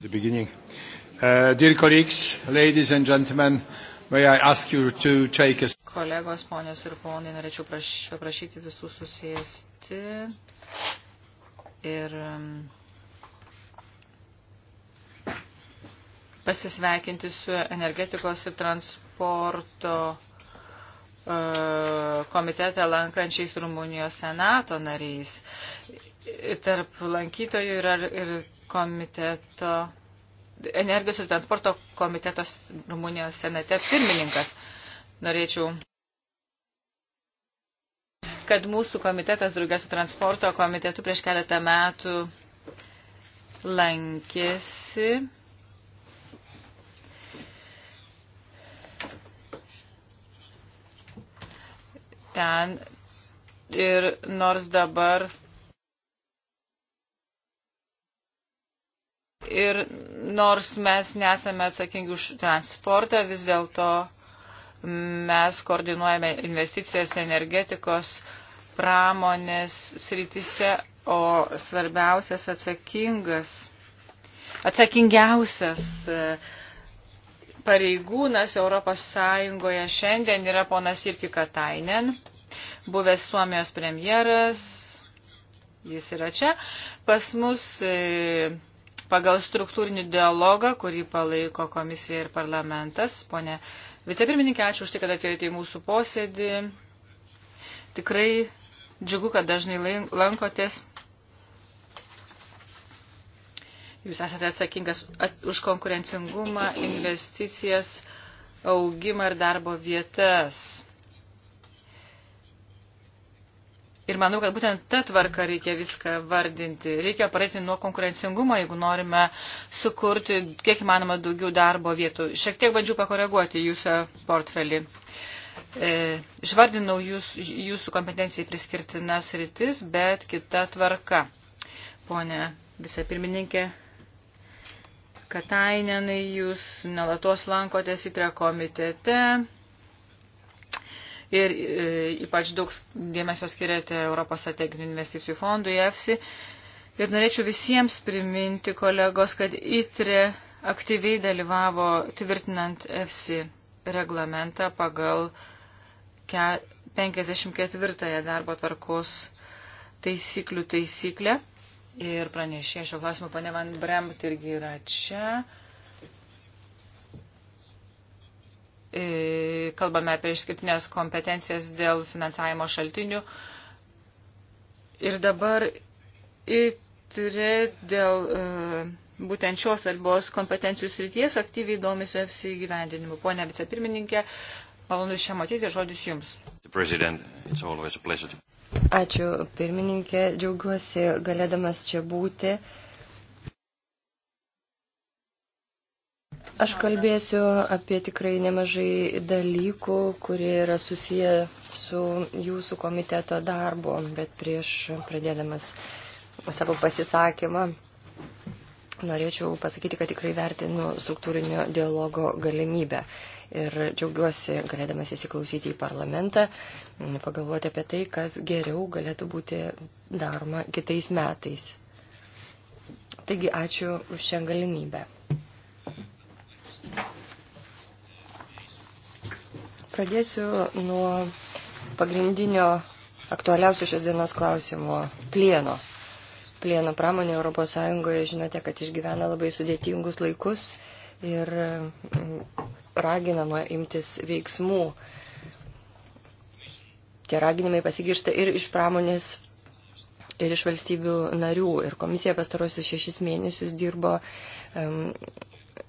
The beginning. Uh, dear colleagues, ladies and gentlemen, may I ask you to take a... Kolegos, ponios ir ponai, norėčiau praš, paprašyti visų susėsti ir um, pasisveikinti su energetikos ir transporto E, komitete lankančiais Rumunijos senato nariais. Tarp lankytojų yra ir komiteto, energijos ir transporto komitetos Rumunijos senate pirmininkas. Norėčiau kad mūsų komitetas draugės su transporto komitetu prieš keletą metų lankėsi ten ir nors dabar ir nors mes nesame atsakingi už transportą, vis dėlto mes koordinuojame investicijas energetikos pramonės srityse, o svarbiausias atsakingas, atsakingiausias uh, pareigūnas ES šiandien yra ponas Irki Katainen, buvęs Suomijos premjeras, jis yra čia, pas mus e, pagal struktūrinį dialogą, kurį palaiko komisija ir parlamentas. Pone vicepirmininkė, ačiū už tai, kad atėjote į mūsų posėdį. Tikrai džiugu, kad dažnai lankotės. Jūs esate atsakingas už konkurencingumą, investicijas, augimą ir darbo vietas. Ir manau, kad būtent ta tvarka reikia viską vardinti. Reikia pradėti nuo konkurencingumo, jeigu norime sukurti kiek įmanoma daugiau darbo vietų. Šiek tiek bandžiau pakoreguoti jūsų portfelį. E, išvardinau jūs, jūsų kompetencijai priskirtinas rytis, bet kita tvarka. Pone vicepirmininkė, Katainenai, jūs nuolatos lankotės įtre komitete ir e, ypač daug dėmesio skiriate Europos strateginių investicijų fondui EFSI. Ir norėčiau visiems priminti, kolegos, kad ITRE aktyviai dalyvavo tvirtinant EFSI reglamentą pagal 54 darbo tvarkos taisyklių taisyklę ir pranešė šio klausimo ponė Van Bremt irgi yra čia. E, kalbame apie išskirtinės kompetencijas dėl finansavimo šaltinių. Ir dabar įtri dėl e, būtent šios svarbios kompetencijų srities aktyviai domisi FC gyvendinimu. Pone vicepirmininkė, malonu šią matyti, žodis jums. President, it's always a pleasure to... Ačiū, pirmininkė. Džiaugiuosi galėdamas čia būti. Aš kalbėsiu apie tikrai nemažai dalykų, kurie yra susiję su jūsų komiteto darbu, bet prieš pradėdamas savo pasisakymą norėčiau pasakyti, kad tikrai vertinu struktūrinio dialogo galimybę ir džiaugiuosi galėdamas įsiklausyti į parlamentą, pagalvoti apie tai, kas geriau galėtų būti daroma kitais metais. Taigi ačiū už šią galimybę. Pradėsiu nuo pagrindinio aktualiausio šios dienos klausimo - plieno. Plieno pramonė Europos Sąjungoje, žinote, kad išgyvena labai sudėtingus laikus ir raginama imtis veiksmų. Tie raginimai pasigirsta ir iš pramonės, ir iš valstybių narių. Ir komisija pastarosius šešis mėnesius dirbo um,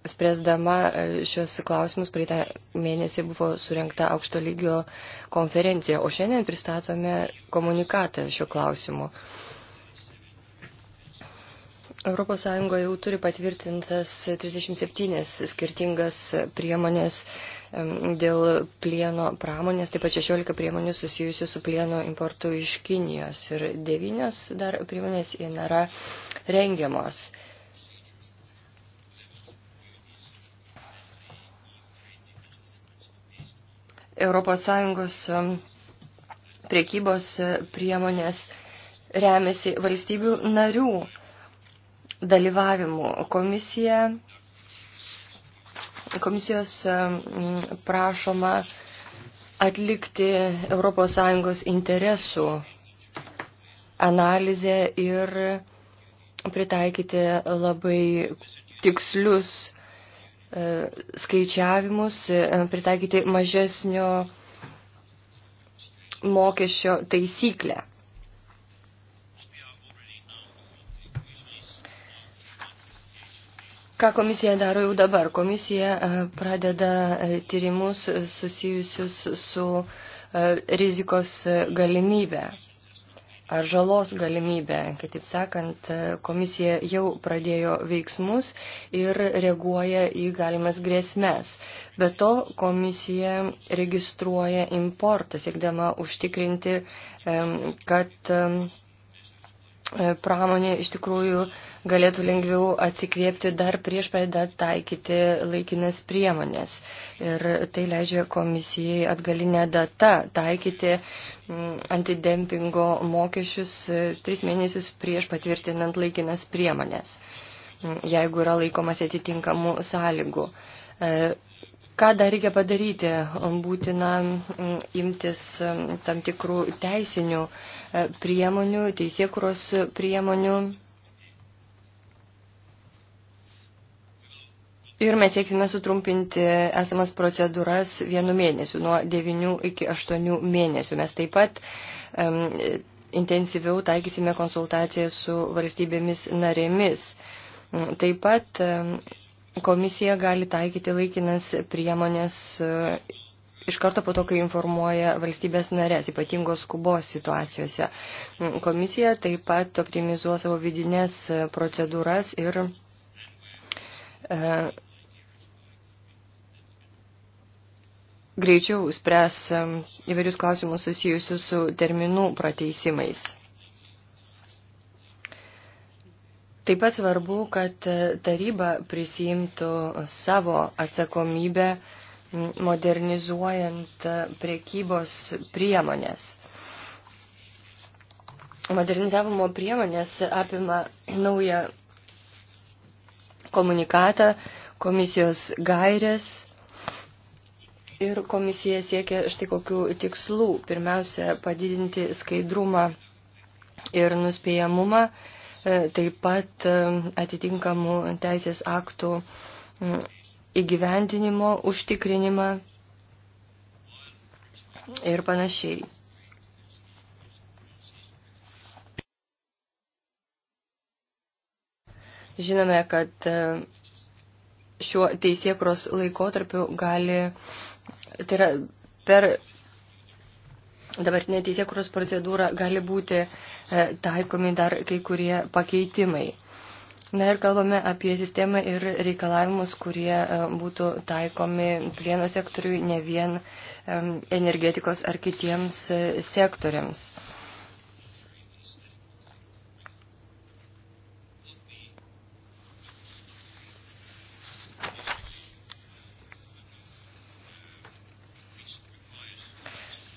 spręsdama e, šios klausimus, praeitą mėnesį buvo surinkta aukšto lygio konferencija, o šiandien pristatome komunikatą šiuo klausimu. ES jau turi patvirtintas 37 skirtingas priemonės dėl plieno pramonės, taip pat 16 priemonių susijusių su plieno importu iš Kinijos ir 9 dar priemonės nėra rengiamos. ES priekybos priemonės remiasi valstybių narių dalyvavimu. Komisija, komisijos prašoma atlikti ES interesų analizę ir pritaikyti labai tikslius e, skaičiavimus, e, pritaikyti mažesnio mokesčio taisyklę. Ką komisija daro jau dabar? Komisija e, pradeda e, tyrimus e, susijusius su rizikos galimybė ar žalos galimybę. Kitaip sakant, komisija jau pradėjo veiksmus ir reaguoja į galimas grėsmės. Be to, komisija registruoja importą, siekdama užtikrinti, kad E, pramonė iš tikrųjų galėtų lengviau atsikvėpti dar prieš pradedant taikyti laikinas priemonės. Ir tai leidžia komisijai atgalinę datą taikyti antidempingo mokesčius e, tris mėnesius prieš patvirtinant laikinas priemonės, jeigu yra laikomas atitinkamų sąlygų. E, ką dar reikia padaryti? Būtina imtis tam tikrų teisinių E, priemonių, teisėkuros priemonių. Ir mes sieksime sutrumpinti esamas procedūras vienu mėnesiu, nuo 9 iki 8 mėnesių. Mes taip pat um, intensyviau taikysime konsultaciją su valstybėmis narėmis. Taip pat um, komisija gali taikyti laikinas priemonės iš karto po to, kai informuoja valstybės narės ypatingos skubos situacijose. Mm, komisija taip pat optimizuos savo vidinės e, procedūras ir. E, greičiau spręs e, įvairius klausimus susijusius su terminų prateisimais. Taip pat svarbu, kad e, taryba prisijimtų savo atsakomybę uh, modernizuojant priekybos priemonės. Modernizavimo priemonės apima naują komunikatą, komisijos gairės ir komisija siekia štai kokių tikslų. Pirmiausia, padidinti skaidrumą ir nuspėjamumą, e, taip pat e, atitinkamų teisės aktų įgyvendinimo užtikrinimą ir panašiai. Žinome, kad e, šiuo teisėkros laikotarpiu gali, tai yra per dabartinę teisėkros procedūrą gali būti e, taikomi dar kai kurie pakeitimai. Na ir kalbame apie sistemą ir reikalavimus, kurie e, būtų taikomi plieno sektoriui, ne vien energetikos ar kitiems e, sektoriams.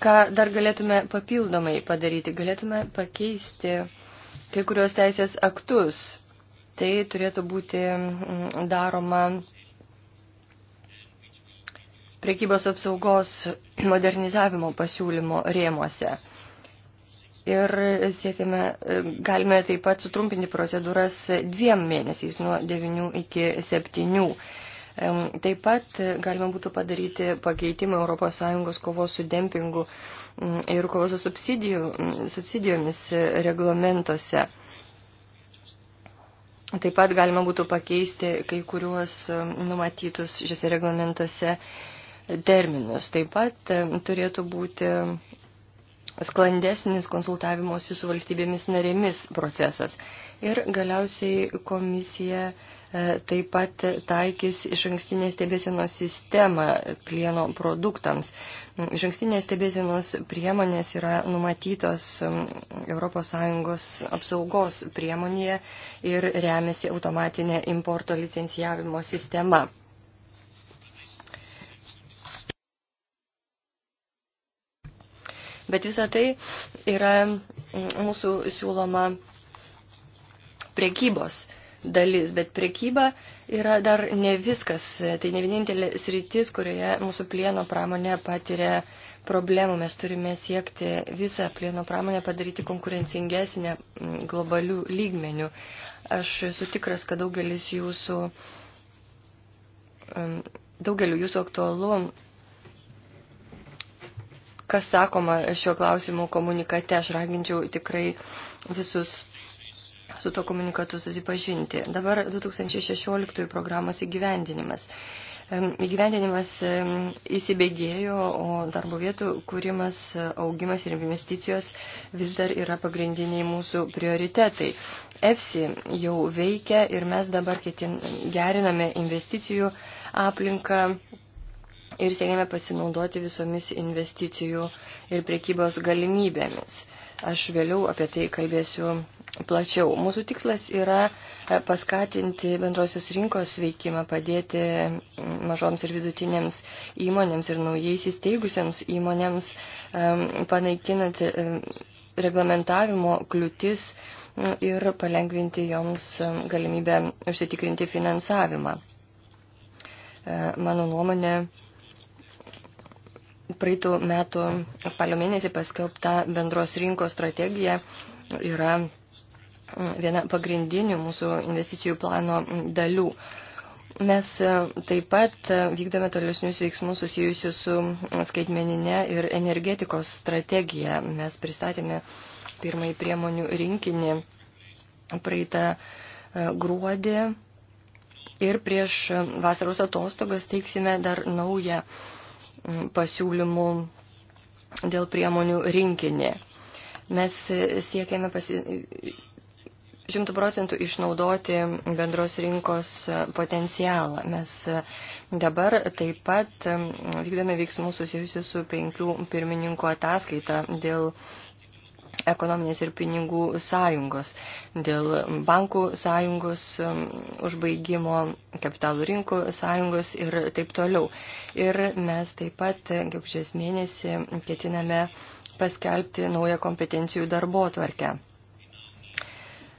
Ką dar galėtume papildomai padaryti? Galėtume pakeisti kai kurios teisės aktus Tai turėtų būti mm, daroma priekybos apsaugos modernizavimo pasiūlymo rėmuose. Ir siekime, e, galime taip pat sutrumpinti procedūras dviem mėnesiais nuo 9 iki 7. Taip pat e, galima būtų padaryti pakeitimą ES kovos su dempingu mm, ir kovos su mm, subsidijomis e, reglamentuose. Taip pat galima būtų pakeisti kai kuriuos e, numatytus šiuose reglamentuose e, terminus. Taip pat e, turėtų būti sklandesnis konsultavimuose su valstybėmis narėmis procesas. Ir galiausiai komisija E, taip pat taikys iš ankstinės stebėsienos sistemą plieno produktams. Mm, iš ankstinės stebėsienos priemonės yra numatytos mm, ES apsaugos priemonėje ir remiasi automatinė importo licencijavimo sistema. Bet visa tai yra mm, mūsų siūloma priekybos uh, dalis, bet prekyba yra dar ne viskas. Tai ne vienintelė sritis, kurioje mūsų plieno pramonė patiria problemų. Mes turime siekti visą plieno pramonę padaryti konkurencingesnę mm, globalių lygmenių. Aš esu tikras, kad daugelis jūsų, mm, daugeliu jūsų aktualu kas sakoma šiuo klausimu komunikate. Aš raginčiau tikrai visus su to komunikatu susipažinti. Dabar 2016 programos įgyvendinimas. Įgyvendinimas įsibėgėjo, o darbo vietų kūrimas, augimas ir investicijos vis dar yra pagrindiniai mūsų prioritetai. EFSI jau veikia ir mes dabar ketin, geriname investicijų aplinką ir siekiame pasinaudoti visomis investicijų ir priekybos galimybėmis. Aš vėliau apie tai kalbėsiu plačiau. Mūsų tikslas yra e, paskatinti bendrosios rinkos veikimą, padėti mažoms ir vidutinėms įmonėms ir naujais įsteigusiems įmonėms, panaikinant reglamentavimo kliūtis ir palengvinti joms galimybę užsitikrinti finansavimą. E, mano nuomonė, praeitų metų spalio mėnesį paskelbta bendros rinkos strategija yra viena pagrindinių mūsų investicijų plano dalių. Mes e, taip pat e, vykdome tolesnius veiksmus susijusius su skaitmeninė ir energetikos strategija. Mes pristatėme pirmąjį priemonių rinkinį praeitą e, gruodį ir prieš vasaros atostogas teiksime dar naują pasiūlymų dėl priemonių rinkinį. Mes siekiame pasi šimtų procentų išnaudoti bendros rinkos potencialą. Mes dabar taip pat vykdome veiksmus susijusius su penkių pirmininkų ataskaita dėl ekonominės ir pinigų sąjungos, dėl bankų sąjungos užbaigimo, kapitalų rinkų sąjungos ir taip toliau. Ir mes taip pat, kaip šias mėnesį, ketiname paskelbti naują kompetencijų darbo tvarkę.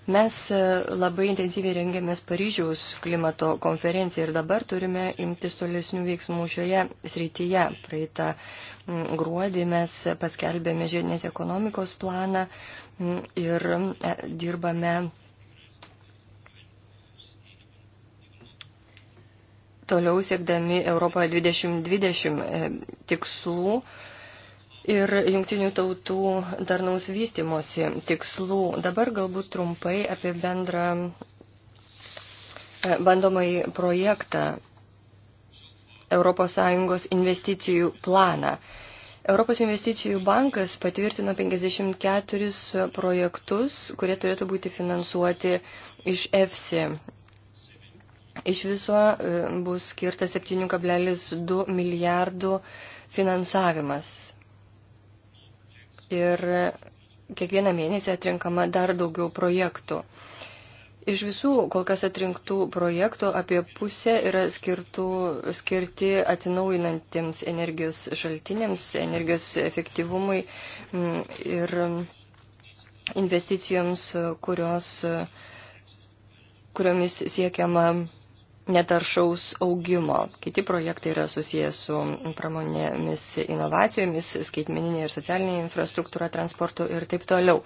Mes e, labai intensyviai rengiamės Paryžiaus klimato konferenciją ir dabar turime imtis tolesnių veiksmų šioje srityje. Praeitą gruodį mes paskelbėme žiedinės ekonomikos planą ir e, dirbame toliau siekdami Europoje 2020 e, tikslų ir jungtinių tautų darnaus vystimosi tikslų. Dabar galbūt trumpai apie bendrą e, bandomai projektą ES investicijų planą. Europos investicijų bankas patvirtino 54 projektus, kurie turėtų būti finansuoti iš EFSI. Iš viso e, bus skirta 7,2 milijardų finansavimas ir kiekvieną mėnesį atrinkama dar daugiau projektų. Iš visų kol kas atrinktų projektų apie pusę yra skirtų, skirti atsinaujinantiems energijos šaltiniams, energijos efektyvumui mm, ir investicijoms, kurios, kuriomis siekiama netaršaus augimo. Kiti projektai yra susijęs su pramonėmis inovacijomis, skaitmeninė ir socialinė infrastruktūra, transportu ir taip toliau.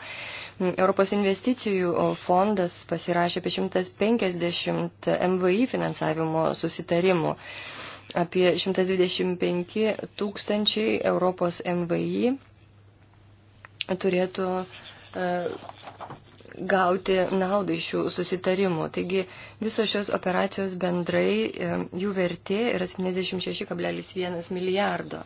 Europos investicijų fondas pasirašė apie 150 MVI finansavimo susitarimų. Apie 125 tūkstančiai Europos MVI turėtų e, gauti naudą iš šių susitarimų. Taigi visos šios operacijos bendrai e, jų vertė yra 76,1 milijardo.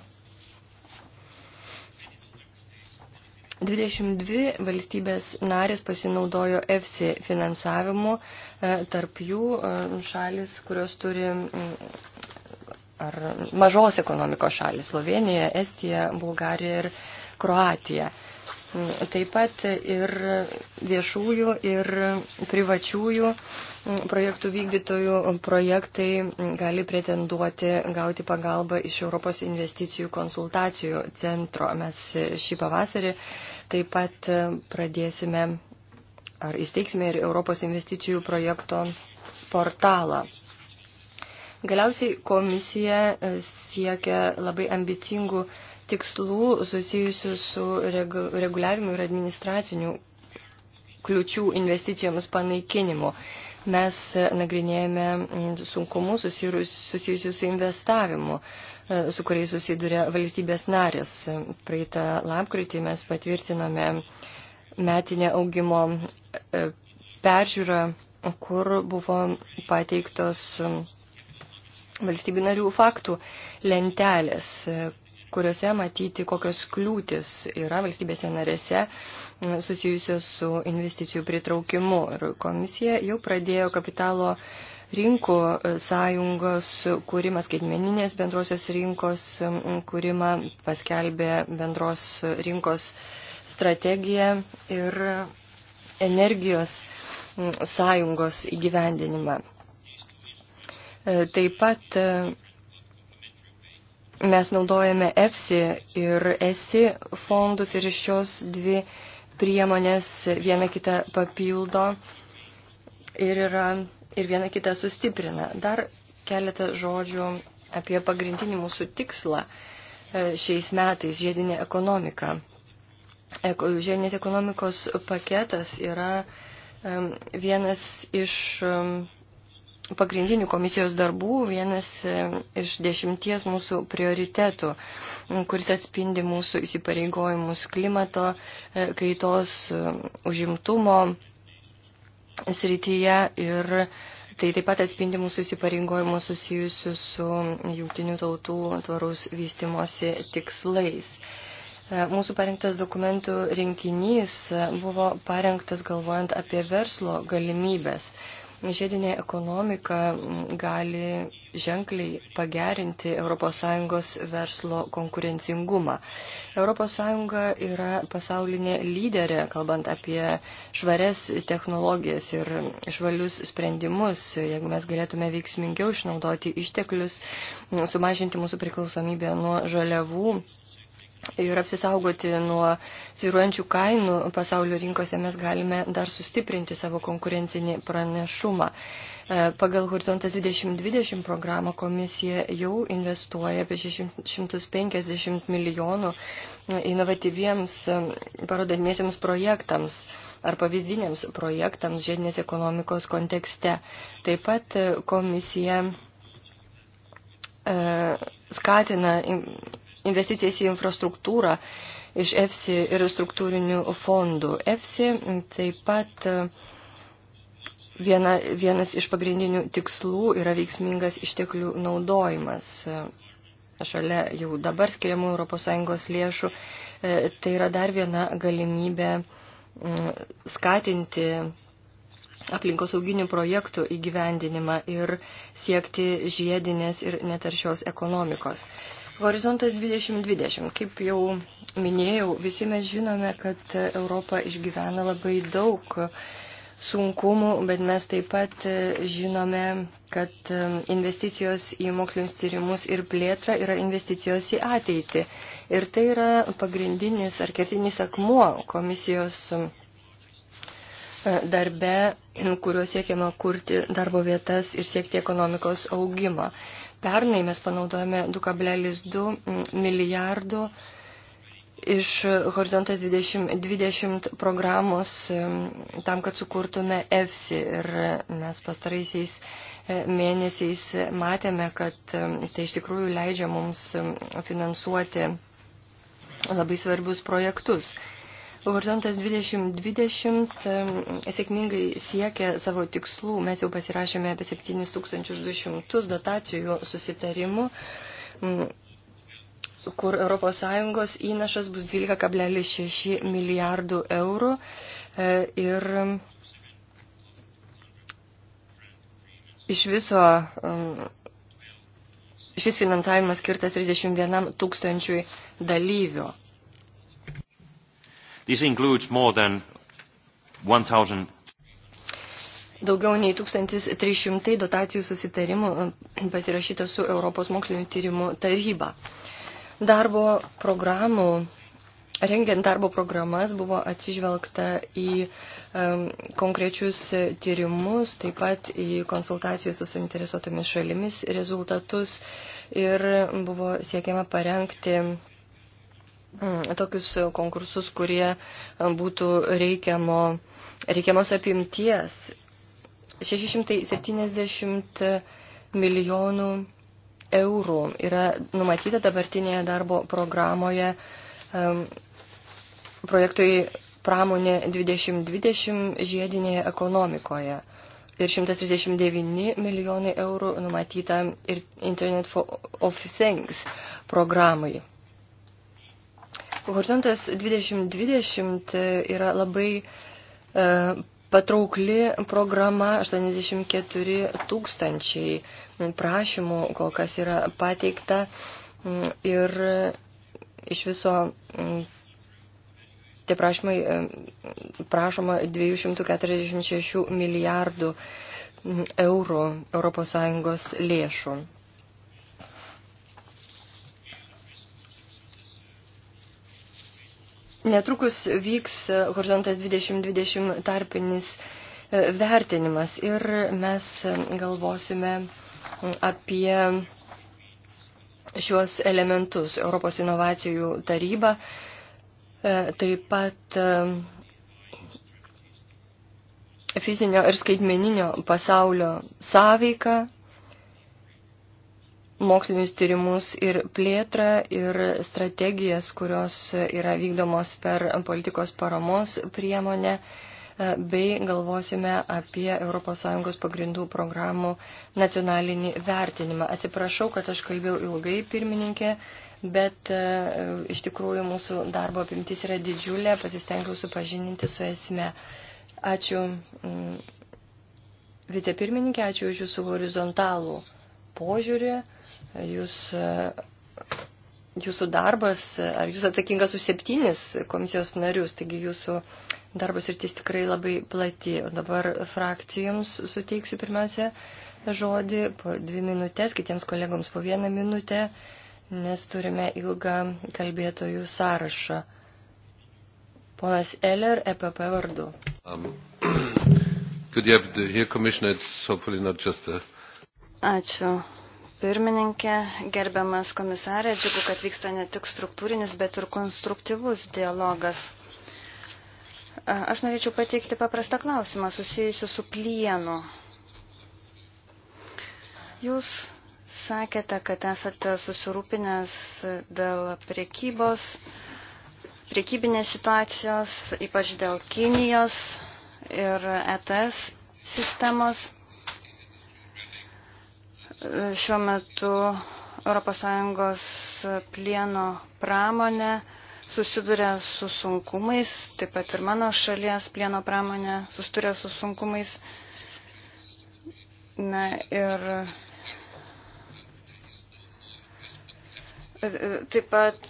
22 valstybės narės pasinaudojo EFSI finansavimu, e, tarp jų e, šalis, kurios turi mm, ar mažos ekonomikos šalis - Slovenija, Estija, Bulgarija ir Kroatija taip pat ir viešųjų ir privačiųjų projektų vykdytojų projektai gali pretenduoti gauti pagalbą iš Europos investicijų konsultacijų centro. Mes šį pavasarį taip pat pradėsime ar įsteigsime ir Europos investicijų projekto portalą. Galiausiai komisija siekia labai ambicingų tikslų susijusių su reguliavimu ir administracinių kliučių investicijoms panaikinimu. Mes e, nagrinėjame mm, sunkumus susijusius su investavimu, e, su kuriais susiduria valstybės narės. Praeitą lapkritį mes patvirtinome metinę augimo e, peržiūrą, kur buvo pateiktos valstybių narių faktų lentelės, kuriuose matyti, kokios kliūtis yra valstybėse narėse susijusios su investicijų pritraukimu. Ir komisija jau pradėjo kapitalo rinkų e, sąjungos kūrimą, skaitmeninės bendrosios rinkos kūrimą, paskelbė bendros rinkos strategiją ir energijos sąjungos įgyvendinimą. E, taip pat e, Mes naudojame EFSI ir ESI fondus ir iš šios dvi priemonės viena kitą papildo ir, yra, ir viena kitą sustiprina. Dar keletą žodžių apie pagrindinį mūsų tikslą e, šiais metais - žiedinė ekonomika. Žiedinės ekonomikos paketas yra vienas iš pagrindinių komisijos darbų, vienas e, iš dešimties mūsų prioritetų, kuris atspindi mūsų įsipareigojimus klimato e, kaitos e, užimtumo srityje ir Tai taip pat atspindi mūsų įsipareigojimus susijusius su jungtinių tautų tvarus vystimosi tikslais. Mūsų parengtas dokumentų rinkinys buvo parengtas galvojant apie verslo galimybės žiedinė ekonomika gali ženkliai pagerinti ES verslo konkurencingumą. ES yra pasaulinė lyderė, kalbant apie švarias technologijas ir švalius sprendimus. Jeigu mes galėtume veiksmingiau išnaudoti išteklius, sumažinti mūsų priklausomybę nuo žaliavų ir apsisaugoti nuo sviruojančių kainų pasaulio rinkose mes galime dar sustiprinti savo konkurencinį pranašumą. E, pagal Horizontas 2020 programą komisija jau investuoja apie 650 milijonų e, inovatyviems e, parodomiesiems projektams ar pavyzdiniams projektams žiedinės ekonomikos kontekste. Taip pat komisija skatina investicijas į infrastruktūrą iš EFSI ir struktūrinių fondų. EFSI taip pat e, viena, vienas iš pagrindinių tikslų yra veiksmingas išteklių naudojimas. E, šalia jau dabar skiriamų ES lėšų e, tai yra dar viena galimybė skatinti aplinkosauginių projektų įgyvendinimą ir siekti žiedinės ir netaršios ekonomikos. Horizontas 2020. Kaip jau minėjau, visi mes žinome, kad Europa išgyvena labai daug sunkumų, bet mes taip pat žinome, kad um, investicijos į mokslinius tyrimus ir plėtrą yra investicijos į ateitį. Ir tai yra pagrindinis ar kertinis akmuo komisijos um, darbe, kuriuo siekiama kurti darbo vietas ir siekti ekonomikos augimą. Pernai mes panaudojame 2,2 milijardų iš Horizontas 20, 20 programos tam, kad sukurtume EFSI. Ir mes pastaraisiais e, mėnesiais matėme, kad tai iš tikrųjų leidžia mums finansuoti labai svarbius projektus. Horizontas 2020 sėkmingai siekia savo tikslų. Mes jau pasirašėme apie 7200 dotacijų susitarimų kur ES įnašas bus 12,6 milijardų eurų e, ir iš viso šis finansavimas skirtas 31 tūkstančiui dalyvių. This includes more than 1,000. Daugiau nei 1300 dotacijų susitarimų e, pasirašyta su Europos mokslinio tyrimų taryba. Darbo programų, rengiant darbo programas buvo atsižvelgta į um, konkrečius tyrimus, taip pat į konsultacijų su suinteresuotomis šalimis rezultatus ir buvo siekiama parengti Mm, tokius e, konkursus, kurie e, būtų reikiamo, reikiamos apimties. 670 milijonų eurų yra numatyta dabartinėje darbo programoje projektui pramonė 2020 žiedinėje ekonomikoje. Ir 139 milijonai eurų numatyta ir Internet of Things programai. Horizontas 2020 yra labai e, patraukli programa, 84 tūkstančiai prašymų kol kas yra pateikta mm, ir e, iš viso mm, tie prašymai e, prašoma 246 milijardų mm, eurų ES lėšų. Netrukus vyks Horizontas 2020 tarpinis e, vertinimas ir mes galvosime apie šiuos elementus. Europos inovacijų taryba e, taip pat e, fizinio ir skaitmeninio pasaulio sąveika mokslinius tyrimus ir plėtrą ir strategijas, kurios yra vykdomos per politikos paramos priemonę, e, bei galvosime apie ES pagrindų programų nacionalinį vertinimą. Atsiprašau, kad aš kalbėjau ilgai, pirmininkė, bet e, iš tikrųjų mūsų darbo apimtis yra didžiulė, pasistengiau supažininti su esme. Ačiū mm, vicepirmininkė, ačiū už jūsų horizontalų požiūrį. Jūs, jūsų darbas, ar jūs atsakingas už septynis komisijos narius, taigi jūsų darbos rytis tikrai labai plati. O dabar frakcijoms suteiksiu pirmiausia žodį po dvi minutės, kitiems kolegoms po vieną minutę, nes turime ilgą kalbėtojų sąrašą. Ponas Eller, EPP vardu. Um, good, yeah, here, Commissioner, it's hopefully not just a... Ačiū, pirmininkė, gerbiamas komisarė, džiugu, kad vyksta ne tik struktūrinis, bet ir konstruktyvus dialogas. Aš norėčiau pateikti paprastą klausimą susijusiu su plienu. Jūs sakėte, kad esate susirūpinęs dėl priekybos, priekybinės situacijos, ypač dėl Kinijos ir ETS sistemos. Šiuo metu ES plieno pramonė susiduria su sunkumais, taip pat ir mano šalies plieno pramonė susiduria su sunkumais. Na ir e, e, taip pat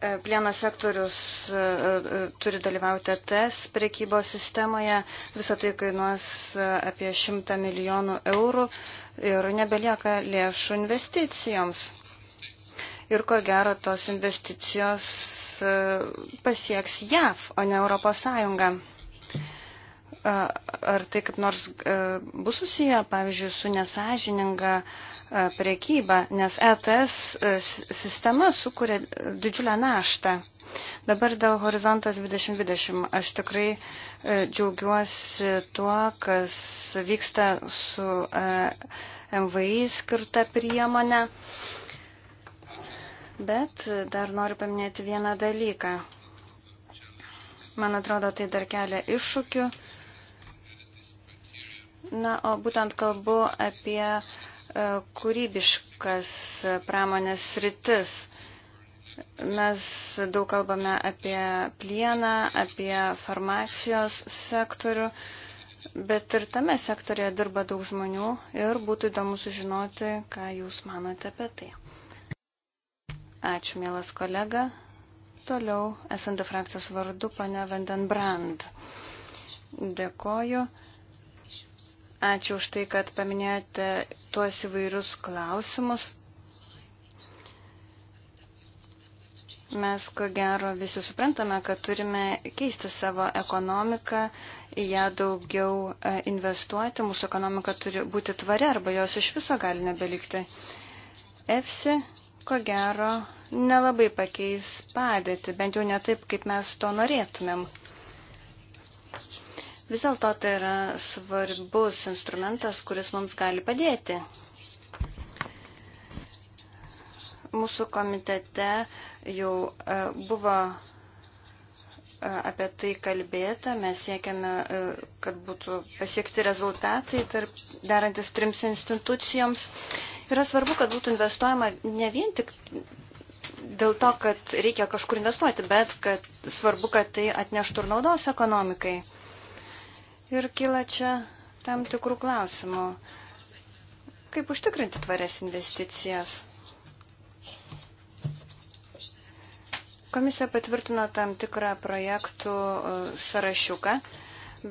E, plieno sektorius e, e, turi dalyvauti TS prekybos sistemoje, visą tai kainuos apie 100 milijonų eurų ir nebelieka lėšų investicijoms. Ir ko gero tos investicijos pasieks JAV, o ne Europos Sąjungą ar tai kaip nors bus susiję, pavyzdžiui, su nesažininga priekyba, nes ETS sistema sukuria didžiulę naštą. Dabar dėl horizontas 2020 aš tikrai džiaugiuosi tuo, kas vyksta su MVI skirta priemonė. Bet dar noriu paminėti vieną dalyką. Man atrodo, tai dar kelia iššūkių. Na, o būtent kalbu apie e, kūrybiškas pramonės rytis. Mes daug kalbame apie plieną, apie farmacijos sektorių, bet ir tame sektorėje dirba daug žmonių ir būtų įdomu sužinoti, ką Jūs manote apie tai. Ačiū, mielas kolega. Toliau, SND frakcijos vardu, pane Vandenbrand. Dėkoju. Ačiū už tai, kad paminėjote tuos įvairius klausimus. Mes, ko gero, visi suprantame, kad turime keisti savo ekonomiką, į ją daugiau e, investuoti. Mūsų ekonomika turi būti tvari arba jos iš viso gali nebelikti. EFSI, ko gero, nelabai pakeis padėti, bent jau ne taip, kaip mes to norėtumėm. Thank you. Vis dėlto tai yra svarbus instrumentas, kuris mums gali padėti. Mūsų komitete jau e, buvo e, apie tai kalbėta, mes siekiame, e, kad būtų pasiekti rezultatai tarp darantis trims institucijoms. Yra svarbu, kad būtų investuojama ne vien tik dėl to, kad reikia kažkur investuoti, bet kad svarbu, kad tai atneštų ir naudos ekonomikai ir kyla čia tam tikrų klausimų. Kaip užtikrinti tvarias investicijas? Komisija patvirtino tam tikrą projektų e, sąrašiuką,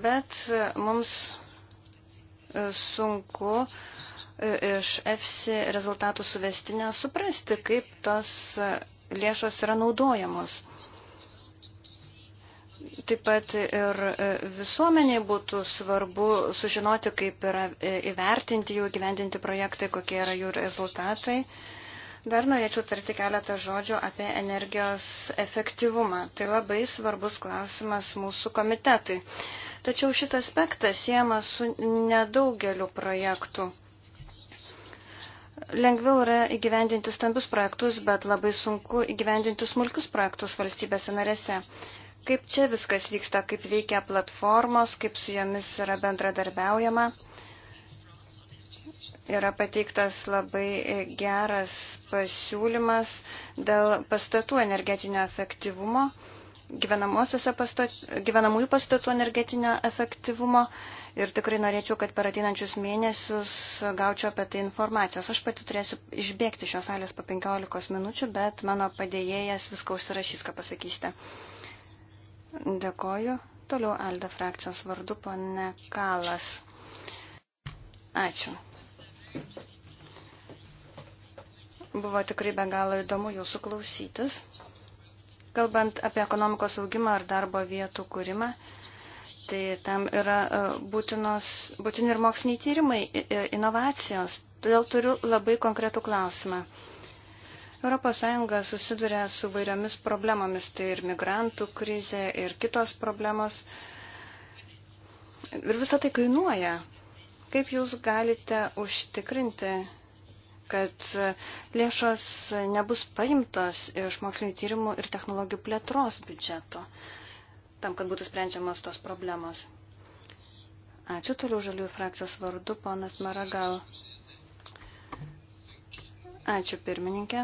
bet e, mums e, sunku iš EFSI rezultatų suvestinę suprasti, kaip tos lėšos yra naudojamos. Taip pat ir e, visuomeniai būtų svarbu sužinoti, kaip yra e, įvertinti jų gyvendinti projektai, kokie yra jų rezultatai. Dar norėčiau tarti keletą žodžių apie energijos efektyvumą. Tai labai svarbus klausimas mūsų komitetui. Tačiau šis aspektas siejamas su nedaugeliu projektų. Lengviau yra įgyvendinti stambius projektus, bet labai sunku įgyvendinti smulkius projektus valstybėse narėse kaip čia viskas vyksta, kaip veikia platformos, kaip su jomis yra bendradarbiaujama. Yra pateiktas labai geras pasiūlymas dėl pastatų energetinio efektyvumo, pastatų, gyvenamųjų pastatų energetinio efektyvumo ir tikrai norėčiau, kad per ateinančius mėnesius gaučiau apie tai informacijos. Aš pati turėsiu išbėgti šios salės po 15 minučių, bet mano padėjėjas viską užsirašys, ką pasakysite. Dėkoju. Toliau Alda frakcijos vardu pane Kalas. Ačiū. Buvo tikrai be galo įdomu jūsų klausytis. Kalbant apie ekonomikos augimą ar darbo vietų kūrimą, tai tam yra e, būtinos, būtini ir moksliniai tyrimai, inovacijos. Todėl turiu labai konkretų klausimą. ES susiduria su vairiomis problemomis, tai ir migrantų krizė, ir kitos problemos. Ir visą tai kainuoja. Kaip jūs galite užtikrinti, kad lėšos nebus paimtos iš mokslinio tyrimų ir technologijų plėtros biudžeto, tam, kad būtų sprendžiamas tos problemos? Ačiū toliau žaliųjų frakcijos vardu, ponas Maragal. Ačiū pirmininkė.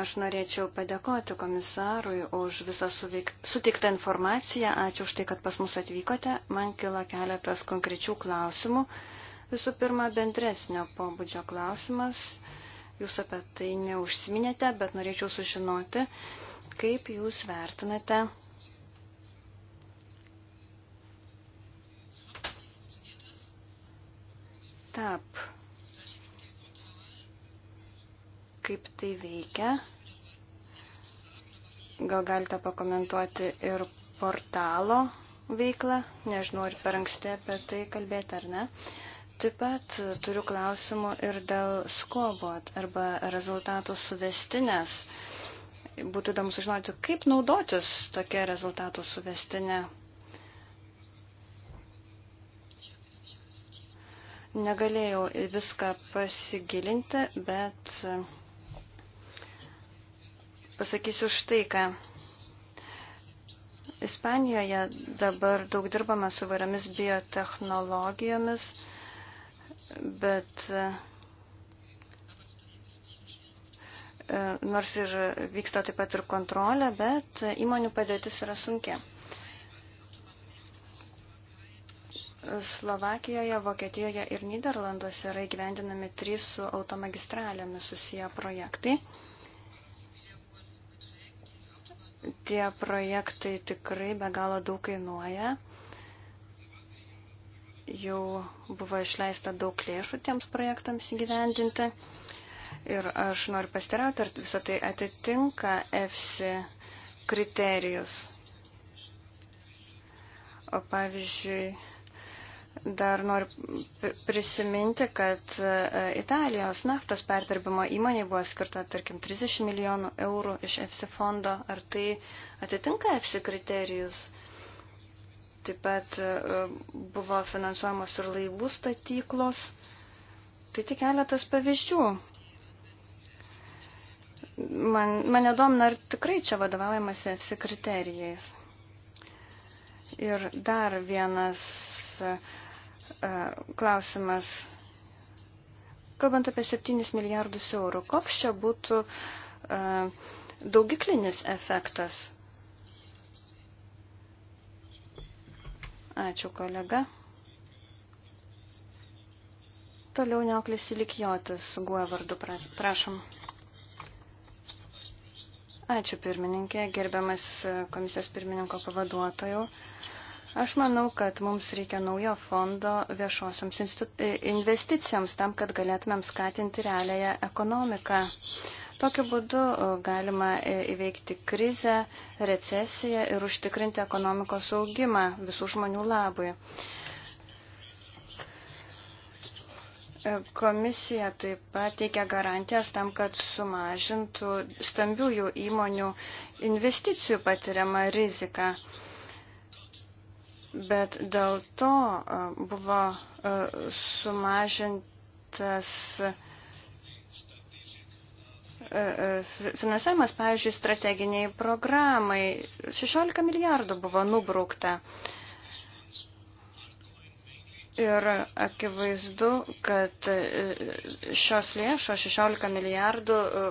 Aš norėčiau padėkoti komisarui už visą suteiktą informaciją. Ačiū už tai, kad pas mus atvykote. Man kila keletas konkrečių klausimų. Visų pirma, bendresnio pobūdžio klausimas. Jūs apie tai neužsiminėte, bet norėčiau sužinoti, kaip jūs vertinate TAP kaip tai veikia. Gal galite pakomentuoti ir portalo veiklą, nežinau, ar per anksti apie tai kalbėti ar ne. Taip pat turiu klausimų ir dėl skobot arba rezultatų suvestinės. Būtų įdomu sužinoti, kaip naudotis tokia rezultatų suvestinė. Negalėjau viską pasigilinti, bet pasakysiu štai ką. Ispanijoje dabar daug dirbama su vairiomis biotehnologijomis, bet e, nors ir vyksta taip pat ir kontrolė, bet įmonių padėtis yra sunkia. Slovakijoje, Vokietijoje ir Niderlanduose yra įgyvendinami trys su automagistralėmis susiję projektai tie projektai tikrai be galo daug kainuoja. Jau buvo išleista daug lėšų tiems projektams įgyvendinti. Ir aš noriu pastirauti, ar visą tai atitinka EFSI kriterijus. O pavyzdžiui, Dar noriu prisiminti, kad e, Italijos naftos perdirbimo įmonė buvo skirta, tarkim, 30 milijonų eurų iš EFSI fondo. Ar tai atitinka EFSI kriterijus? Taip pat e, buvo finansuojamos ir laivų statyklos. Tai tik keletas pavyzdžių. Man, mane domina, ar tikrai čia vadovaujamas EFSI kriterijais. Ir dar vienas E, klausimas. Kalbant apie 7 milijardus eurų, koks čia būtų e, daugiklinis efektas? Ačiū, kolega. Toliau neoklis įlikjotis su guo vardu, prašom. Ačiū pirmininkė, gerbiamas e, komisijos pirmininko pavaduotojų. Aš manau, kad mums reikia naujo fondo viešosioms e, investicijoms tam, kad galėtumėm skatinti realiąją ekonomiką. Tokiu būdu e, galima e, įveikti krizę, recesiją ir užtikrinti ekonomikos augimą visų žmonių labui. Komisija taip pat teikia garantijas tam, kad sumažintų stambiųjų įmonių investicijų patiriamą riziką bet dėl to buvo sumažintas finansavimas, pavyzdžiui, strateginiai programai. 16 milijardų buvo nubraukta. Ir akivaizdu, kad e, šios lėšos 16 milijardų e,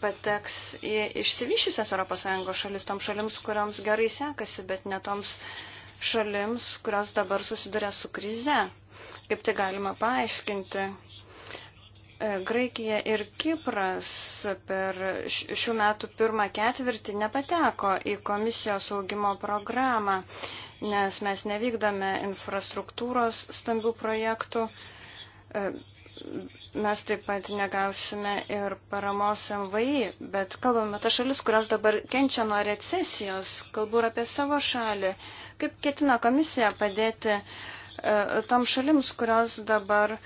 pateks į išsivyšusias ES šalis, toms šalims, kuriams gerai sekasi, bet netoms toms šalims, kurios dabar susiduria su krize. Kaip tai galima paaiškinti? E, Graikija ir Kipras per šių metų pirmą ketvirtį nepateko į komisijos augimo programą, nes mes nevykdome infrastruktūros stambių projektų. E, mes taip pat negausime ir paramos MVI, bet kalbame ta šalis, kurios dabar kenčia nuo recesijos, kalbu ir apie savo šalį. Kaip ketina komisija padėti e, tom šalims, kurios dabar e,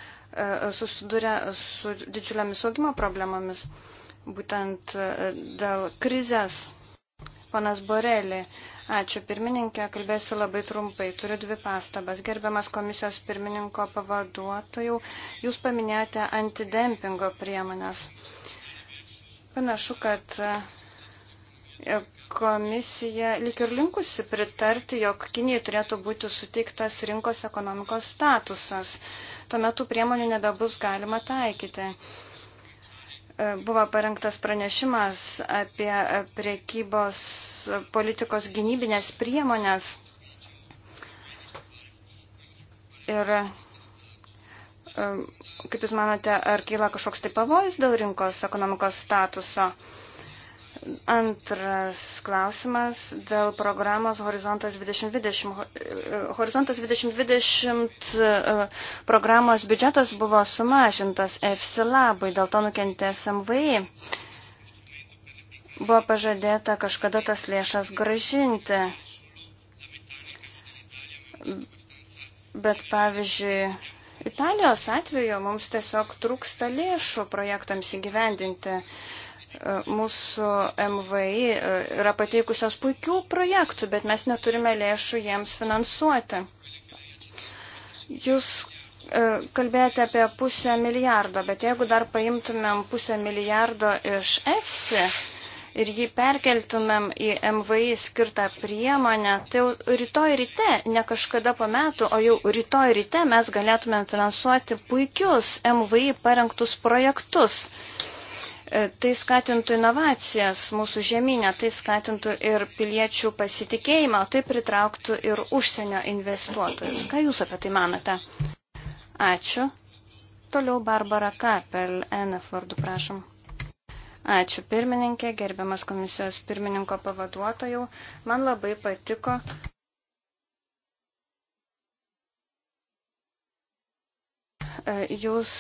susiduria su didžiuliamis augimo problemomis, būtent e, dėl krizės. Panas Borelį, ačiū pirmininkė, kalbėsiu labai trumpai. Turiu dvi pastabas. Gerbiamas komisijos pirmininko pavaduotojų, jūs paminėjote antidempingo priemonės. Panašu, kad komisija lik ir linkusi pritarti, jog Kinijai turėtų būti suteiktas rinkos ekonomikos statusas. Tuomet tų priemonių nebebus galima taikyti. E, buvo parengtas pranešimas apie priekybos politikos gynybinės priemonės. Ir e, kaip Jūs manote, ar kyla kažkoks tai pavojus dėl rinkos ekonomikos statuso? Antras klausimas dėl programos Horizontas 2020. E, Horizontas 2020 e, programos biudžetas buvo sumažintas EFSI labai, dėl to nukentės MVI. Buvo pažadėta kažkada tas lėšas gražinti. Bet pavyzdžiui, Italijos atveju mums tiesiog trūksta lėšų projektams įgyvendinti. E, mūsų MVI e, yra pateikusios puikių projektų, bet mes neturime lėšų jiems finansuoti. Jūs e, kalbėjote apie pusę milijardo, bet jeigu dar paimtumėm pusę milijardo iš EFSI ir jį perkeltumėm į MVI skirtą priemonę, tai rytoj ryte, ne kažkada po metų, o jau rytoj ryte mes galėtumėm finansuoti puikius MVI parengtus projektus. E, tai skatintų inovacijas mūsų žemynę, tai skatintų ir piliečių pasitikėjimą, tai pritrauktų ir užsienio investuotojus. Ką Jūs apie tai manote? Ačiū. Toliau Barbara Kapel, NF vardu prašom. Ačiū pirmininkė, gerbiamas komisijos pirmininko pavaduotojų. Man labai patiko. E, jūs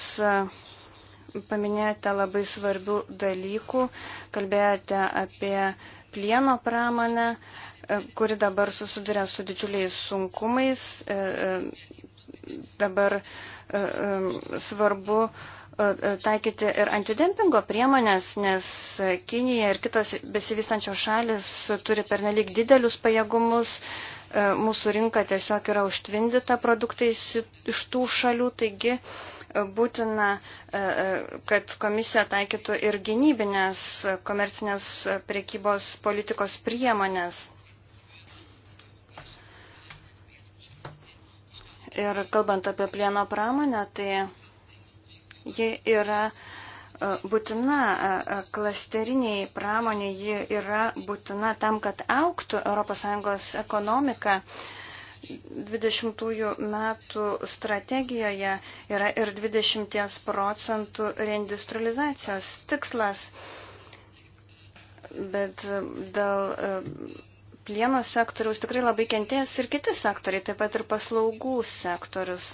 paminėjote labai svarbių dalykų, kalbėjote apie plieno pramonę, e, kuri dabar susiduria su didžiuliais sunkumais. E, e, dabar svarbu taikyti ir antidempingo priemonės, nes Kinija ir kitos besivystančios šalis turi pernelyg didelius pajėgumus, E, mūsų rinka tiesiog yra užtvindyta produktais iš tų šalių, taigi e, būtina, e, kad komisija taikytų ir gynybinės komercinės priekybos politikos priemonės. Ir kalbant apie plieno pramonę, tai ji yra uh, E, būtina e, e, klasteriniai pramonė, ji yra būtina tam, kad auktų ES ekonomika. 20 metų strategijoje yra ir 20 procentų reindustrializacijos tikslas, bet dėl plieno sektoriaus tikrai labai kentės ir kiti sektoriai, taip pat ir paslaugų sektorius.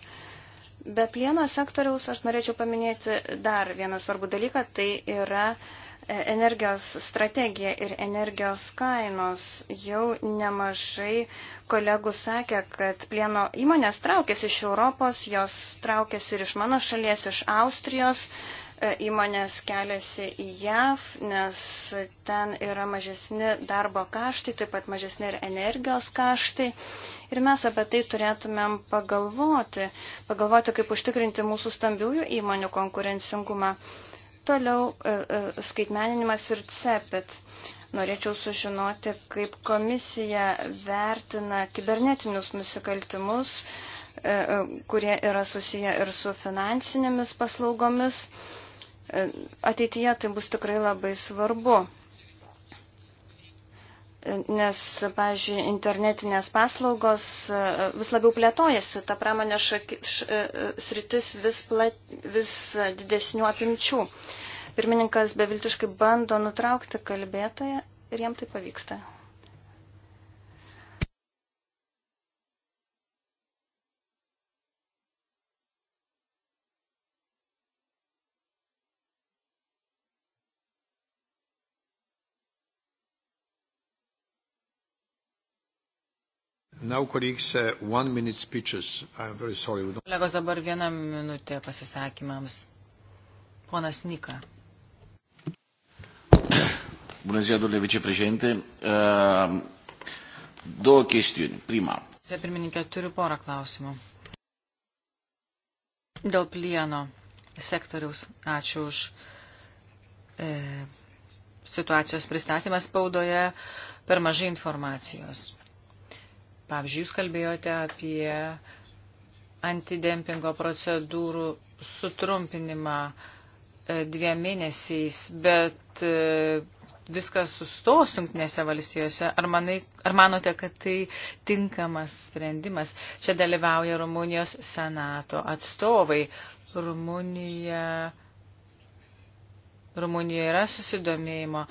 Be plieno sektoriaus aš norėčiau paminėti dar vieną svarbų dalyką, tai yra e, energijos strategija ir energijos kainos. Jau nemažai kolegų sakė, kad plieno įmonės traukėsi iš Europos, jos traukėsi ir iš mano šalies, iš Austrijos įmonės keliasi į JAV, nes ten yra mažesni darbo kaštai, taip pat mažesni ir energijos kaštai. Ir mes apie tai turėtumėm pagalvoti, pagalvoti, kaip užtikrinti mūsų stambiųjų įmonių konkurencingumą. Toliau e, e, skaitmeninimas ir CEPIT. Norėčiau sužinoti, kaip komisija vertina kibernetinius nusikaltimus, e, kurie yra susiję ir su finansinėmis paslaugomis. Ateityje tai bus tikrai labai svarbu, nes, pavyzdžiui, internetinės paslaugos e, vis labiau plėtojasi, ta pramonė šaki, š, e, sritis vis, plat, vis didesnių apimčių. Pirmininkas beviltiškai bando nutraukti kalbėtoją ir jam tai pavyksta. Now, colleagues, uh, one minute speeches. I'm very sorry. Kolegos, dabar vieną minutę pasisakymams. Ponas Nika. Bună ziua, domnule vicepreședinte. Uh, două chestiuni. Prima. Pirmininkė, turiu porą klausimų. Dėl plieno sektoriaus. Ačiū už e, situacijos pristatymas spaudoje. Per mažai informacijos. Pavyzdžiui, jūs kalbėjote apie antidempingo procedūrų sutrumpinimą e, dviem mėnesiais, bet e, viskas sustos jungtinėse valstijose. Ar, manai, ar manote, kad tai tinkamas sprendimas? Čia dalyvauja Rumunijos senato atstovai. Rumunija, Rumunija yra susidomėjimo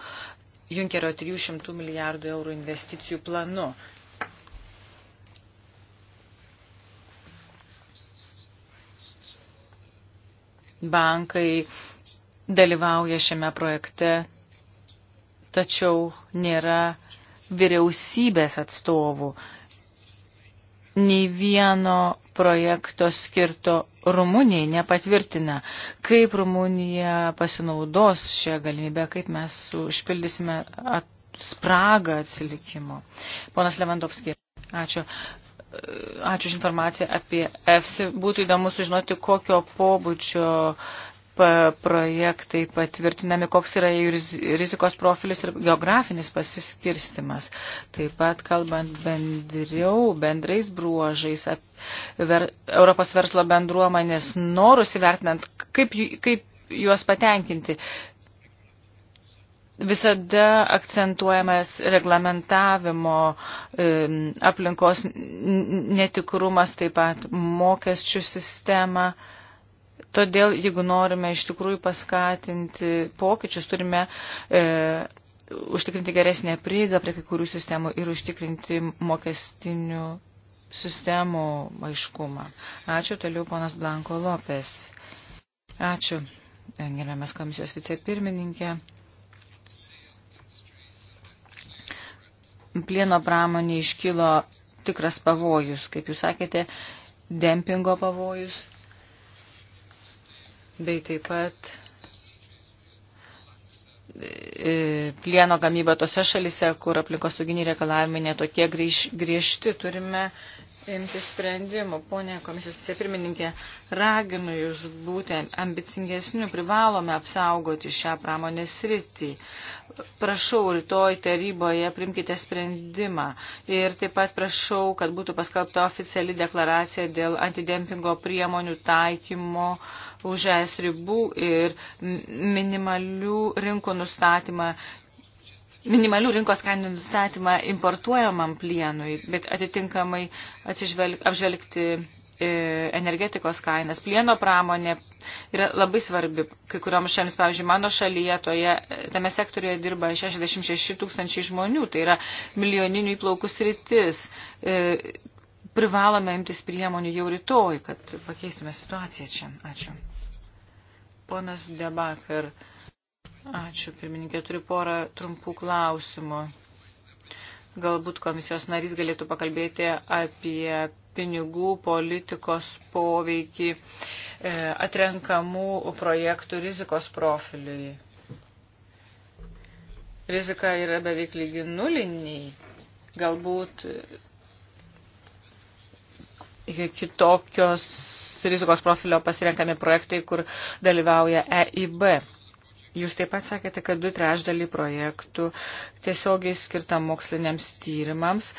Junkerio 300 milijardų eurų investicijų planu. bankai dalyvauja šiame projekte, tačiau nėra vyriausybės atstovų. Nei vieno projekto skirto Rumunijai nepatvirtina, kaip Rumunija pasinaudos šią galimybę, kaip mes užpildysime spragą atsilikimo. Ponas Levandovskis, ačiū. Ačiū už informaciją apie EFSI. Būtų įdomu sužinoti, kokio pobūdžio projektai patvirtinami, koks yra jų rizikos profilis ir geografinis pasiskirstimas. Taip pat kalbant bendriau, bendrais bruožais, ver, Europos verslo bendruomenės norus įvertinant, kaip, kaip juos patenkinti visada akcentuojamas reglamentavimo aplinkos netikrumas, taip pat mokesčių sistema. Todėl, jeigu norime iš tikrųjų paskatinti pokyčius, turime e, užtikrinti geresnę prieigą prie kai kurių sistemų ir užtikrinti mokestinių sistemų aiškumą. Ačiū toliau, ponas Blanko Lopes. Ačiū, gerbiamas komisijos vicepirmininkė. plieno pramonė iškilo tikras pavojus, kaip jūs sakėte, dempingo pavojus, bei taip pat e, plieno gamyba tose šalise, kur aplinkosauginiai reikalavimai netokie griežti, turime imti sprendimų. Pone komisijos vicepirmininkė, raginu jūs būti ambicingesniu, privalome apsaugoti šią pramonės sritį. Prašau, rytoj taryboje primkite sprendimą ir taip pat prašau, kad būtų paskelbta oficiali deklaracija dėl antidempingo priemonių taikymo už es ribų ir minimalių rinkų nustatymą minimalių rinkos kainų nustatymą importuojamam plienui, bet atitinkamai apžvelgti e, energetikos kainas. Plieno pramonė yra labai svarbi kai kurioms šalims. Pavyzdžiui, mano šalyje toje, tame sektorijoje dirba 66 tūkstančiai žmonių, tai yra milijoninių įplaukų sritis. E, privalome imtis priemonių jau rytoj, kad pakeistume situaciją čia. Ačiū. Ponas Debakar. Ačiū, pirmininkė. Turiu porą trumpų klausimų. Galbūt komisijos narys galėtų pakalbėti apie pinigų politikos poveikį e, atrenkamų projektų rizikos profiliui. Rizika yra beveik lygi nuliniai. Galbūt e, kitokios rizikos profilio pasirenkami projektai, kur dalyvauja EIB Jūs taip pat sakėte, kad du trešdalį projektų tiesiogiai skirta moksliniams tyrimams.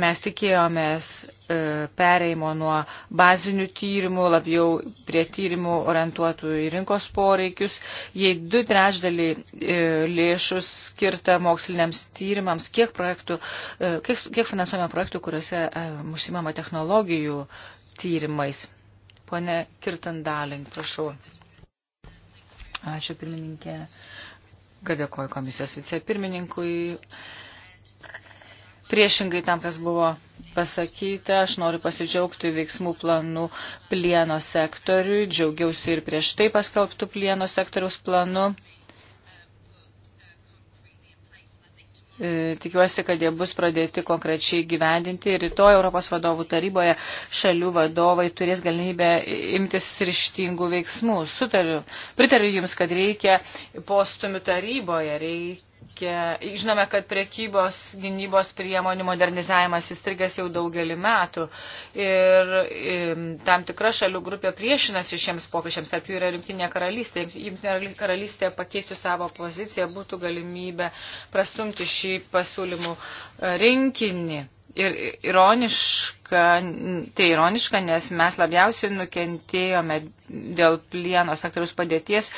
Mes tikėjomės e, pereimo nuo bazinių tyrimų, labiau prie tyrimų orientuotų į rinkos poreikius. Jei du trešdalį e, lėšų skirta moksliniams tyrimams, kiek, projektų, e, kiek, kiek finansuojame projektų, kuriuose užsimama technologijų tyrimais? Pone Kirtandalink, prašau. Ačiū pirmininkė. Kad dėkoju komisijos vicepirmininkui. Priešingai tam, kas buvo pasakyta, aš noriu pasidžiaugti veiksmų planų plieno sektoriui. Džiaugiausi ir prieš tai paskelbtų plieno sektoriaus planu. E, tikiuosi, kad jie bus pradėti konkrečiai gyvendinti ir rytoj Europos vadovų taryboje šalių vadovai turės galimybę imtis ryštingų veiksmų. Sutariu, pritariu Jums, kad reikia postumių taryboje, reikia Žinome, kad priekybos gynybos priemonių modernizavimas įstrigęs jau daugelį metų ir, ir tam tikra šalių grupė priešinasi šiems pokyčiams, tarp jų yra Junktinė karalystė. Junktinė karalystė pakeistų savo poziciją, būtų galimybė prastumti šį pasiūlymų e, rinkinį ir ironiška, tai ironiška, nes mes labiausiai nukentėjome dėl plieno sektoriaus padėties.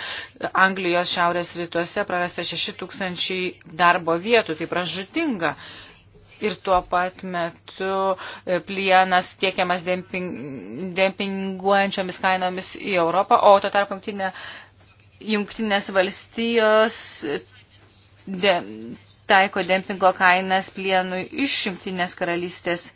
Anglijos šiaurės rytuose prarasta 6 tūkstančiai darbo vietų, tai pražutinga. Ir tuo pat metu e, plienas tiekiamas demping, dempinguojančiomis kainomis į Europą, o to tarp jungtinė, jungtinės valstijos de, taiko dempingo kainas plienui iš jungtinės karalystės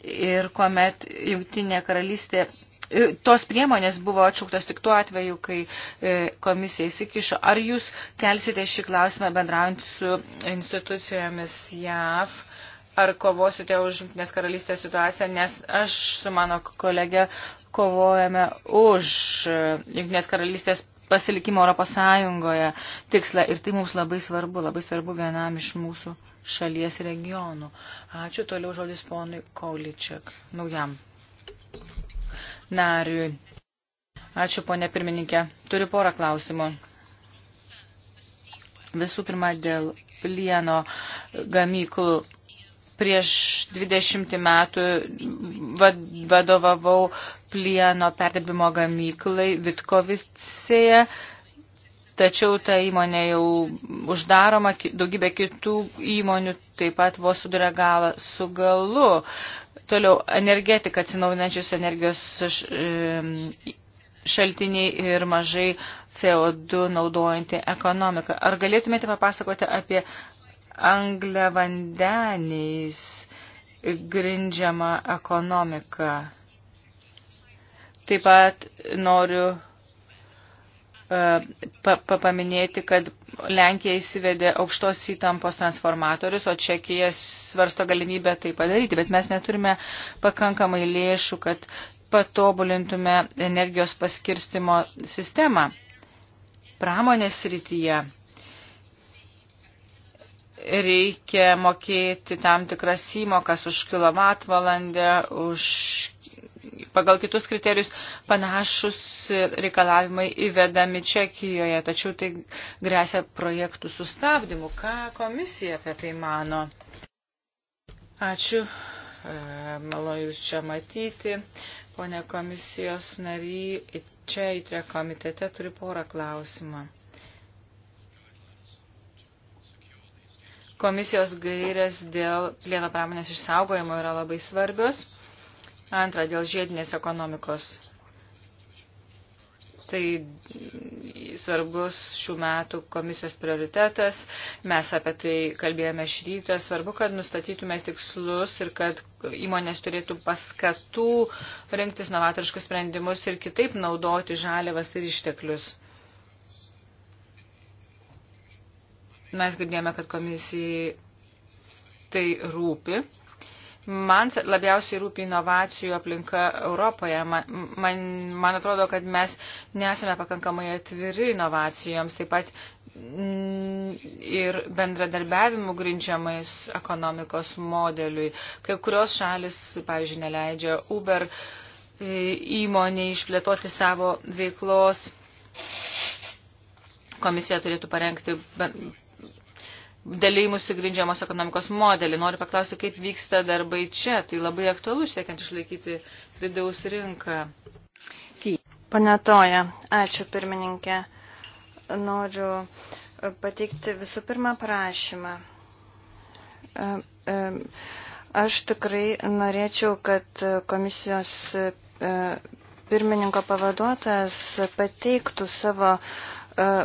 ir kuomet jungtinė karalystė. E, tos priemonės buvo atšauktos tik tuo atveju, kai e, komisija įsikišo. Ar jūs kelsite šį klausimą bendraujant su institucijomis JAV? Ar kovosite už Junktinės karalystės situaciją, nes aš su mano kolegė kovojame už e, Junktinės karalystės pasilikimo Europos Sąjungoje tikslą ir tai mums labai svarbu, labai svarbu vienam iš mūsų šalies regionų. Ačiū, toliau žodis ponui Kauličiak, naujam nariui. Ačiū, ponė pirmininkė. Turiu porą klausimų. Visų pirma, dėl plieno gamyklų Prieš 20 metų vadovavau plieno perdirbimo gamyklai Vitkovicėje, tačiau ta įmonė jau uždaroma, daugybė kitų įmonių taip pat vos suduria galą su galu. Toliau energetika, atsinaujinančios energijos šaltiniai ir mažai CO2 naudojanti ekonomika. Ar galėtumėte papasakoti apie anglę vandeniais grindžiama ekonomika. Taip pat noriu e, paminėti, kad Lenkija įsivedė aukštos įtampos transformatorius, o Čekija svarsto galimybę tai padaryti, bet mes neturime pakankamai lėšų, kad patobulintume energijos paskirstimo sistemą. Pramonės srityje reikia mokėti tam tikras įmokas už kilovatvalandę, už pagal kitus kriterijus panašus reikalavimai įvedami Čekijoje, tačiau tai grėsia projektų sustabdymu. Ką komisija apie tai mano? Ačiū, e, malonu Jūs čia matyti. Pone komisijos nary, čia įtre komitete turi porą klausimą. Komisijos gairės dėl plieno pramonės išsaugojimo yra labai svarbios. Antra, dėl žiedinės ekonomikos. Tai svarbus šių metų komisijos prioritetas. Mes apie tai kalbėjome šį rytą. Svarbu, kad nustatytume tikslus ir kad įmonės turėtų paskatų rinktis novatoriškus sprendimus ir kitaip naudoti žaliavas ir išteklius. Mes girdėjome, kad komisijai tai rūpi. Man labiausiai rūpi inovacijų aplinka Europoje. Man, man, man atrodo, kad mes nesame pakankamai atviri inovacijoms, taip pat ir bendradarbiavimų grindžiamais ekonomikos modeliui. Kai kurios šalis, pavyzdžiui, neleidžia Uber e, įmonė išplėtoti savo veiklos. Komisija turėtų parengti dalėjimusi grindžiamos ekonomikos modelį. Noriu paklausti, kaip vyksta darbai čia. Tai labai aktualu siekiant išlaikyti vidaus rinką. Pane Toja, ačiū pirmininkė. Noriu e, pateikti visų pirma prašymą. E, e, aš tikrai norėčiau, kad komisijos pirmininko pavaduotas pateiktų savo uh, E,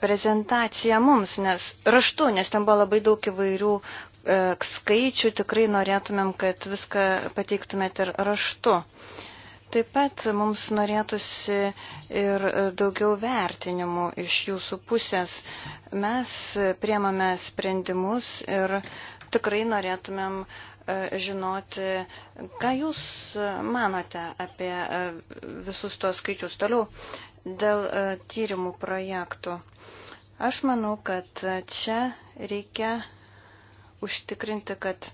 prezentaciją mums, nes raštu, nes ten buvo labai daug įvairių e, skaičių, tikrai norėtumėm, kad viską pateiktumėt ir raštu. Taip pat mums norėtųsi ir daugiau vertinimų iš jūsų pusės. Mes priemame sprendimus ir tikrai norėtumėm e, žinoti, ką jūs manote apie visus tuos skaičius. Toliau Dėl e, tyrimų projektų. Aš manau, kad e, čia reikia užtikrinti, kad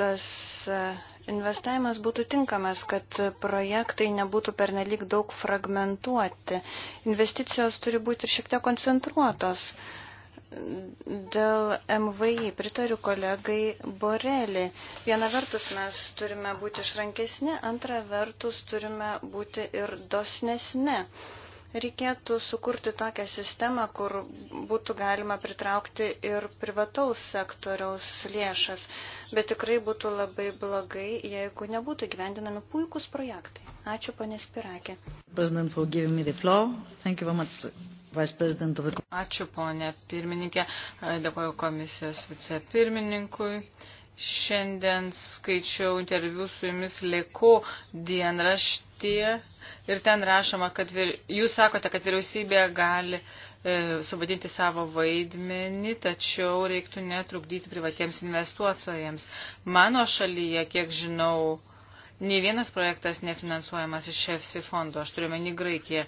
tas e, investavimas būtų tinkamas, kad projektai nebūtų pernelyg daug fragmentuoti. Investicijos turi būti ir šiek tiek koncentruotos. Uh, Dėl MVI pritariu kolegai Borelį. Viena vertus mes turime būti išrankesni, antra vertus turime būti ir dosnesni. Uh, Reikėtų sukurti tokią sistemą, kur būtų galima pritraukti ir privataus sektoriaus lėšas, bet tikrai būtų labai blogai, jeigu nebūtų gyvendinami puikūs projektai. Ačiū, ponė Spirakė. Ačiū, ponė pirmininkė. Dėkoju komisijos vicepirmininkui. Šiandien skaičiau interviu su jumis Leko dienraštyje ir ten rašoma, kad vir... jūs sakote, kad vyriausybė gali e, suvadinti savo vaidmenį, tačiau reiktų netrukdyti privatiems investuotojams. Mano šalyje, kiek žinau, nei vienas projektas nefinansuojamas iš EFSI fondo, aš turiu menį Graikiją.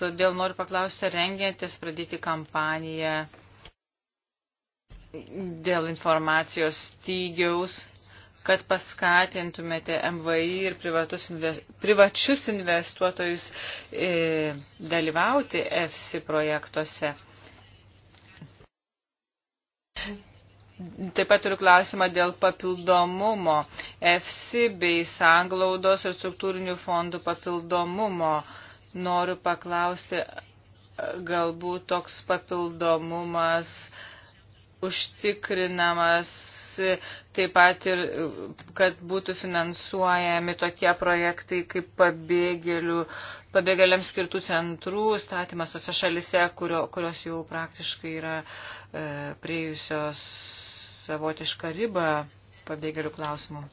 Todėl noriu paklausti, rengiantis pradėti kampaniją dėl informacijos stygiaus, kad paskatintumėte MVI ir invest, privačius investuotojus e, dalyvauti EFSI projektuose. Taip pat turiu klausimą dėl papildomumo EFSI bei sanglaudos ir struktūrinių fondų papildomumo. Noriu paklausti, galbūt toks papildomumas e, užtikrinamas taip pat ir, kad būtų finansuojami tokie projektai kaip pabėgėlių, pabėgėliams skirtų centrų statymas tose šalise, kurio, kurios jau praktiškai yra e, prieijusios savotišką ribą pabėgėlių klausimų.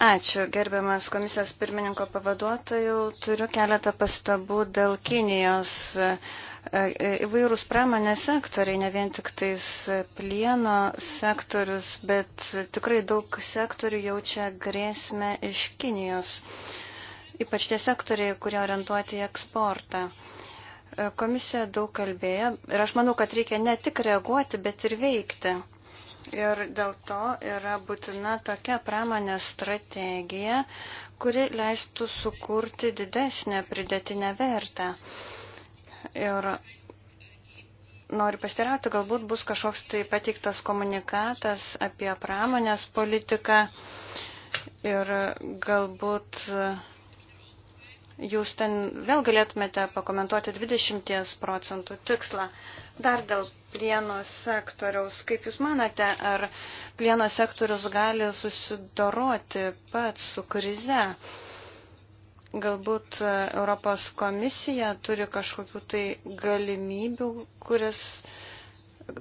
Ačiū, gerbiamas komisijos pirmininko pavaduotojų. Turiu keletą pastabų dėl Kinijos. E, e, įvairūs pramonės sektoriai, ne vien tik tais plieno sektorius, bet tikrai daug sektorių jaučia grėsmę iš Kinijos. Ypač tie sektoriai, kurie orientuoti į eksportą. E, komisija daug kalbėjo ir aš manau, kad reikia ne tik reaguoti, bet ir veikti. Ir dėl to yra būtina tokia pramonės strategija, kuri leistų sukurti didesnę pridėtinę vertę. Ir noriu pasirauti, galbūt bus kažkoks tai pateiktas komunikatas apie pramonės politiką ir galbūt jūs ten vėl galėtumėte pakomentuoti 20 procentų tikslą. Dar dėl plieno sektoriaus. Kaip Jūs manate, ar plieno sektorius gali susidoroti pats su krize? Galbūt e, Europos komisija turi kažkokių tai galimybių, kuris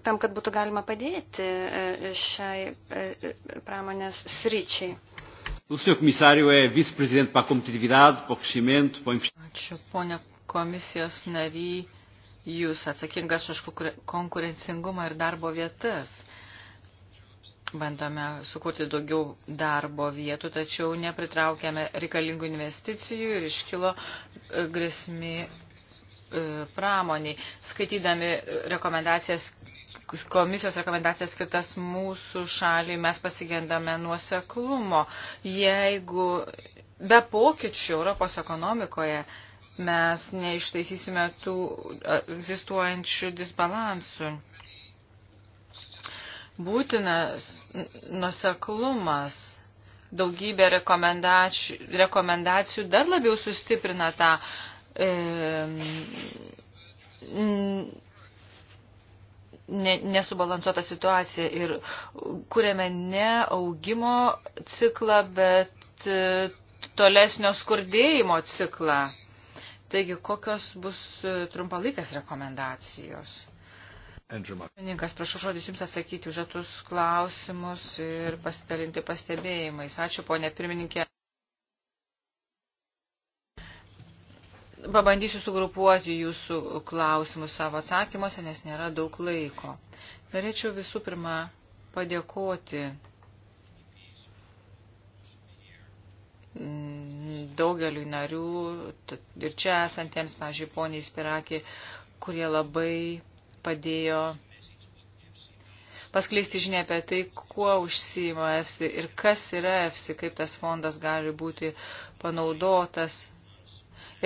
tam, kad būtų galima padėti e, šiai e, pramonės sryčiai. O senhor comissário é vice-presidente para a competitividade, para o crescimento, para o investimento. Ačiū, ponia komisijos nary. Jūs atsakingas už konkurencingumą ir darbo vietas. Bandome sukurti daugiau darbo vietų, tačiau nepritraukėme reikalingų investicijų ir iškilo e, grėsmi e, pramoniai. Skaitydami e, rekomendacijas, komisijos rekomendacijas skirtas mūsų šaliai, mes pasigendame nuoseklumo. Jeigu be pokyčių Europos ekonomikoje mes neištaisysime tų egzistuojančių disbalansų. Būtinas nuseklumas daugybė rekomendacijų, rekomendacijų dar labiau sustiprina tą e, nesubalansuotą situaciją ir kuriame ne augimo ciklą, bet e, tolesnio skurdėjimo ciklą. Taigi, kokios bus e, trumpalaikės rekomendacijos? Pininkas, prašau žodis Jums atsakyti už atus klausimus ir pasidalinti pastebėjimais. Ačiū, ponė pirmininkė. Pabandysiu sugrupuoti Jūsų klausimus savo atsakymuose, nes nėra daug laiko. Norėčiau visų pirma padėkoti daugeliu narių ir čia esantiems, pažiūrėjau, poniai Spirakė, kurie labai padėjo paskleisti žinę apie tai, kuo užsima EFSI ir kas yra EFSI, kaip tas fondas gali būti panaudotas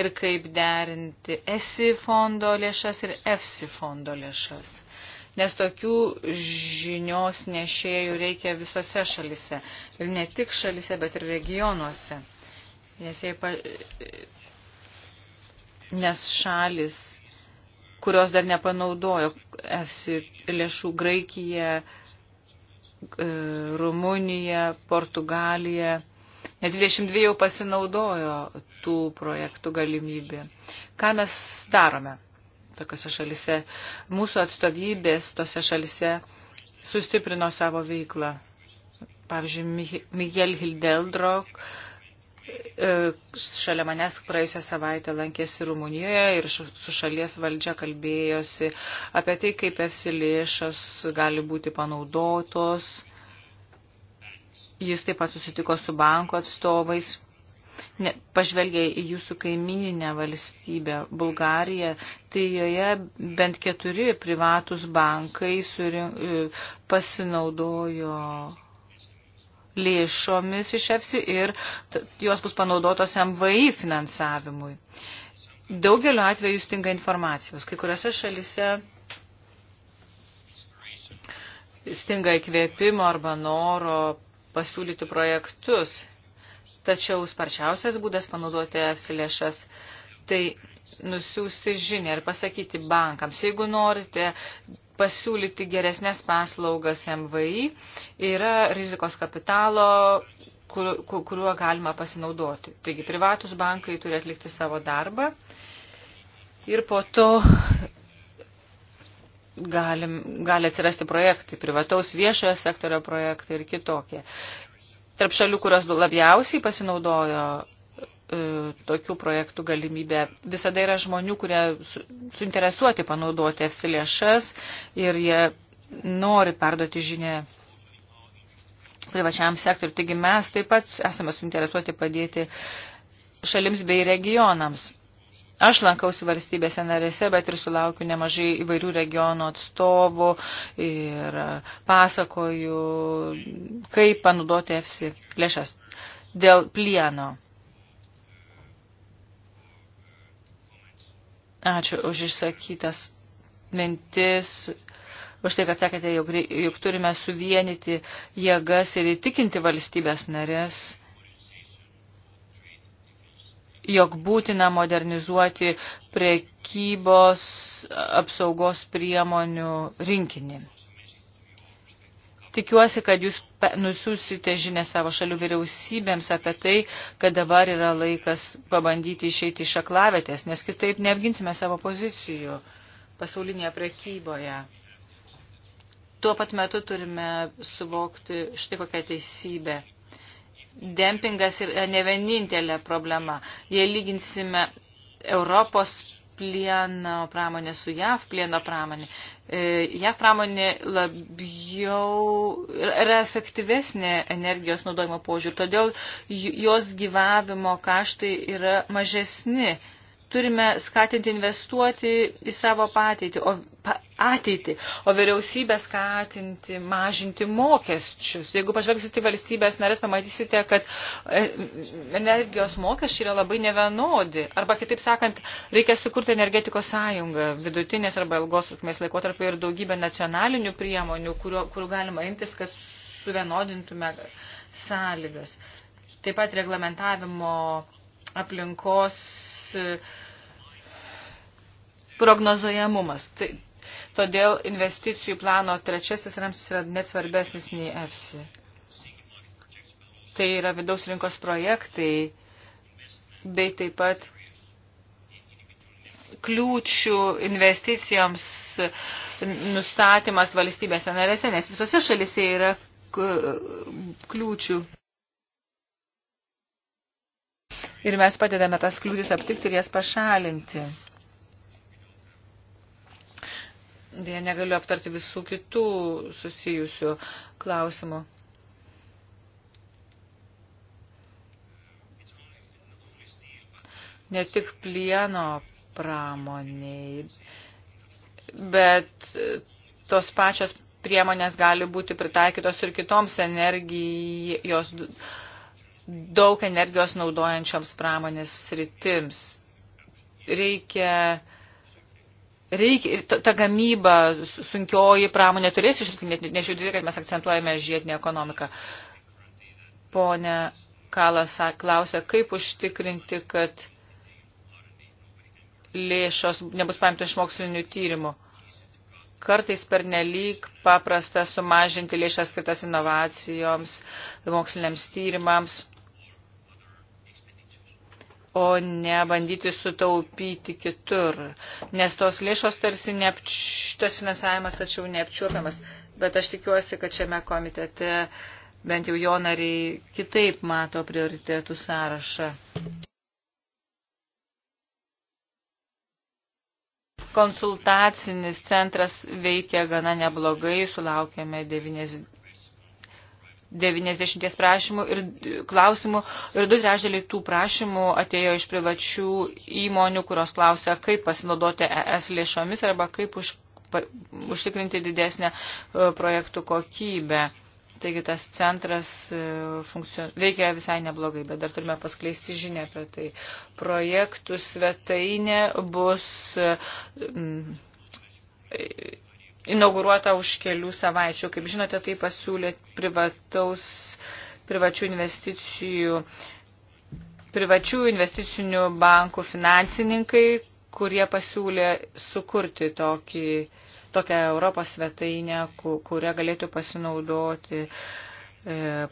ir kaip derinti ESI fondo lėšas ir EFSI fondo lėšas. Nes tokių žinios nešėjų reikia visose šalise. Ir ne tik šalise, bet ir regionuose. Nes, jei pa, nes šalis, kurios dar nepanaudojo esi lėšų Graikija, e, Rumunija, Portugalija, net 22 jau pasinaudojo tų projektų galimybė. Ką mes darome tokiose šalise? Mūsų atstovybės tose šalise sustiprino savo veiklą. Pavyzdžiui, Miguel Hildeldrok, E, šalia manęs praėjusią savaitę lankėsi Rumunijoje ir su šalies valdžia kalbėjosi apie tai, kaip esi lėšas gali būti panaudotos. Jis taip pat susitiko su banko atstovais. Ne, pažvelgia į jūsų kaimininę valstybę, Bulgariją, tai joje bent keturi privatus bankai surink, e, pasinaudojo lėšomis iš EFSI ir jos bus panaudotos MVI finansavimui. Daugeliu atveju stinga informacijos. Kai kuriuose šalise stinga įkvėpimo arba noro pasiūlyti projektus. Tačiau sparčiausias būdas panaudoti EFSI lėšas tai nusiųsti žinę ir pasakyti bankams, jeigu norite pasiūlyti geresnės paslaugas MVI, yra rizikos kapitalo, kur, kuriuo galima pasinaudoti. Taigi privatus bankai turi atlikti savo darbą ir po to galim, gali atsirasti projektai, privataus viešojo sektorio projektai ir kitokie. Tarp šalių, kurios labiausiai pasinaudojo E, tokių projektų galimybę. Visada yra žmonių, kurie su, suinteresuoti panaudoti EFSI lėšas ir jie nori perduoti žinę privačiam sektoriu. Taigi mes taip pat esame suinteresuoti padėti šalims bei regionams. Aš lankausi valstybėse narėse, bet ir sulaukiu nemažai įvairių regionų atstovų ir pasakoju, kaip panaudoti EFSI lėšas dėl plieno. Ačiū už išsakytas mintis, už tai, kad sakėte, jog, jog turime suvienyti jėgas ir įtikinti valstybės narės, jog būtina modernizuoti priekybos apsaugos priemonių rinkinį. Tikiuosi, kad jūs nusiusite žinę savo šalių vyriausybėms apie tai, kad dabar yra laikas pabandyti išeiti iš aklavėtės, nes kitaip neapginsime savo pozicijų pasaulinėje prekyboje. Tuo pat metu turime suvokti štai kokią teisybę. Dempingas yra ne vienintelė problema. Jei lyginsime Europos plieno pramonė su JAV plieno pramonė. E, JAV pramonė labiau yra efektyvesnė energijos naudojimo požiūrį, todėl jos gyvavimo kaštai yra mažesni turime skatinti investuoti į savo pateitį, o, pa, ateitį, o vyriausybę skatinti mažinti mokesčius. Jeigu pažvelgsite į valstybės narės, pamatysite, kad e, energijos mokesčiai yra labai nevienodi. Arba kitaip sakant, reikia sukurti energetikos sąjungą vidutinės arba ilgos trukmės laikotarpio ir daugybę nacionalinių priemonių, kurio, kurių galima imtis, kad suvienodintume sąlygas. Taip pat reglamentavimo aplinkos prognozuojamumas. Tai, todėl investicijų plano trečiasis ramstis yra net svarbesnis nei EFSI. Tai yra vidaus rinkos projektai, bei taip pat kliūčių investicijoms nustatymas valstybėse narėse, nes visose šalise yra kliūčių. Ir mes padedame tas kliūtis aptikti ir jas pašalinti. Dėja negaliu aptarti visų kitų susijusių klausimų. Ne tik plieno pramoniai, bet tos pačios priemonės gali būti pritaikytos ir kitoms energijos, daug energijos naudojančioms pramonės sritims. Reikia reikia, ta gamyba, sunkioji pramonė turės išlikti, nežiūrėti, kad mes akcentuojame žiedinę ekonomiką. Pone Kalas klausia, kaip užtikrinti, kad lėšos nebus paimtos iš mokslinių tyrimų. Kartais per nelyg paprasta sumažinti lėšas skirtas inovacijoms, moksliniams tyrimams o ne bandyti sutaupyti kitur, nes tos lėšos tarsi neapč... tas finansavimas tačiau neapčiuopiamas, bet aš tikiuosi, kad šiame komitete bent jau jo nariai kitaip mato prioritėtų sąrašą. Konsultacinis centras veikia gana neblogai, sulaukėme 90 90 prašymų ir klausimų ir du trešdėliai tų prašymų atėjo iš privačių įmonių, kurios klausia, kaip pasinaudoti ES lėšomis arba kaip už, pa, užtikrinti didesnę e, projektų kokybę. Taigi tas centras e, funkcion... veikia visai neblogai, bet dar turime paskleisti žinę apie tai. Projektų svetainė bus inauguruota už kelių savaičių. Kaip žinote, tai pasiūlė privataus, privačių investicijų, privačių investicinių bankų finansininkai, kurie pasiūlė sukurti tokį, tokią Europos svetainę, kurią galėtų pasinaudoti e,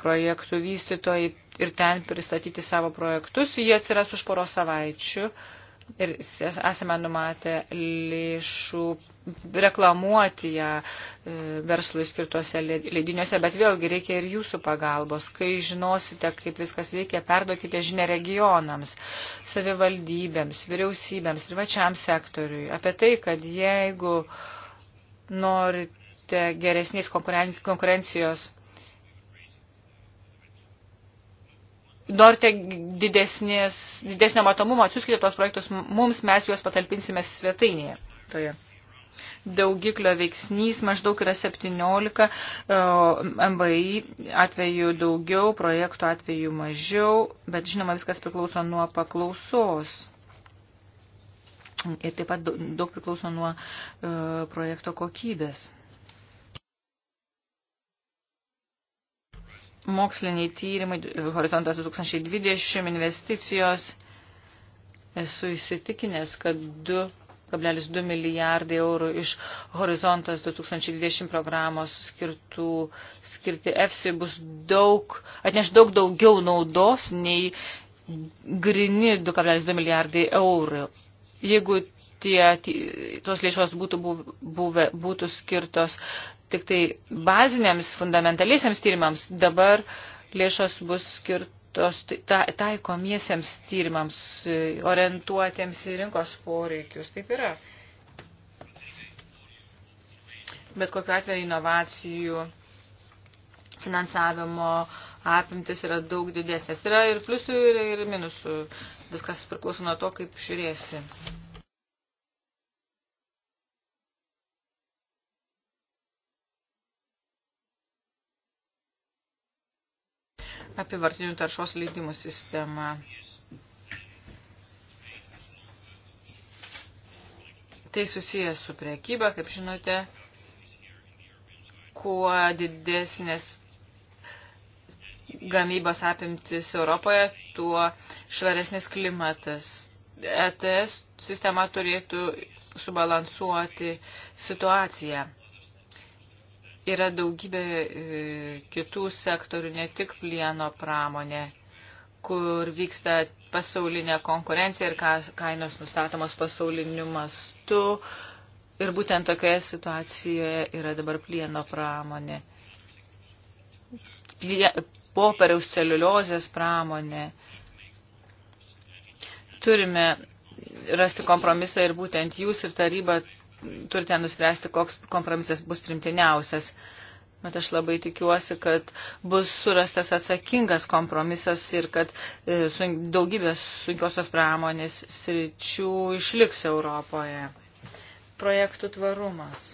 projektų vystytojai ir ten pristatyti savo projektus. Jie atsiras už poros savaičių ir esame numatę lėšų reklamuoti ją e, verslui skirtuose leidiniuose, bet vėlgi reikia ir jūsų pagalbos. Kai žinosite, kaip viskas veikia, perduokite žinę regionams, savivaldybėms, vyriausybėms, privačiam sektoriui. Apie tai, kad jeigu norite geresnės konkurencijos norite didesnės, didesnio matomumo, atsiųskite tos projektus mums, mes juos patalpinsime svetainėje. Toje. Daugiklio veiksnys maždaug yra 17, MVI atveju daugiau, projektų atveju mažiau, bet žinoma viskas priklauso nuo paklausos. Ir taip pat daug priklauso nuo e, projekto kokybės. moksliniai tyrimai, horizontas 2020, investicijos. Esu įsitikinęs, kad 2,2 milijardai eurų iš horizontas 2020 programos skirtų, skirti EFSI bus daug, atneš daug daugiau naudos nei grini 2,2 milijardai eurų. Jeigu tie, tie, tos lėšos būtų, buvę, būtų skirtos tik tai baziniams, fundamentaliesiams tyrimams, dabar lėšos bus skirtos tai, ta, taikomiesiems tyrimams, orientuotiems į rinkos poreikius. Taip yra. Bet kokiu atveju inovacijų finansavimo apimtis yra daug didesnės. Yra ir pliusų, ir, ir minusų. Viskas priklauso nuo to, kaip žiūrėsi. apivartinių taršos leidimų sistemą. Tai susijęs su priekyba, kaip žinote, kuo didesnės gamybos apimtis Europoje, tuo švaresnis klimatas. ETS sistema turėtų subalansuoti situaciją yra daugybė e, kitų sektorių, ne tik plieno pramonė, kur vyksta pasaulinė konkurencija ir kainos nustatomos pasauliniu mastu. Ir būtent tokioje situacijoje yra dabar plieno pramonė. Plie, popieriaus celiuliozės pramonė. Turime rasti kompromisą ir būtent jūs ir taryba turite nuspręsti, koks kompromisas bus primtiniausias. Bet aš labai tikiuosi, kad bus surastas atsakingas kompromisas ir kad e, sun, daugybės sunkiosios pramonės sričių išliks Europoje. Projektų tvarumas.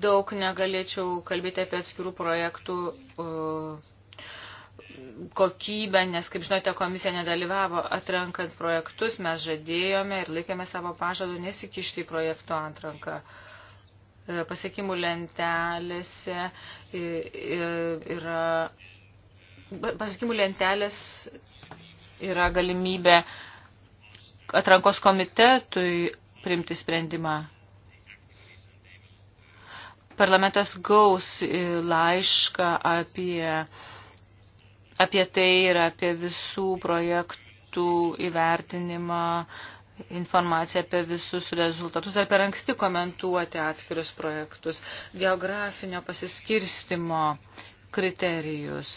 Daug negalėčiau kalbėti apie atskirų projektų uh, kokybę, nes, kaip žinote, komisija nedalyvavo atrenkant projektus, mes žadėjome ir laikėme savo pažadų nesikišti į projektų atranką. E, pasiekimų lentelėse yra pasiekimų lentelės yra galimybė atrankos komitetui priimti sprendimą. Parlamentas gaus laišką apie apie tai ir apie visų projektų įvertinimą, informaciją apie visus rezultatus, ar per anksti komentuoti atskirius projektus, geografinio pasiskirstimo kriterijus,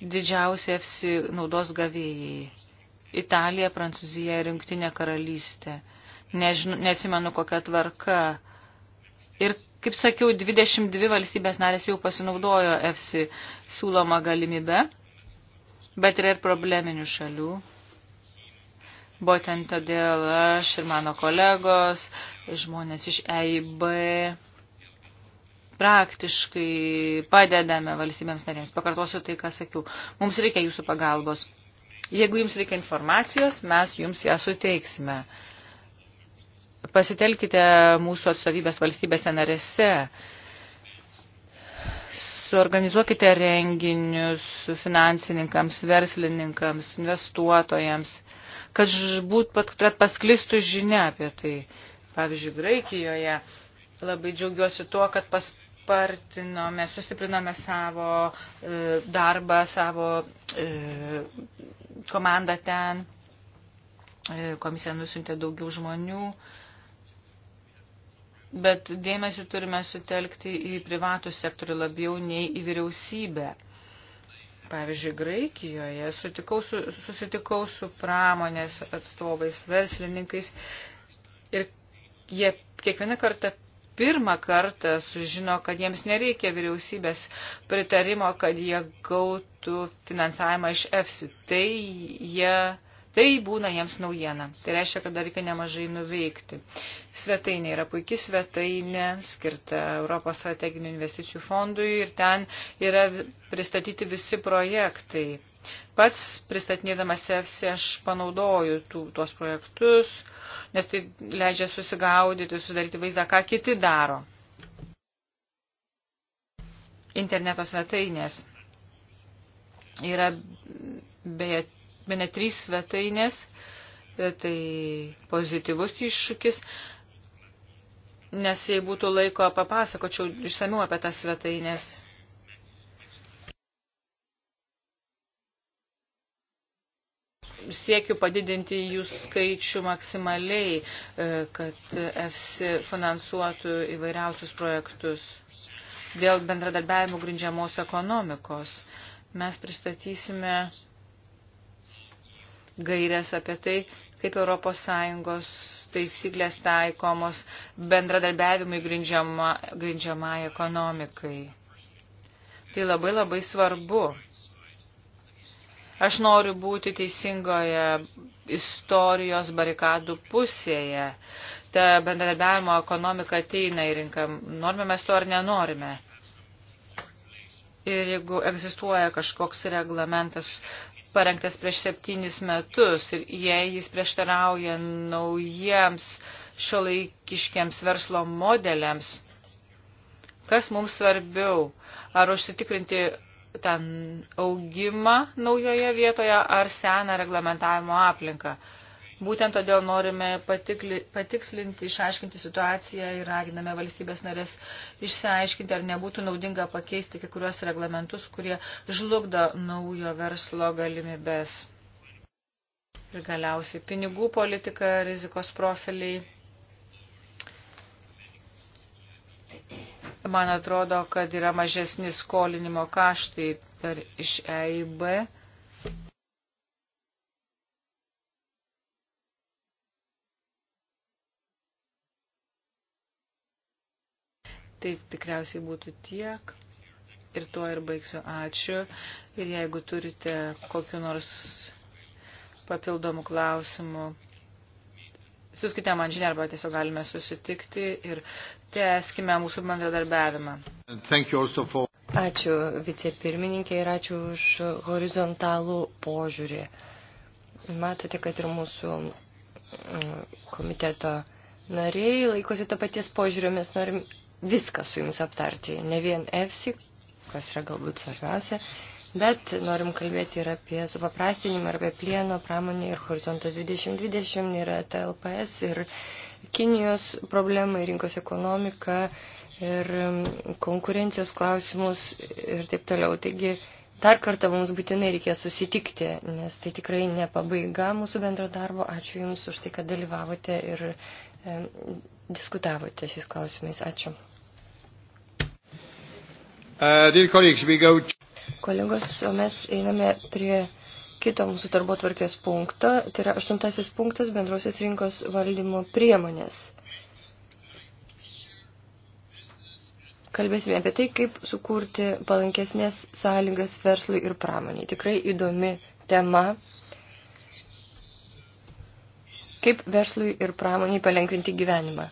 didžiausi EFSI naudos gavėjai - Italija, Prancūzija ir Junktinė karalystė. Nežinu, neatsimenu, kokia tvarka. Ir kaip sakiau, 22 valstybės narės jau pasinaudojo EFSI siūloma galimybe bet yra ir probleminių šalių. Būtent todėl aš ir mano kolegos, žmonės iš EIB, praktiškai padedame valstybėms narėms. Pakartosiu tai, ką sakiau. Mums reikia jūsų pagalbos. Jeigu jums reikia informacijos, mes jums ją suteiksime. Pasitelkite mūsų atstovybės valstybėse narėse suorganizuokite renginius finansininkams, verslininkams, investuotojams, kad, būt, kad pasklistų žinia apie tai. Pavyzdžiui, Graikijoje labai džiaugiuosi tuo, kad paspartinome, sustiprinome savo e, darbą, savo e, komandą ten. E, komisija nusintė daugiau žmonių. E, bet dėmesį turime sutelkti į privatų sektorių labiau nei į vyriausybę. Pavyzdžiui, Graikijoje sutikau su, susitikau su pramonės atstovais, verslininkais ir jie kiekvieną kartą pirmą kartą sužino, kad jiems nereikia vyriausybės pritarimo, kad jie gautų finansavimą iš EFSI. Tai jie Tai būna jiems naujiena. Tai reiškia, kad dar reikia nemažai nuveikti. Svetainė yra puikia svetainė, skirta Europos strateginių investicijų fondui ir ten yra pristatyti visi projektai. Pats pristatinėdamas EFSI aš panaudoju tų, tuos projektus, nes tai leidžia susigaudyti, susidaryti vaizdą, ką kiti daro. Interneto svetainės yra beje apėmė trys svetainės, e, tai pozityvus iššūkis, nes jei būtų laiko, papasakočiau išsamiau apie tas svetainės. siekiu padidinti jų skaičių maksimaliai, e, kad EFSI finansuotų įvairiausius projektus dėl bendradarbiavimų grindžiamos ekonomikos. Mes pristatysime gairias apie tai, kaip ES taisyklės taikomos bendradarbiavimui grindžiama, grindžiamai ekonomikai. Tai labai labai svarbu. Aš noriu būti teisingoje istorijos barikadų pusėje. Ta bendradarbiavimo ekonomika ateina į rinką. Norime mes to ar nenorime. Ir jeigu egzistuoja kažkoks reglamentas, parengtas prieš septynis metus ir jei jis prieštarauja naujiems šiolaikiškiams verslo modeliams, kas mums svarbiau, ar užsitikrinti ten augimą naujoje vietoje ar seną reglamentavimo aplinką. Būtent todėl norime patikli, patikslinti, išaiškinti situaciją ir raginame valstybės narės išsiaiškinti, ar nebūtų naudinga pakeisti kai kuriuos reglamentus, kurie žlugdo naujo verslo galimybės. Ir galiausiai pinigų politika, rizikos profiliai. Man atrodo, kad yra mažesni skolinimo kaštai per, iš EIB Tai tikriausiai būtų tiek. Ir tuo ir baigsiu. Ačiū. Ir jeigu turite kokiu nors papildomų klausimų, siūskite man žinę arba tiesiog galime susitikti ir tęskime mūsų bendradarbiavimą. For... Ačiū vicepirmininkė ir ačiū už horizontalų požiūrį. Matote, kad ir mūsų mm, komiteto nariai laikosi to paties požiūrio, mes norim viską su jums aptarti, ne vien EFSI, kas yra galbūt svarbiausia, bet norim kalbėti ir apie supaprastinimą, ir apie plieno pramonį, ir horizontas 2020, ir TLPS, ir Kinijos problemą, ir rinkos ekonomiką, ir mm, konkurencijos klausimus, ir taip toliau. Taigi, Dar kartą mums būtinai reikės susitikti, nes tai tikrai ne pabaiga mūsų bendro darbo. Ačiū Jums už tai, kad dalyvavote ir e, diskutavote šiais klausimais. Ačiū. Uh, Kolegos, o mes einame prie kito mūsų darbo tvarkės punkto, tai yra aštuntasis punktas bendrausios rinkos valdymo priemonės. Kalbėsime apie tai, kaip sukurti palankesnės sąlygas verslui ir pramoniai. Tikrai įdomi tema. Kaip verslui ir pramoniai palengvinti gyvenimą.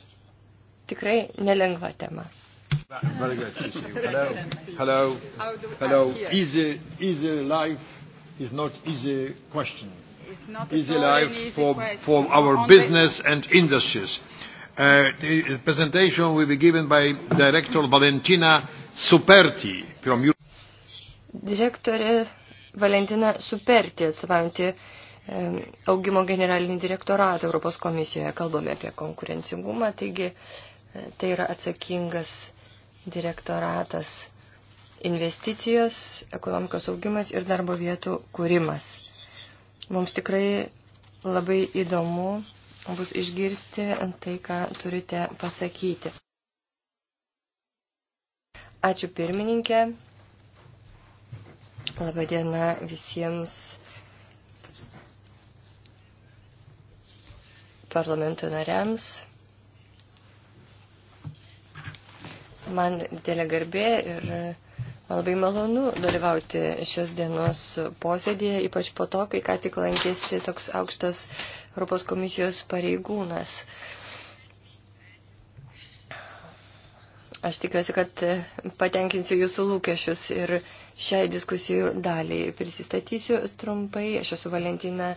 Tikrai nelengva tema. Very good. Hello. Hello. Hello. Easy, easy life is not easy question. It's not easy life easy for, question. for our business and industries. Uh, the presentation will be given by Director Valentina Superti from Europe. Direktorė Valentina Superti atstovaujanti augimo generalinį direktoratą Europos komisijoje. Kalbame apie konkurencingumą, taigi e, tai yra atsakingas direktoratas investicijos, ekonomikos augimas ir darbo vietų kūrimas. Mums tikrai labai įdomu bus išgirsti tai, ką turite pasakyti. Ačiū pirmininkė. Labadiena visiems parlamento nariams. Man didelė garbė ir man labai malonu dalyvauti šios dienos posėdėje, ypač po to, kai ką tik lankėsi toks aukštas Europos komisijos pareigūnas. Aš tikiuosi, kad patenkinsiu jūsų lūkesčius ir šiai diskusijų daliai prisistatysiu trumpai. Aš esu Valentina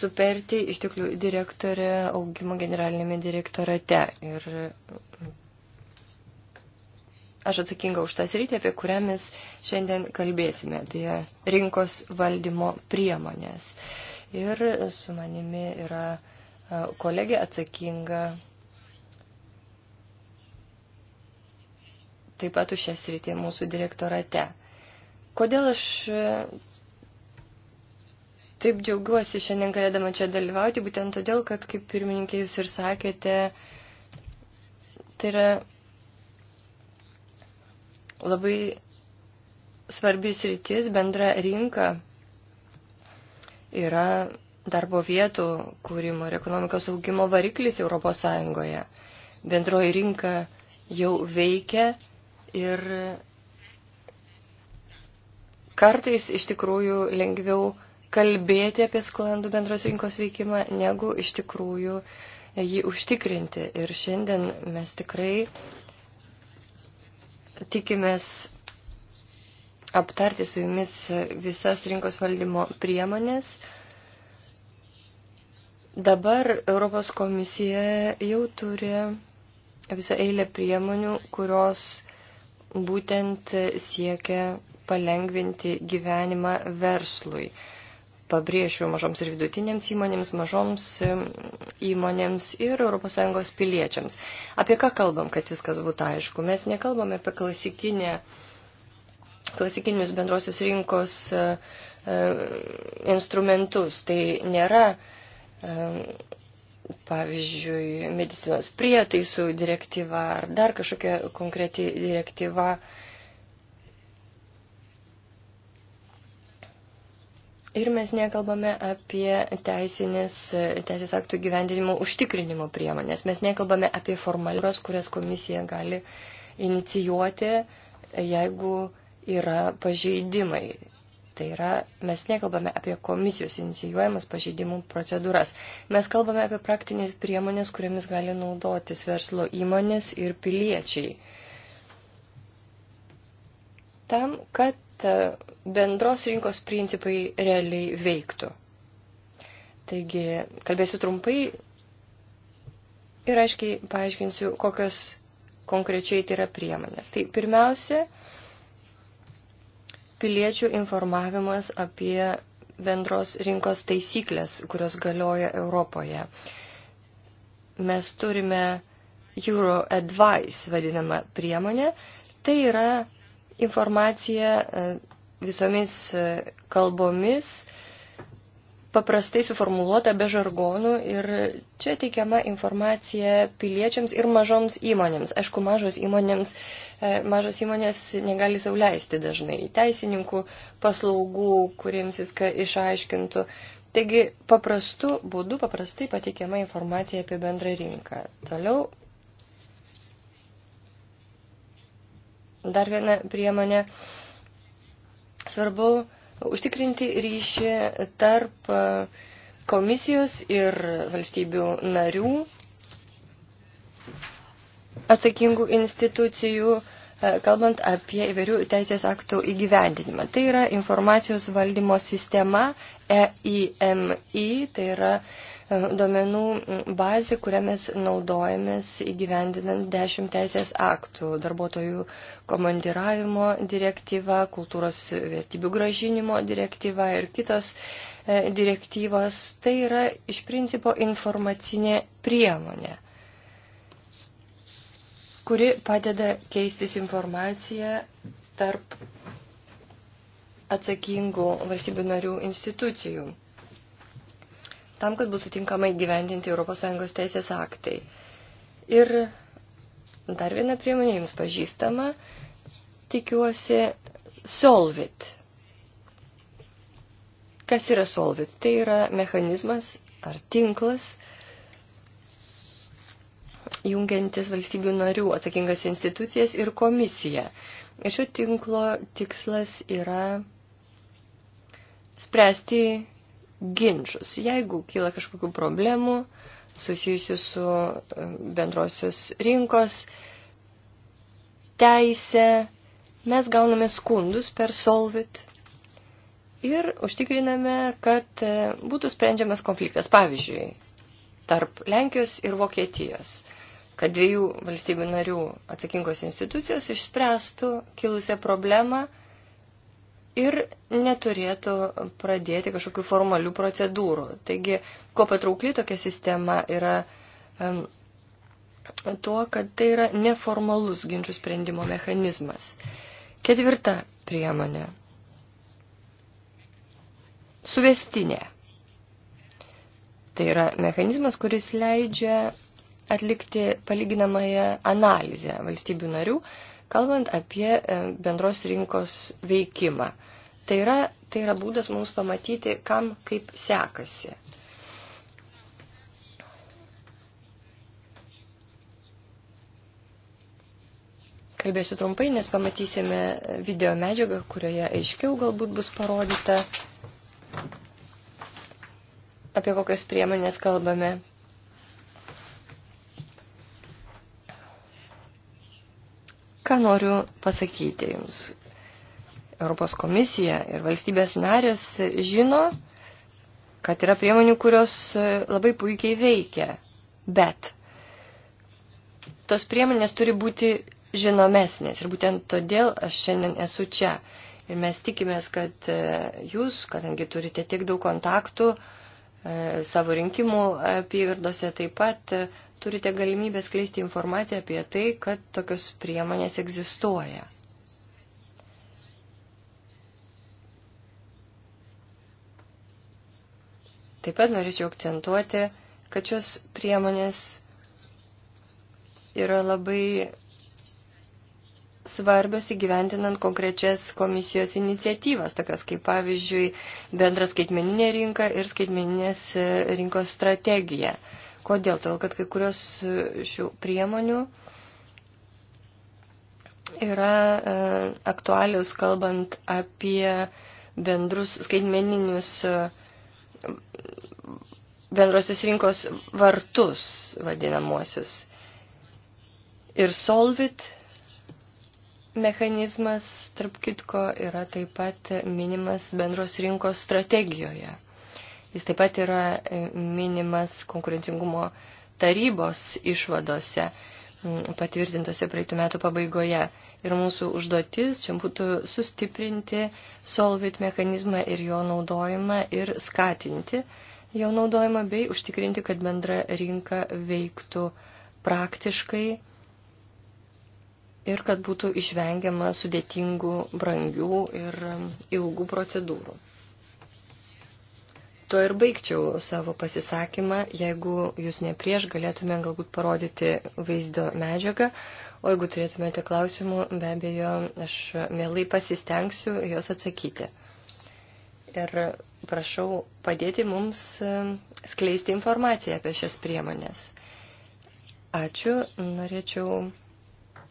Superti, iš tikrųjų direktorė augimo generalinėme direktorate ir Aš atsakinga už tą sritį, apie kurią mes šiandien kalbėsime, apie rinkos valdymo priemonės. Ir su manimi yra e, kolegė atsakinga taip pat už šią sritį mūsų direktorate. Kodėl aš e, taip džiaugiuosi šiandien galėdama čia dalyvauti, būtent todėl, kad, kaip pirmininkė, jūs ir sakėte, tai yra labai svarbius rytis bendra rinka yra darbo vietų kūrimo ir ekonomikos augimo variklis ES. Bendroji rinka jau veikia ir kartais iš tikrųjų lengviau kalbėti apie sklandų bendros rinkos veikimą, negu iš tikrųjų jį užtikrinti. Ir šiandien mes tikrai tikimės aptarti su jumis visas rinkos valdymo priemonės. Dabar Europos komisija jau turi visą eilę priemonių, kurios būtent siekia palengvinti gyvenimą verslui pabrėšiu mažoms ir vidutinėms įmonėms, mažoms įmonėms ir ES piliečiams. Apie ką kalbam, kad viskas būtų aišku? Mes nekalbame apie klasikinę, klasikinius bendrosios rinkos e, e, instrumentus. Tai nėra, e, pavyzdžiui, medicinos prietaisų direktyva ar dar kažkokia konkreti direktyva Ir mes nekalbame apie teisinės, teisės aktų gyvendinimo užtikrinimo priemonės. Mes nekalbame apie formalios, kurias komisija gali inicijuoti, jeigu yra pažeidimai. Tai yra, mes nekalbame apie komisijos inicijuojamas pažeidimų procedūras. Mes kalbame apie praktinės priemonės, kuriamis gali naudotis verslo įmonės ir piliečiai tam, kad e, bendros rinkos principai realiai veiktų. Taigi, kalbėsiu trumpai ir aiškiai paaiškinsiu, kokios konkrečiai tai yra priemonės. Tai pirmiausia, piliečių informavimas apie bendros rinkos taisyklės, kurios galioja Europoje. Mes turime Euro Advice vadinamą priemonę. Tai yra informaciją e, visomis e, kalbomis, paprastai suformuoluota be žargonų ir čia teikiama informacija piliečiams ir mažoms įmonėms. Aišku, mažos, įmonėms, e, mažos įmonės negali sauliaisti dažnai teisininkų paslaugų, kuriems viską išaiškintų. Taigi paprastu būdu paprastai pateikiama informacija apie bendrą rinką. Toliau Dar viena priemonė. Svarbu užtikrinti ryšį tarp komisijos ir valstybių narių atsakingų institucijų, kalbant apie įvairių teisės aktų įgyvendinimą. Tai yra informacijos valdymo sistema EIMI, tai yra uh, E, duomenų bazė, kurią mes naudojamės įgyvendinant dešimt teisės aktų - darbuotojų komandiravimo direktyva, kultūros vertybių gražinimo direktyva ir kitos e, direktyvos. Tai yra iš principo informacinė priemonė kuri padeda keistis informaciją tarp atsakingų valstybių narių institucijų tam, kad būtų tinkamai gyvendinti ES teisės aktai. Ir dar viena priemonė jums pažįstama, tikiuosi, Solvit. Kas yra Solvit? Tai yra mechanizmas ar tinklas, jungiantis valstybių narių atsakingas institucijas ir komisiją. Ir šio tinklo tikslas yra spręsti ginčius. Jeigu kyla kažkokių problemų susijusių su e, bendrosios rinkos teisė, mes gauname skundus per Solvit ir užtikriname, kad e, būtų sprendžiamas konfliktas, pavyzdžiui, tarp Lenkijos ir Vokietijos, kad dviejų valstybių narių atsakingos institucijos išspręstų kilusią problemą ir neturėtų pradėti kažkokių formalių procedūrų. Taigi, kuo patraukli tokia sistema yra um, tuo, kad tai yra neformalus ginčių sprendimo mechanizmas. Ketvirta priemonė. Suvestinė. Tai yra mechanizmas, kuris leidžia atlikti palyginamąją analizę valstybių narių kalbant apie e, bendros rinkos veikimą. Tai yra, tai yra būdas mums pamatyti, kam kaip sekasi. Kalbėsiu trumpai, nes pamatysime video medžiagą, kurioje aiškiau galbūt bus parodyta, apie kokias priemonės kalbame. Ką noriu pasakyti Jums? Europos komisija ir valstybės narės žino, kad yra priemonių, kurios labai puikiai veikia, bet tos priemonės turi būti žinomesnės ir būtent todėl aš šiandien esu čia. Ir mes tikimės, kad e, jūs, kadangi turite tiek daug kontaktų e, savo rinkimų apygardose, taip pat e, turite galimybę skleisti informaciją apie tai, kad tokios priemonės egzistuoja. Taip pat norėčiau akcentuoti, kad šios priemonės yra labai svarbios įgyventinant konkrečias komisijos iniciatyvas, tokias kaip pavyzdžiui bendra skaitmeninė rinka ir skaitmeninės rinkos strategija. Kodėl? Todėl, kad kai kurios e, šių priemonių yra e, aktualius kalbant apie bendrus skaitmeninius e, bendrosios rinkos vartus vadinamuosius. Ir Solvit mechanizmas, tarp kitko, yra taip pat minimas bendros rinkos strategijoje. Jis taip pat yra e, minimas konkurencingumo tarybos išvadose patvirtintose praeitų metų pabaigoje. Ir mūsų užduotis čia būtų sustiprinti solvit mechanizmą ir jo naudojimą ir skatinti jo naudojimą bei užtikrinti, kad bendra rinka veiktų praktiškai ir kad būtų išvengiama sudėtingų, brangių ir ilgų procedūrų. Tuo ir baigčiau savo pasisakymą. Jeigu jūs ne prieš, galėtume galbūt parodyti vaizdo medžiagą. O jeigu turėtumėte klausimų, be abejo, aš mielai pasistengsiu juos atsakyti. Ir prašau padėti mums e, skleisti informaciją apie šias priemonės. Ačiū. Norėčiau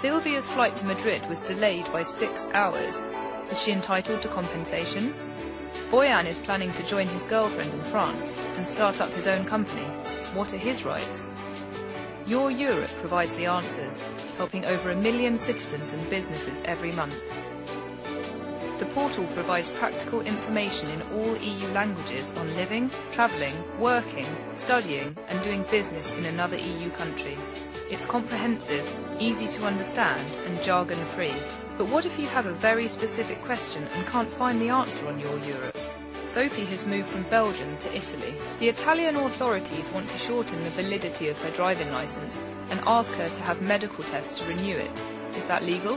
Sylvia's flight to Madrid was delayed by six hours. Is she entitled to compensation? Boyan is planning to join his girlfriend in France and start up his own company. What are his rights? Your Europe provides the answers, helping over a million citizens and businesses every month. The portal provides practical information in all EU languages on living, travelling, working, studying and doing business in another EU country. It's comprehensive, easy to understand and jargon free. But what if you have a very specific question and can't find the answer on your Europe? Sophie has moved from Belgium to Italy. The Italian authorities want to shorten the validity of her driving licence and ask her to have medical tests to renew it. Is that legal?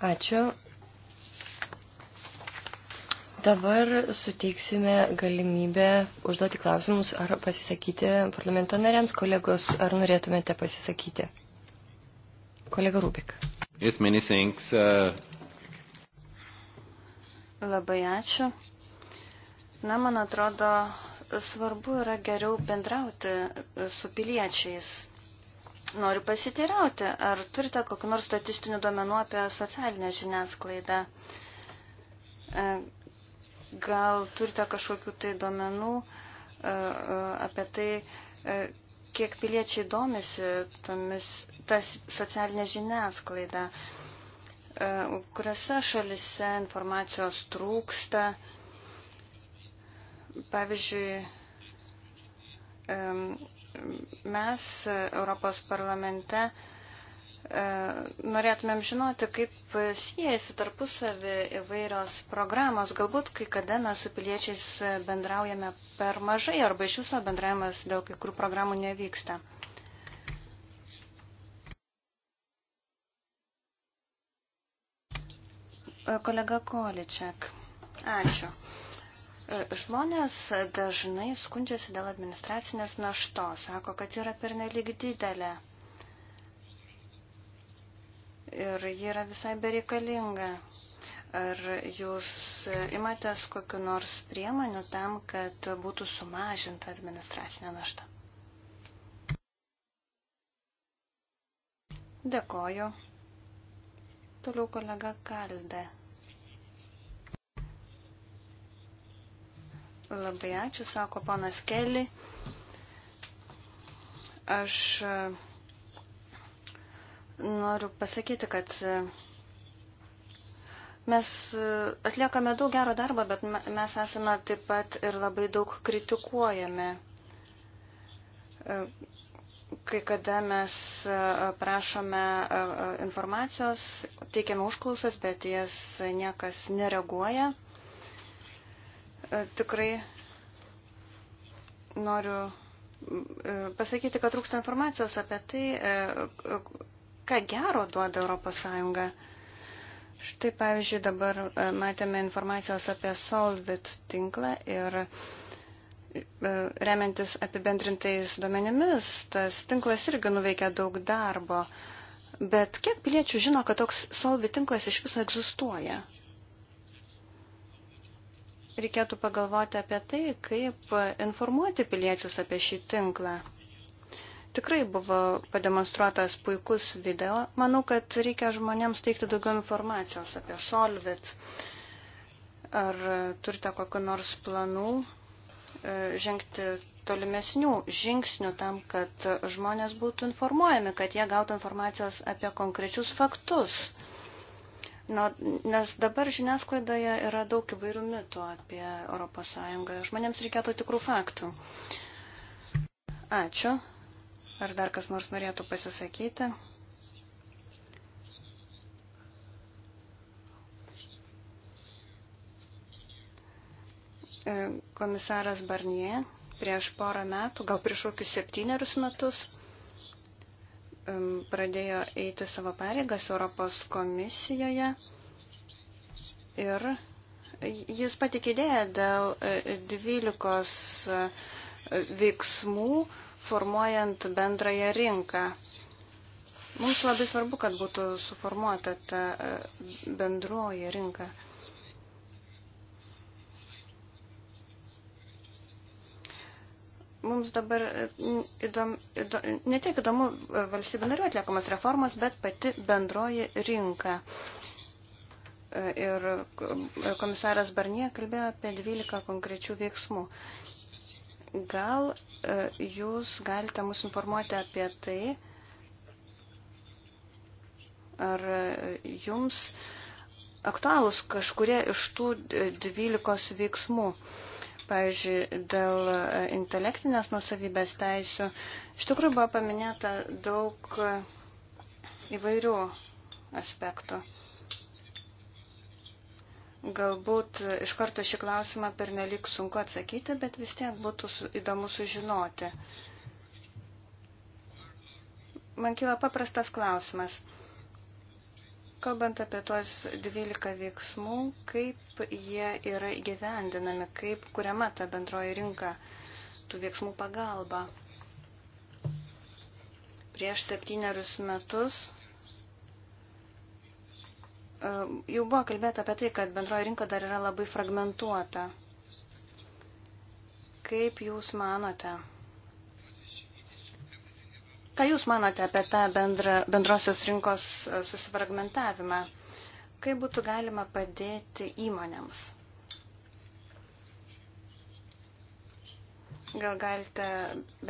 Ačiū. Dabar suteiksime galimybę užduoti klausimus ar pasisakyti parlamento nariams. Kolegos, ar norėtumėte pasisakyti? Kolega Rubik. Yes, many thanks. Uh... Labai ačiū. Na, man atrodo, svarbu yra geriau bendrauti su piliečiais. Noriu pasiteirauti, ar turite kokį nors statistinių duomenų apie socialinę žiniasklaidą? E, gal turite kažkokių tai duomenų e, e, apie tai, kiek piliečiai domisi tomis, tas socialinė žiniasklaida, kuriuose šalise informacijos trūksta. Pavyzdžiui, mes e, Europos parlamente e, norėtumėm žinoti, kaip siejasi tarpusavį įvairios programos. Galbūt kai kada mes su piliečiais bendraujame per mažai arba iš viso bendravimas dėl kai kurių programų nevyksta. E, kolega Količiak. Ačiū. Žmonės dažnai skundžiasi dėl administracinės naštos, sako, kad yra pernelyg didelė ir ji yra visai bereikalinga. Ar jūs imatės kokiu nors priemonių tam, kad būtų sumažinta administracinė našta? Dėkoju. Toliau kolega Kaldė. Labai ačiū, sako ponas Keli. Aš e, noriu pasakyti, kad e, mes e, atliekame daug gero darbo, bet mes esame taip pat ir labai daug kritikuojami. Kai kada mes prašome informacijos, teikiame užklausas, bet jas niekas nereaguoja. E, tikrai noriu e, pasakyti, kad trūksta informacijos apie tai, e, ką gero duoda Europos Sąjunga. Štai pavyzdžiui dabar matėme informacijos apie Solvit tinklą ir remiantis apibendrintais duomenimis, tas tinklas irgi nuveikia daug darbo. Bet kiek piliečių žino, kad toks Solvit tinklas iš viso egzistuoja? reikėtų pagalvoti apie tai, kaip informuoti piliečius apie šį tinklą. Tikrai buvo pademonstruotas puikus video. Manau, kad reikia žmonėms teikti daugiau informacijos apie Solvit. Ar turite kokiu nors planu e, žengti tolimesnių žingsnių tam, kad žmonės būtų informuojami, kad jie gautų informacijos apie konkrečius faktus. Nes dabar žiniasklaidoje yra daug įvairių mitų apie ES. Žmonėms reikėtų tikrų faktų. Ačiū. Ar dar kas nors norėtų pasisakyti? E, komisaras Barnie prieš porą metų, gal prieš kokius septynerius metus, pradėjo eiti savo pareigas Europos komisijoje ir jis patikė idėją dėl 12 e, e, veiksmų formuojant bendrąją rinką. Mums labai svarbu, kad būtų suformuota ta e, bendroji rinka. mums dabar e, įdom, įdom, ne tiek įdomu e, valstybių narių atliekamos reformos, bet pati bendroji rinka. E, ir komisaras Barnie kalbėjo apie 12 konkrečių veiksmų. Gal jūs galite mus informuoti apie tai, ar jums aktualūs kažkurie iš tų 12 veiksmų. Uh, Pavyzdžiui, dėl e, intelektinės nusavybės teisų. Iš tikrųjų buvo paminėta daug e, įvairių aspektų. Galbūt e, iš karto šį klausimą per nelik sunku atsakyti, bet vis tiek būtų įdomu sužinoti. Man kyla paprastas klausimas. Kalbant apie tuos 12 veiksmų, kaip jie yra įgyvendinami, kaip kuriama ta bendroji rinka tų veiksmų pagalba. Prieš septynerius metus e, jau buvo kalbėta apie tai, kad bendroji rinka dar yra labai fragmentuota. Kaip jūs manote, Ką Jūs manote apie tą bendra, bendrosios rinkos e, susifragmentavimą? Kaip būtų galima padėti įmonėms? Gal galite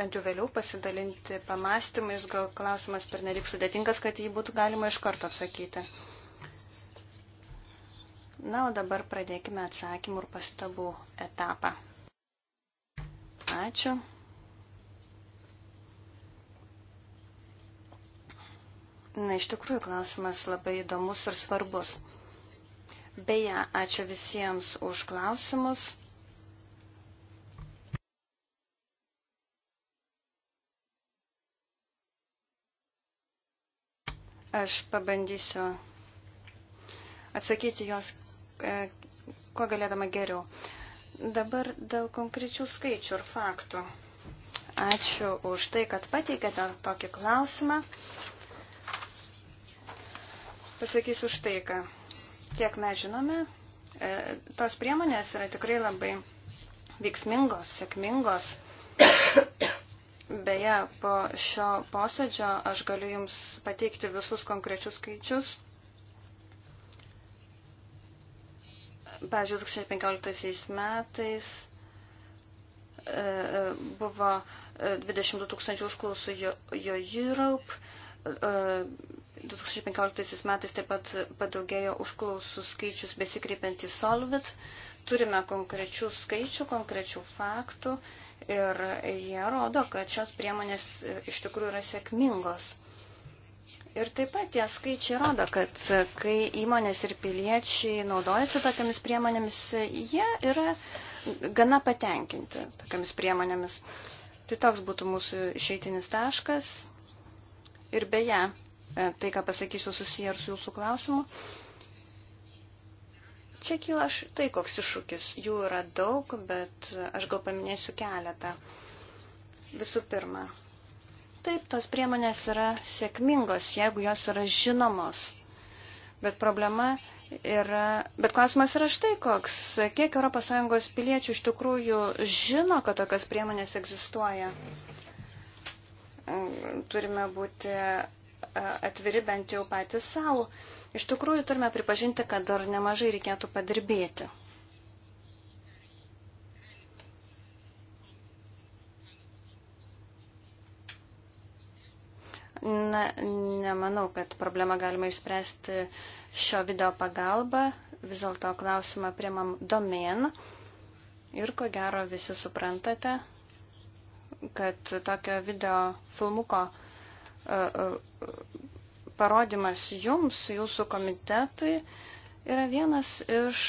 bent jau vėliau pasidalinti pamastymais, gal klausimas per nelik sudėtingas, kad jį būtų galima iš karto atsakyti. Na, o dabar pradėkime atsakymų ir pastabų etapą. Ačiū. Na, iš tikrųjų, klausimas labai įdomus ir svarbus. Beje, ačiū visiems už klausimus. Aš pabandysiu atsakyti juos, e, kuo galėdama geriau. Dabar dėl konkrečių skaičių ir faktų. Ačiū už tai, kad pateikėte tokį klausimą pasakysiu štai ką. Kiek mes žinome, e, tos priemonės yra tikrai labai veiksmingos, sėkmingos. Beje, po šio posėdžio aš galiu Jums pateikti visus konkrečius skaičius. Pavyzdžiui, 2015 metais e, e, buvo 22 tūkstančių užklausų jo, jo Europe, 2015 metais taip pat padaugėjo užklausų skaičius besikreipiant į Solvit. Turime konkrečių skaičių, konkrečių faktų ir jie rodo, kad šios priemonės iš tikrųjų yra sėkmingos. Ir taip pat tie skaičiai rodo, kad kai įmonės ir piliečiai naudojasi tokiamis priemonėmis, jie yra gana patenkinti tokiamis priemonėmis. Tai toks būtų mūsų išeitinis taškas. Ir beje, E, tai, ką pasakysiu, susiję ir su jūsų klausimu. Čia kyla štai koks iššūkis. Jų yra daug, bet aš gal paminėsiu keletą. Visų pirma, taip, tos priemonės yra sėkmingos, jeigu jos yra žinomos. Bet problema yra, bet klausimas yra štai koks. Kiek ES piliečių iš tikrųjų žino, kad tokios priemonės egzistuoja? Turime būti atviri bent jau patys savo. Iš tikrųjų turime pripažinti, kad dar nemažai reikėtų padirbėti. Na, nemanau, kad problemą galima išspręsti šio video pagalba. Vis dėlto klausimą priemam domen. Ir ko gero visi suprantate, kad tokio video filmuko parodymas jums, jūsų komitetui, yra vienas iš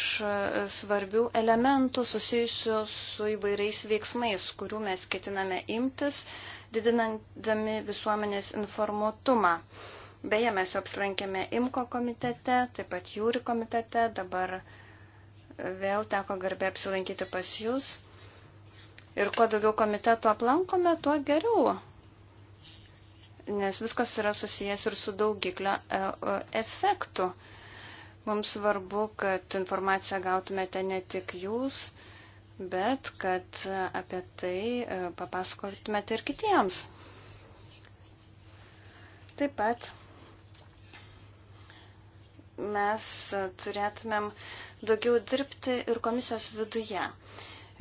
svarbių elementų susijusių su įvairiais veiksmais, kurių mes ketiname imtis, didinandami visuomenės informuotumą. Beje, mes jau apsilankėme IMKO komitete, taip pat jūri komitete, dabar vėl teko garbė apsilankyti pas jūs. Ir kuo daugiau komitetų aplankome, tuo geriau nes viskas yra susijęs ir su daugiklio e, efektu. Mums svarbu, kad informaciją gautumėte ne tik jūs, bet kad e, apie tai e, papasakotumėte ir kitiems. Taip pat mes turėtumėm daugiau dirbti ir komisijos viduje.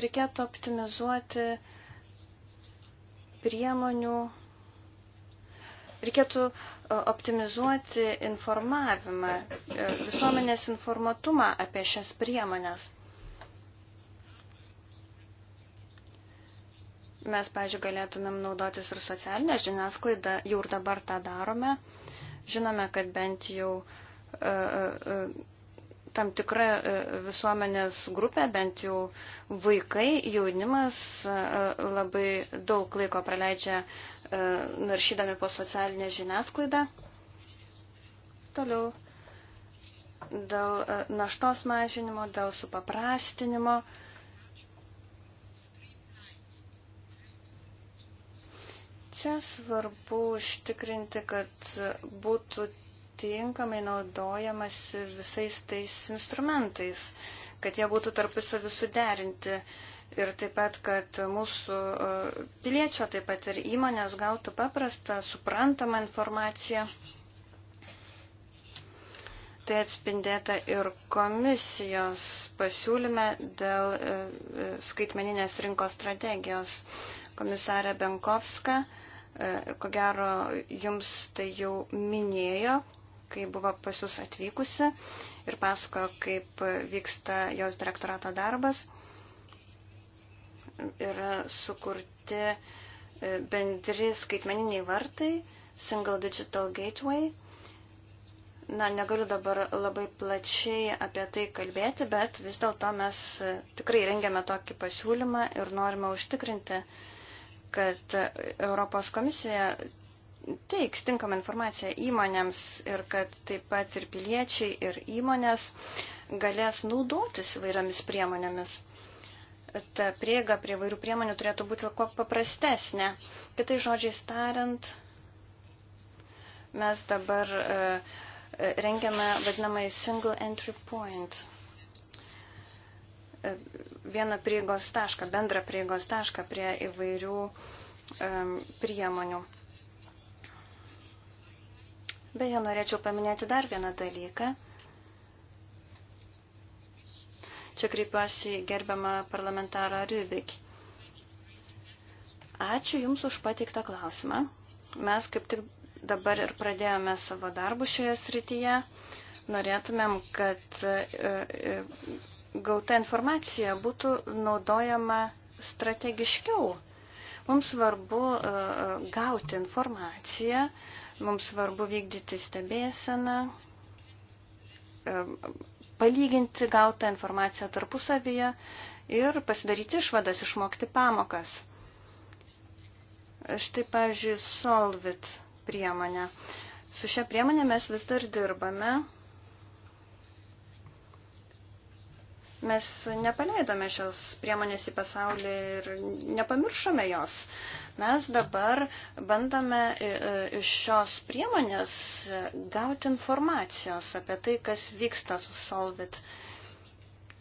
Reikėtų optimizuoti priemonių Reikėtų e, optimizuoti informavimą, e, visuomenės informatumą apie šias priemonės. Mes, pažiūrėjau, galėtumėm naudotis ir socialinę žiniasklaidą, jau ir dabar tą darome. Žinome, kad bent jau e, tam tikra visuomenės grupė, bent jau vaikai, jaunimas labai daug laiko praleidžia E, naršydami po socialinę žiniasklaidą. Toliau dėl e, naštos mažinimo, dėl supaprastinimo. Čia svarbu užtikrinti, kad būtų tinkamai naudojamas visais tais instrumentais, kad jie būtų tarpusavį suderinti. Uh, ir taip pat, kad mūsų e, piliečio, taip pat ir įmonės gautų paprastą, suprantamą informaciją. Tai atspindėta ir komisijos pasiūlyme dėl e, e, skaitmeninės rinkos strategijos. Komisarė Benkovska, ko gero, jums tai jau minėjo, kai buvo pas jūs atvykusi ir pasako, kaip vyksta jos direktorato darbas yra sukurti e, bendri skaitmeniniai vartai, Single Digital Gateway. Na, negaliu dabar labai plačiai apie tai kalbėti, bet vis dėlto mes e, tikrai rengiame tokį pasiūlymą ir norime užtikrinti, kad Europos komisija teiks tinkamą informaciją įmonėms ir kad taip pat ir piliečiai, ir įmonės galės naudotis įvairiomis priemonėmis ta prieiga prie vairių priemonių turėtų būti kuo paprastesnė. Kitai žodžiais tariant, mes dabar e, rengiame vadinamąjį single entry point e, vieną prieigos tašką, bendrą prieigos tašką prie įvairių um, priemonių. Beje, norėčiau paminėti dar vieną dalyką. Čia kreipiuosi gerbiamą parlamentarą Rybik. Ačiū Jums už pateiktą klausimą. Mes kaip tik dabar ir pradėjome savo darbų šioje srityje. Norėtumėm, kad e, e, gauta informacija būtų naudojama strategiškiau. Mums svarbu e, gauti informaciją, mums svarbu vykdyti stebėseną, palyginti gautą informaciją tarpusavyje ir pasidaryti išvadas, išmokti pamokas. Štai, pavyzdžiui, Solvit priemonė. Su šia priemonė mes vis dar dirbame Mes nepaleidome šios priemonės į pasaulį ir nepamiršome jos. Mes dabar bandome e, e, iš šios priemonės gauti informacijos apie tai, kas vyksta su Solvit.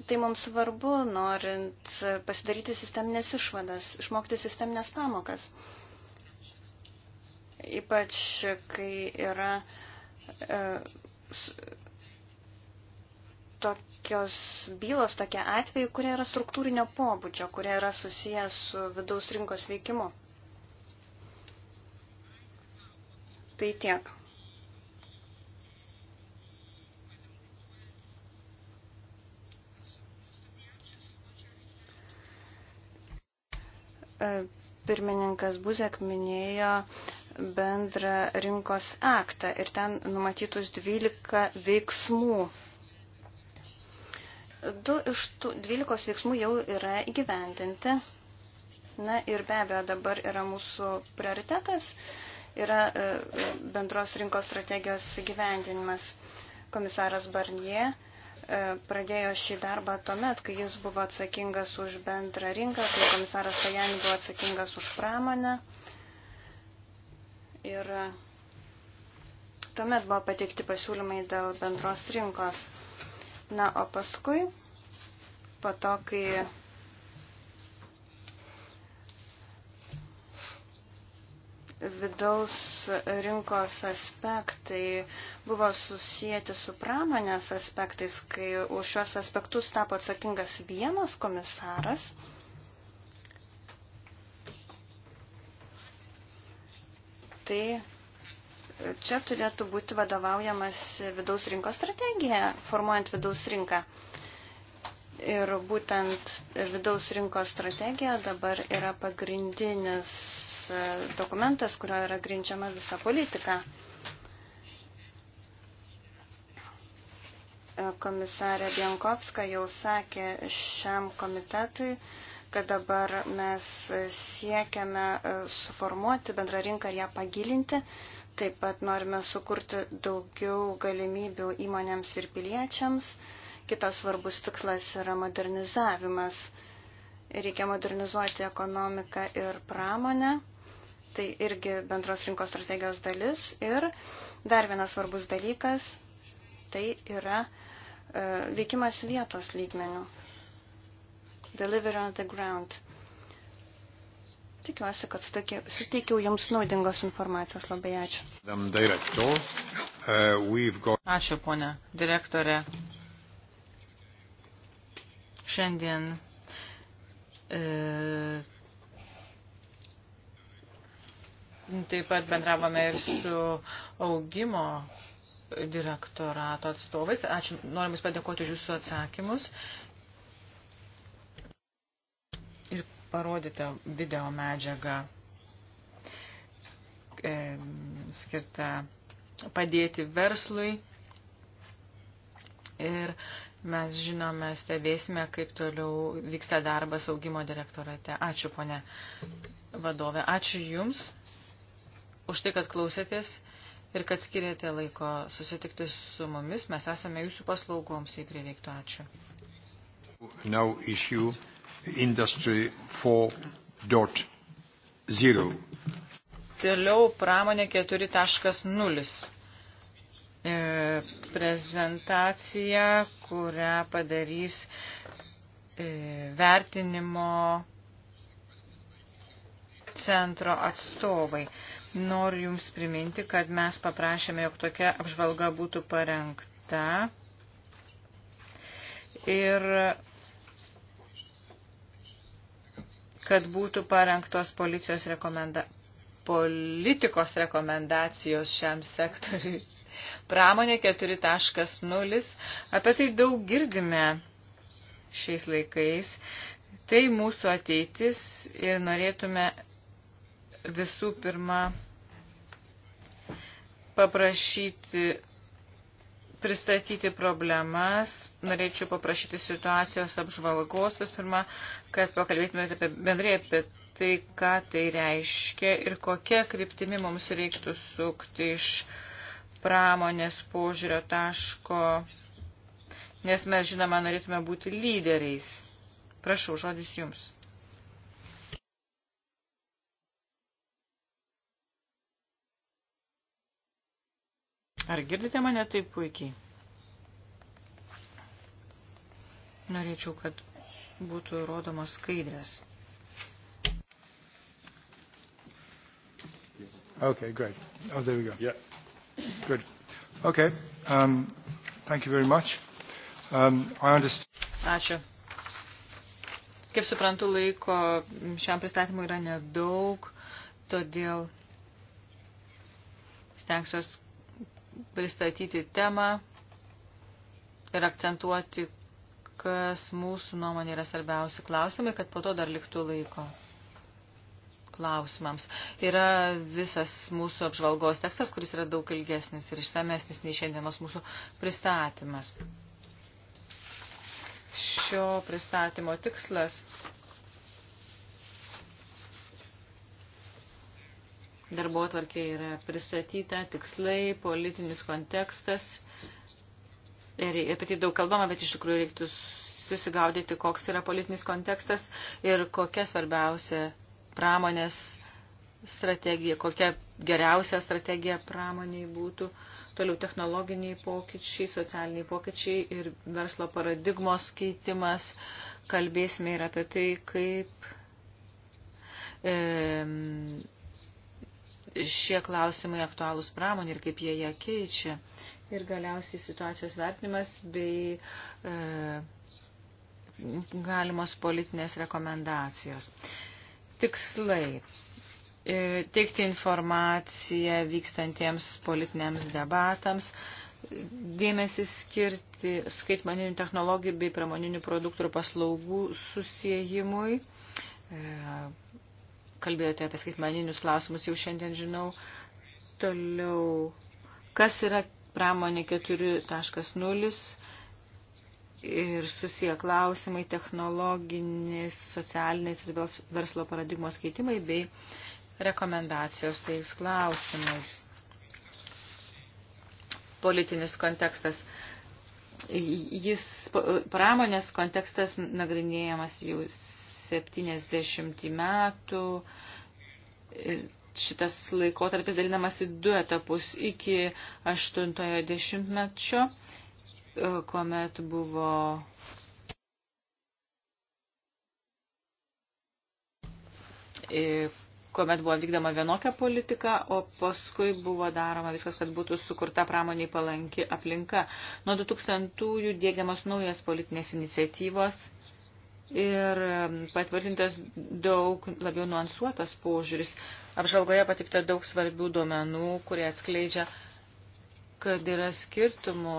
Tai mums svarbu, norint pasidaryti sisteminės išvadas, išmokti sisteminės pamokas. Ypač, kai yra e, tokios bylos, tokie atvejai, kurie yra struktūrinio pobūdžio, kurie yra susijęs su vidaus rinkos veikimu. Tai tiek. E, pirmininkas Buzek minėjo bendrą rinkos aktą ir ten numatytus 12 veiksmų Du iš tų 12 veiksmų jau yra įgyvendinti. Na ir be abejo dabar yra mūsų prioritetas, yra e, bendros rinkos strategijos įgyvendinimas. Komisaras Barnie e, pradėjo šį darbą tuomet, kai jis buvo atsakingas už bendrą rinką, kai komisaras Tajani buvo atsakingas už pramonę. Ir e, tuomet buvo pateikti pasiūlymai dėl bendros rinkos. Na, o paskui, po to, kai vidaus rinkos aspektai buvo susijęti su pramonės aspektais, kai už šios aspektus tapo atsakingas vienas komisaras. Tai Čia turėtų būti vadovaujamas vidaus rinkos strategija, formuojant vidaus rinką. Ir būtent vidaus rinkos strategija dabar yra pagrindinis e, dokumentas, kurio yra grindžiama visa politika. E, komisarė Bienkovska jau sakė šiam komitetui, kad dabar mes siekiame e, suformuoti bendrą rinką ir ją pagilinti. Taip pat norime sukurti daugiau galimybių įmonėms ir piliečiams. Kitas svarbus tikslas yra modernizavimas. Reikia modernizuoti ekonomiką ir pramonę. Tai irgi bendros rinkos strategijos dalis. Ir dar vienas svarbus dalykas - tai yra e, veikimas vietos lygmenių. Deliver on the ground. E, Tikiuosi, kad suteikiau Jums naudingos informacijos. Labai ačiū. Uh, ačiū, ponė direktorė. Šiandien e, taip pat bendravome ir su augimo direktorato atstovais. Ačiū, norim Jūs padėkoti už Jūsų atsakymus. parodyta video medžiaga e, skirta padėti verslui. Ir mes žinome, stebėsime, kaip toliau vyksta darbas augimo direktorate. Ačiū, ponė vadovė. Ačiū Jums už tai, kad klausėtės ir kad skiriate laiko susitikti su mumis. Mes esame Jūsų paslaugoms, jei prireiktų. Ačiū. No issue. Industry 4.0. Toliau pramonė 4.0. E, prezentacija, kurią padarys e, vertinimo centro atstovai. Noriu Jums priminti, kad mes paprašėme, jog tokia apžvalga būtų parengta. Ir kad būtų parengtos policijos rekomenda politikos rekomendacijos šiam sektoriui. Pramonė 4.0. Apie tai daug girdime šiais laikais. Tai mūsų ateitis ir norėtume visų pirma paprašyti pristatyti problemas. Norėčiau paprašyti situacijos apžvalgos, vis pirma, kad pakalbėtumėte apie bendrai apie tai, ką tai reiškia ir kokia kryptimi mums reiktų sukti iš pramonės požiūrio taško, nes mes, žinoma, norėtume būti lyderiais. Prašau, žodis jums. Ar girdite mane taip puikiai? Norėčiau, kad būtų rodomos skaidrės. Okay, great. Oh, there we go. Yeah. Good. Okay. Um, thank you very much. Um, I understand. Ačiū. Kaip suprantu, laiko šiam pristatymui yra nedaug, todėl stengsiuosi pristatyti temą ir akcentuoti, kas mūsų nuomonė yra svarbiausi klausimai, kad po to dar liktų laiko klausimams. Yra visas mūsų apžvalgos tekstas, kuris yra daug ilgesnis ir išsamesnis nei šiandienos mūsų pristatymas. Šio pristatymo tikslas Darbo tvarkė yra pristatyta, tikslai, politinis kontekstas. Ir apie tai daug kalbama, bet iš tikrųjų reiktų susigaudyti, koks yra politinis kontekstas ir kokia svarbiausia pramonės strategija, kokia geriausia strategija pramoniai būtų, toliau technologiniai pokyčiai, socialiniai pokyčiai ir verslo paradigmos keitimas. Kalbėsime ir apie tai, kaip e, šie klausimai aktualūs pramonė ir kaip jie ją keičia. Ir galiausiai situacijos vertinimas bei e, galimos politinės rekomendacijos. Tikslai. E, teikti informaciją vykstantiems politiniams debatams, dėmesį skirti skaitmaninių technologijų bei pramoninių produktų ir paslaugų susijimui, e, kalbėjote apie skaitmaninius klausimus, jau šiandien žinau. Toliau, kas yra pramonė 4.0 ir susiję klausimai, technologinis, socialinės ir verslo paradigmos keitimai bei rekomendacijos tais klausimais. Politinis kontekstas. Jis, pramonės kontekstas nagrinėjamas jūs 70 metų. Šitas laikotarpis dalinamas į du etapus iki 80-ojo dešimtmečio, kuomet buvo kuomet buvo vykdoma vienokia politika, o paskui buvo daroma viskas, kad būtų sukurta pramoniai palanki aplinka. Nuo 2000-ųjų dėgiamas naujas politinės iniciatyvos ir patvirtintas daug labiau nuansuotas požiūris. Apžvalgoje patikta daug svarbių duomenų, kurie atskleidžia, kad yra skirtumų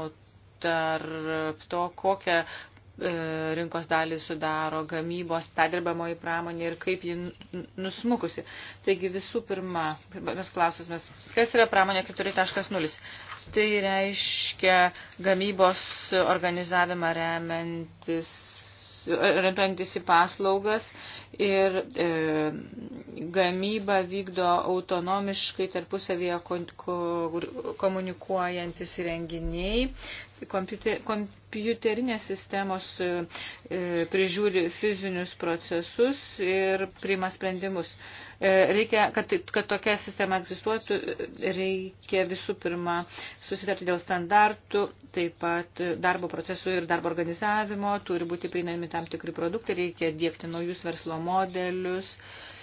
tarp to, kokią e, rinkos dalį sudaro gamybos perdirbamoji pramonė ir kaip ji nusmukusi. Taigi visų pirma, mes klausimės, kas yra pramonė 4.0? Tai reiškia gamybos organizavimą remiantis orientuojantis į paslaugas ir e, gamybą vykdo autonomiškai tarpusavėje komunikuojantis įrenginiai kompiuterinės sistemos e, e, prižiūri fizinius procesus ir priima sprendimus. E, reikia, kad, kad tokia sistema egzistuotų, reikia visų pirma susitarti dėl standartų, taip pat darbo procesų ir darbo organizavimo, turi būti prieinami tam tikri produktai, reikia dėkti naujus verslo modelius. Uh,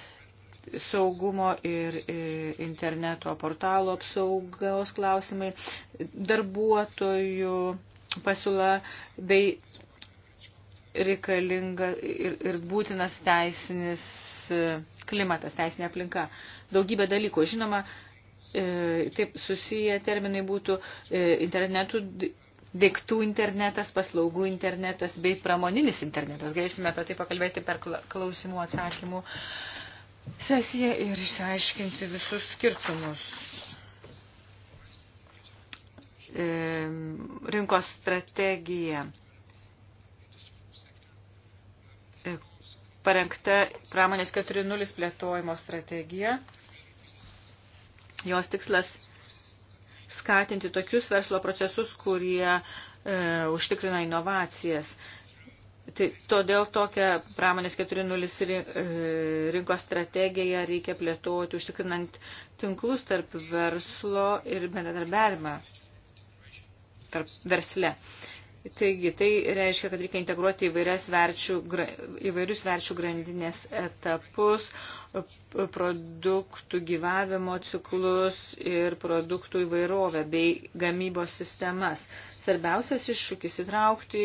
saugumo ir e, interneto portalo apsaugos klausimai, darbuotojų pasiūla bei reikalinga ir, ir būtinas teisinis e, klimatas, teisinė aplinka. Daugybė dalykų. Žinoma, e, taip susiję terminai būtų internetų daiktų internetas, paslaugų internetas bei pramoninis internetas. Galėsime apie tai pakalbėti per klausimų atsakymų uh, sesiją ir išsiaiškinti visus skirtumus. E, rinkos strategija e, parengta pramonės 4.0 plėtojimo strategija. Jos tikslas skatinti tokius verslo procesus, kurie e, užtikrina inovacijas. Tai todėl tokią pramonės 4.0 e, rinkos strategiją reikia plėtoti, užtikrinant tinklus tarp verslo ir bendradarbiavimą tarp versle. Taigi, tai reiškia, kad reikia integruoti verčių, įvairius verčių grandinės etapus, produktų gyvavimo ciklus ir produktų įvairovę bei gamybos sistemas. Svarbiausias iššūkis įtraukti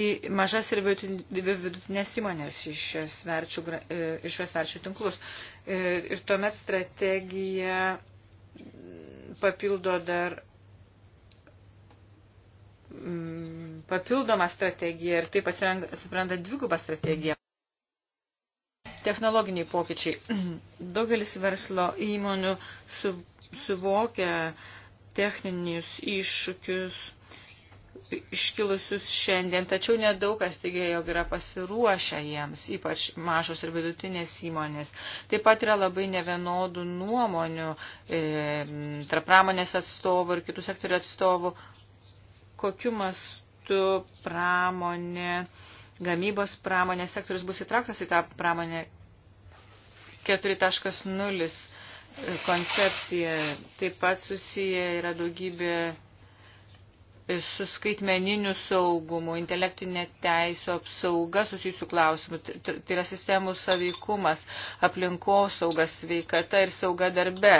į mažas ir vidutinės įmonės iš šios verčių, e, iš šios verčių tinklus. E, ir tuomet strategija papildo dar mm, papildomą strategiją ir taip atsiranda dvigubą strategiją. Technologiniai pokyčiai. Daugelis verslo įmonių su, suvokia techninius iššūkius iškilusius šiandien, tačiau nedaug kas teigia, jog yra pasiruošę jiems, ypač mažos ir vidutinės įmonės. Taip pat yra labai nevienodų nuomonių e, tarp pramonės atstovų ir kitų sektorių atstovų, kokiu mastu pramonė, gamybos pramonės sektorius bus įtrauktas į tą pramonę 4.0 e, koncepciją. Taip pat susiję yra daugybė su skaitmeniniu saugumu, intelektinė teisų apsauga susijusių klausimų, tai yra sistemų savykumas, aplinkos saugas, sveikata ir sauga darbe.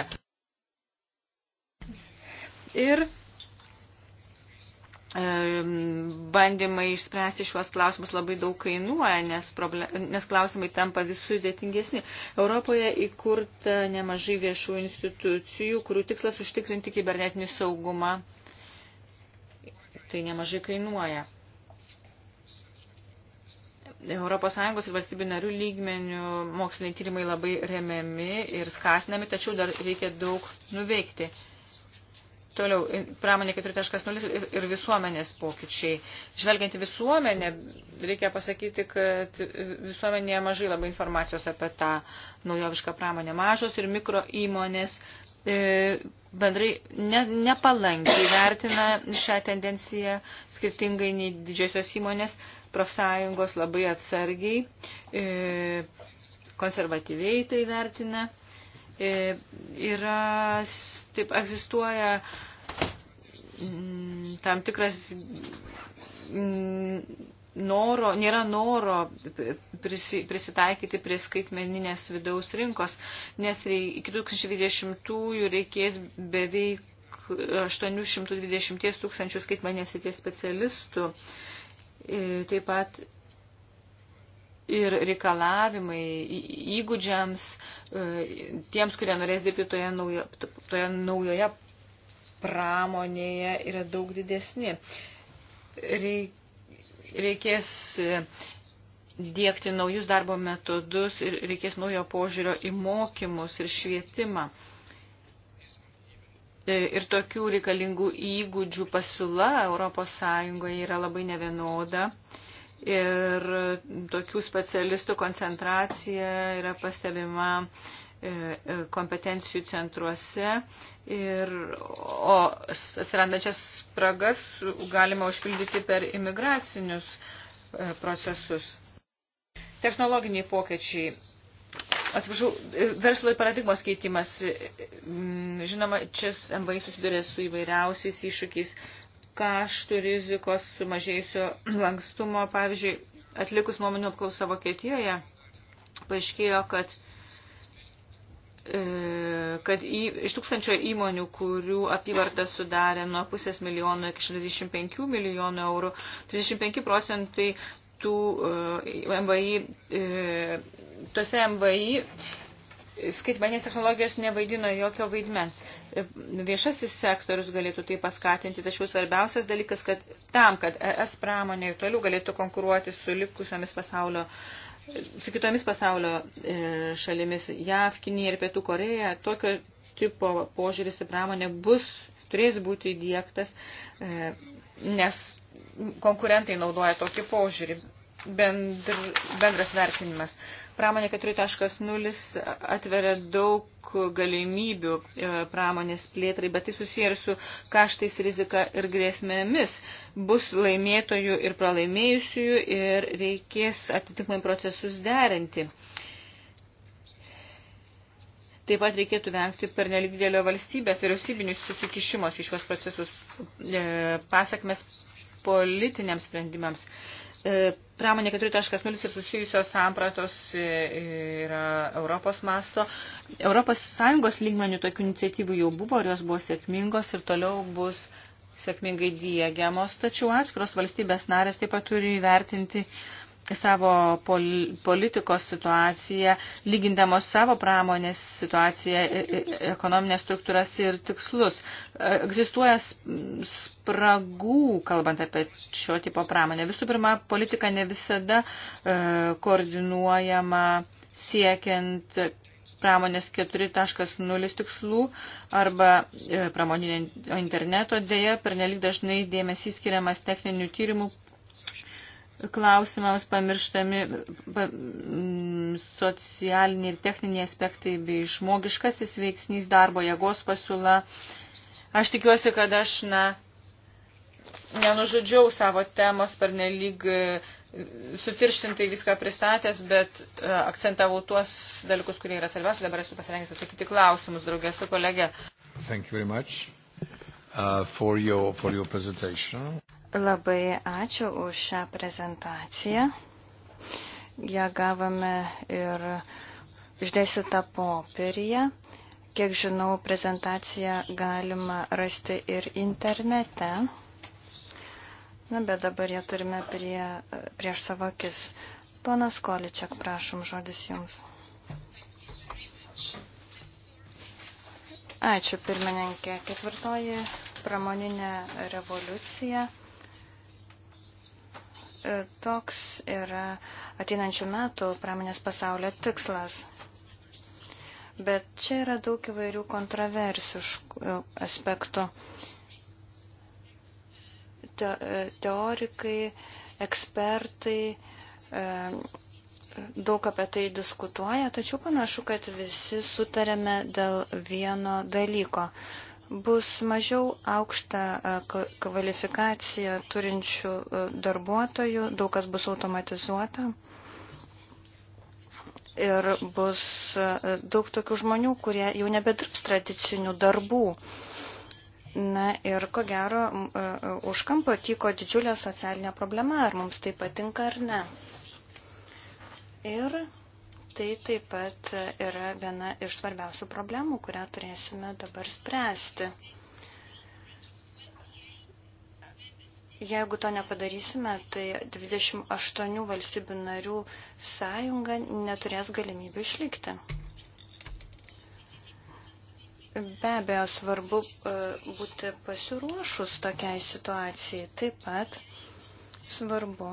Ir bandymai išspręsti šiuos klausimus labai daug kainuoja, nes, problem, nes klausimai tampa vis sudėtingesni. Europoje įkurta nemažai viešų institucijų, kurių tikslas užtikrinti kibernetinį saugumą tai nemažai kainuoja. ES ir valstybių narių lygmenių moksliniai tyrimai labai remiami ir skatinami, tačiau dar reikia daug nuveikti. Toliau, pramonė 4.0 ir, ir visuomenės pokyčiai. Žvelgiant į visuomenę, reikia pasakyti, kad visuomenėje mažai labai informacijos apie tą naujovišką pramonę. Mažos ir mikro įmonės E, bendrai ne, nepalankiai vertina šią tendenciją, skirtingai nei didžiosios įmonės, profsąjungos labai atsargiai, e, konservatyviai tai vertina. E, yra, taip egzistuoja mm, tam tikras mm, noro, nėra noro prisi, prisitaikyti prie skaitmeninės vidaus rinkos, nes reik, iki 2020 reikės beveik 820 tūkstančių skaitmeninės srities specialistų. E, taip pat ir reikalavimai įgūdžiams e, tiems, kurie norės dirbti toje, naujo, toje naujoje pramonėje yra daug didesni. Reikia reikės e, dėkti naujus darbo metodus ir reikės naujo požiūrio į mokymus ir švietimą. E, ir tokių reikalingų įgūdžių pasiūla Europos Sąjungoje yra labai nevienoda. Ir tokių specialistų koncentracija yra pastebima uh, E, e, kompetencijų centruose ir o atsirandančias spragas galima užpildyti per imigracinius e, procesus. Technologiniai pokėčiai. Atsiprašau, verslo paradigmos keitimas. Žinoma, čia MVI susiduria su įvairiausiais iššūkiais kaštų rizikos sumažėjusio lankstumo. Pavyzdžiui, atlikus nuomonių apklausą Vokietijoje, paaiškėjo, kad E, kad į, iš tūkstančio įmonių, kurių apyvarta sudarė nuo pusės milijono iki 65 milijonų eurų, 35 procentai tų uh, e, MVI, uh, e, tose MVI skaitmenės technologijos nevaidino jokio vaidmens. Viešasis sektorius galėtų tai paskatinti, tačiau svarbiausias dalykas, kad tam, kad ES pramonė ir toliau galėtų konkuruoti su likusiomis pasaulio uh, su kitomis pasaulio e, šalimis, JAV, Kinija ir Pietų Koreja, tokio tipo požiūris į pramonę bus, turės būti įdėktas, e, nes konkurentai naudoja tokį požiūrį. Bendr, bendras vertinimas pramonė 4.0 atveria daug galimybių e, pramonės plėtrai, bet tai susiję ir su kaštais rizika ir grėsmėmis. Bus laimėtojų ir pralaimėjusiųjų ir reikės atitikmai procesus derinti. Taip pat reikėtų vengti per nelikdėlio valstybės vyriausybinius susikišimos į šios procesus e, pasakmes politiniams sprendimams. E, E, pramonė 4.0 ir susijusios sampratos e, yra Europos masto. Europos Sąjungos lygmenių tokių iniciatyvų jau buvo ir jos buvo sėkmingos ir toliau bus sėkmingai diegiamos, tačiau atskiros valstybės narės taip pat turi įvertinti uh, savo pol, politikos situaciją, lygindamos savo pramonės situaciją, e, e, ekonominės struktūras ir tikslus. E, egzistuoja spragų, kalbant apie šio tipo pramonę. Visų pirma, politika ne visada koordinuojama siekiant pramonės 4.0 tikslų arba pramoninio interneto dėja per nelik dažnai dėmesys skiriamas techninių tyrimų klausimams pamirštami pa, mm, socialiniai ir techniniai aspektai bei žmogiškasis veiksnys darbo jėgos pasiūla. Aš tikiuosi, kad aš na, nenužudžiau savo temos per nelyg e, sutirštintai viską pristatęs, bet e, akcentavau tuos dalykus, kurie yra svarbiausia. Dabar esu pasirengęs atsakyti klausimus draugės su kolege. Thank you very much uh, for, your, for your presentation. Labai ačiū už šią prezentaciją. Ja gavome ir išdėsitą popieriją. Kiek žinau, prezentaciją galima rasti ir internete. Na, bet dabar ją turime prie, prieš savo akis. Ponas Količiak, prašom, žodis jums. Thank you. Ačiū, pirmininkė. Ketvirtoji pramoninė revoliucija. E, toks yra ateinančių metų pramonės pasaulio tikslas. Bet čia yra daug įvairių kontroversiškų e, aspektų. Te, e, teorikai, ekspertai, daug apie tai diskutuoja, tačiau panašu, kad visi sutarėme dėl vieno dalyko. Bus mažiau aukštą e, kvalifikaciją turinčių e, darbuotojų, daug kas bus automatizuota. Ir bus e, daug tokių žmonių, kurie jau nebedirbs tradicinių darbų. Na ir ko gero, už kampo tyko didžiulė socialinė problema, ar mums tai patinka ar ne. Ir tai taip pat yra viena iš svarbiausių problemų, kurią turėsime dabar spręsti. Jeigu to nepadarysime, tai 28 valstybių narių sąjunga neturės galimybių išlikti. Be abejo, svarbu e, būti pasiruošus tokiai situacijai. Taip pat svarbu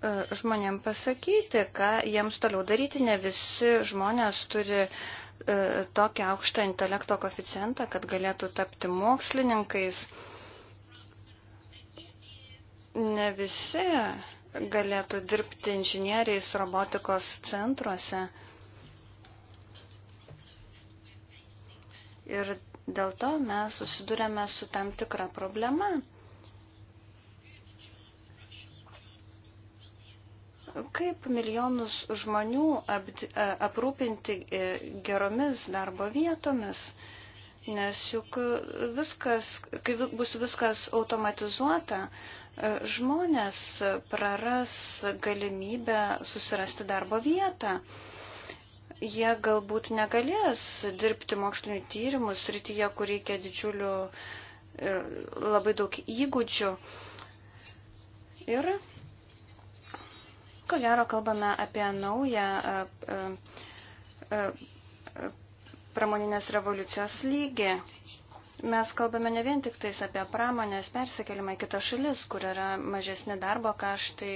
E, žmonėm pasakyti, ką jiems toliau daryti. Ne visi žmonės turi e, tokį aukštą intelekto koficijantą, kad galėtų tapti mokslininkais. Ne visi galėtų dirbti inžinieriais robotikos centruose. Ir dėl to mes susidurėme su tam tikra problema. Kaip milijonus žmonių aprūpinti e, geromis darbo vietomis, nes juk viskas, kai bus viskas automatizuota, e, žmonės praras galimybę susirasti darbo vietą. Jie galbūt negalės dirbti mokslinių tyrimų srityje, kur reikia didžiulių e, labai daug įgūdžių. Ir Ko gero kalbame apie naują e, e, e, pramoninės revoliucijos lygį. Mes kalbame ne vien tik tais apie pramonės persikelimą į kitas šalis, kur yra mažesni darbo kaštai,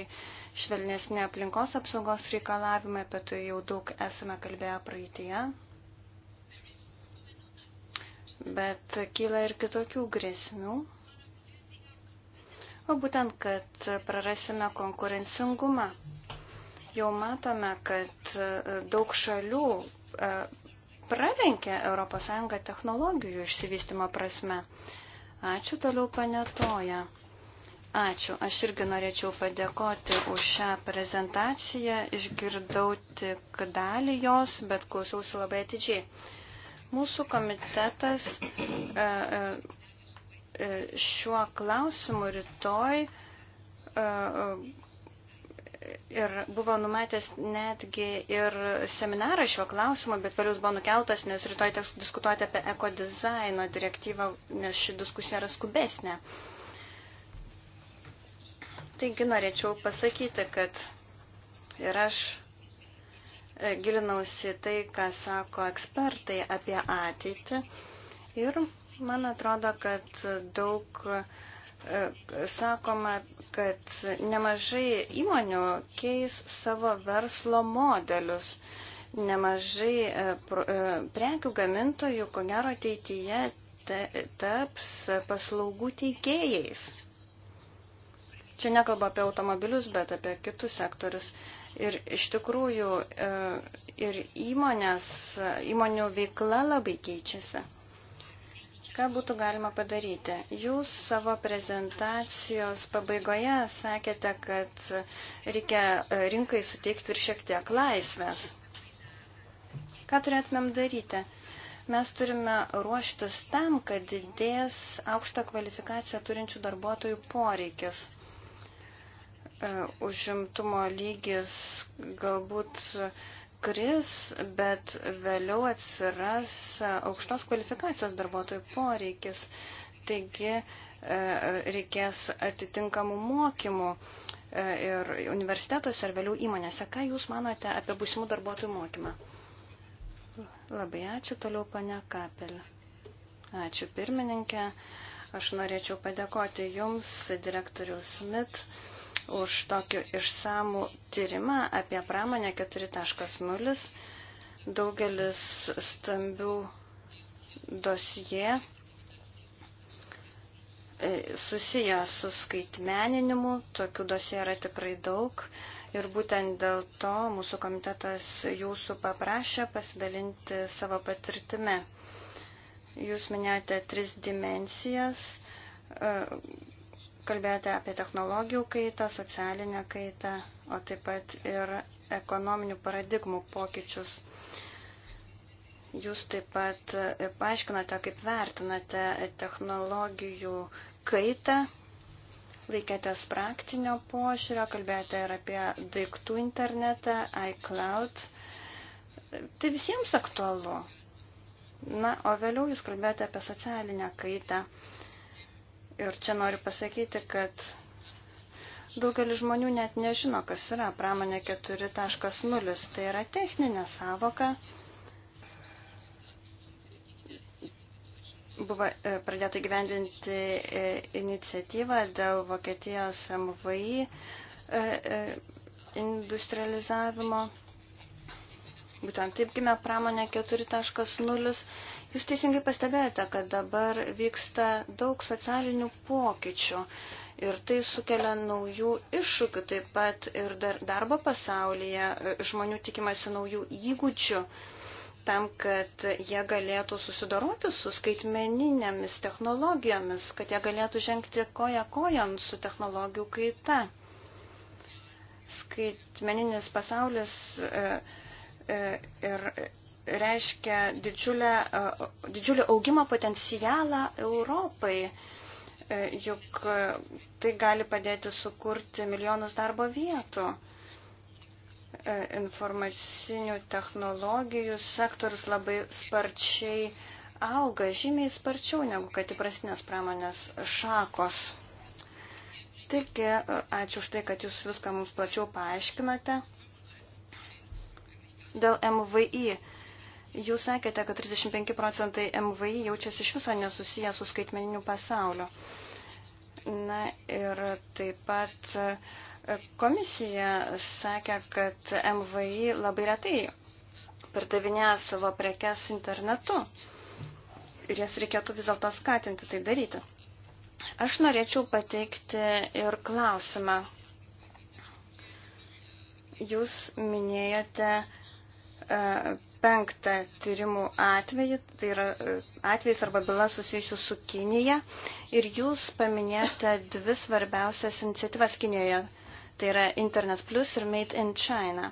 švelnesni aplinkos apsaugos reikalavimai, apie tai jau daug esame kalbėję praeitie. Bet kyla ir kitokių grėsmių. O būtent, kad prarasime konkurencingumą. Jau matome, kad e, daug šalių e, pralenkia ES technologijų išsivystimo prasme. Ačiū toliau panetoja. Ačiū. Aš irgi norėčiau padėkoti už šią prezentaciją. Išgirdau tik dalį jos, bet klausiausi labai atidžiai. Mūsų komitetas e, šiuo klausimu rytoj ir buvo numatęs netgi ir seminarą šiuo klausimu, bet vėliau jis buvo nukeltas, nes rytoj teks diskutuoti apie ekodizaino direktyvą, nes ši diskusija yra skubesnė. Taigi norėčiau pasakyti, kad ir aš e, gilinausi tai, ką sako ekspertai apie ateitį ir man atrodo, kad daug sakoma, kad nemažai įmonių keis savo verslo modelius. Nemažai e, e, prekių gamintojų, ko gero, ateityje taps paslaugų teikėjais. Čia nekalba apie automobilius, bet apie kitus sektorius. Ir iš tikrųjų e, ir įmonės, įmonių veikla labai keičiasi. Ką būtų galima padaryti? Jūs savo prezentacijos pabaigoje sakėte, kad reikia e, rinkai suteikti ir šiek tiek laisvės. Ką turėtumėm daryti? Mes turime ruoštis tam, kad didės aukštą kvalifikaciją turinčių darbuotojų poreikis e, užimtumo lygis galbūt kris, bet vėliau atsiras aukštos kvalifikacijos darbuotojų poreikis. Taigi e, reikės atitinkamų mokymų e, ir universitetuose, ir vėliau įmonėse. Ką Jūs manote apie būsimų darbuotojų mokymą? Labai ačiū, toliau pane Kapelė. Ačiū pirmininkė. Aš norėčiau padėkoti Jums, direktorius Smith už tokį išsamų tyrimą apie pramonę 4.0. Daugelis stambių dosie e, susiję su skaitmeninimu, tokių dosie yra tikrai daug. Ir būtent dėl to mūsų komitetas jūsų paprašė pasidalinti savo patirtime. Jūs minėjote tris dimensijas e, Kalbėjote apie technologijų kaitą, socialinę kaitą, o taip pat ir ekonominių paradigmų pokyčius. Jūs taip pat e, paaiškinote, kaip vertinate technologijų kaitą, laikėtės praktinio požiūrio, kalbėjote ir apie daiktų internetą, iCloud. Tai visiems aktualu. Na, o vėliau jūs kalbėjote apie socialinę kaitą. Ir čia noriu pasakyti, kad daugelis žmonių net nežino, kas yra pramonė 4.0. Tai yra techninė savoka. Buvo e, pradėta gyvendinti e, iniciatyvą dėl Vokietijos MVI e, industrializavimo. Būtent taip gimė pramonė 4.0 Jūs teisingai pastebėjote, kad dabar vyksta daug socialinių pokyčių ir tai sukelia naujų iššūkių, taip pat ir dar, darbo pasaulyje e, žmonių tikimasi naujų įgūdžių tam, kad jie galėtų susidoroti su skaitmeninėmis technologijomis, kad jie galėtų žengti koja kojon su technologijų kaita. Skaitmeninis pasaulis e, e, ir, ir reiškia didžiulę, e, didžiulį augimo potencialą Europai, e, juk e, tai gali padėti sukurti milijonus darbo vietų. Informacinių technologijų sektorius labai sparčiai auga, žymiai sparčiau negu kad įprastinės pramonės šakos. Taigi, ačiū už tai, kad jūs viską mums plačiau paaiškinote. Dėl MVI Jūs sakėte, kad 35 procentai MVI jaučiasi iš viso nesusiję su skaitmeniniu pasauliu. Na ir taip pat e, komisija sakė, kad MVI labai retai pardavinėja savo prekes internetu ir jas reikėtų vis dėlto skatinti tai daryti. Aš norėčiau pateikti ir klausimą. Jūs minėjote e, penktą tyrimų atvejį, tai yra e, atvejis arba byla susijusių su Kinija. Ir jūs paminėjote dvi svarbiausias iniciatyvas Kinijoje, tai yra Internet Plus ir Made in China.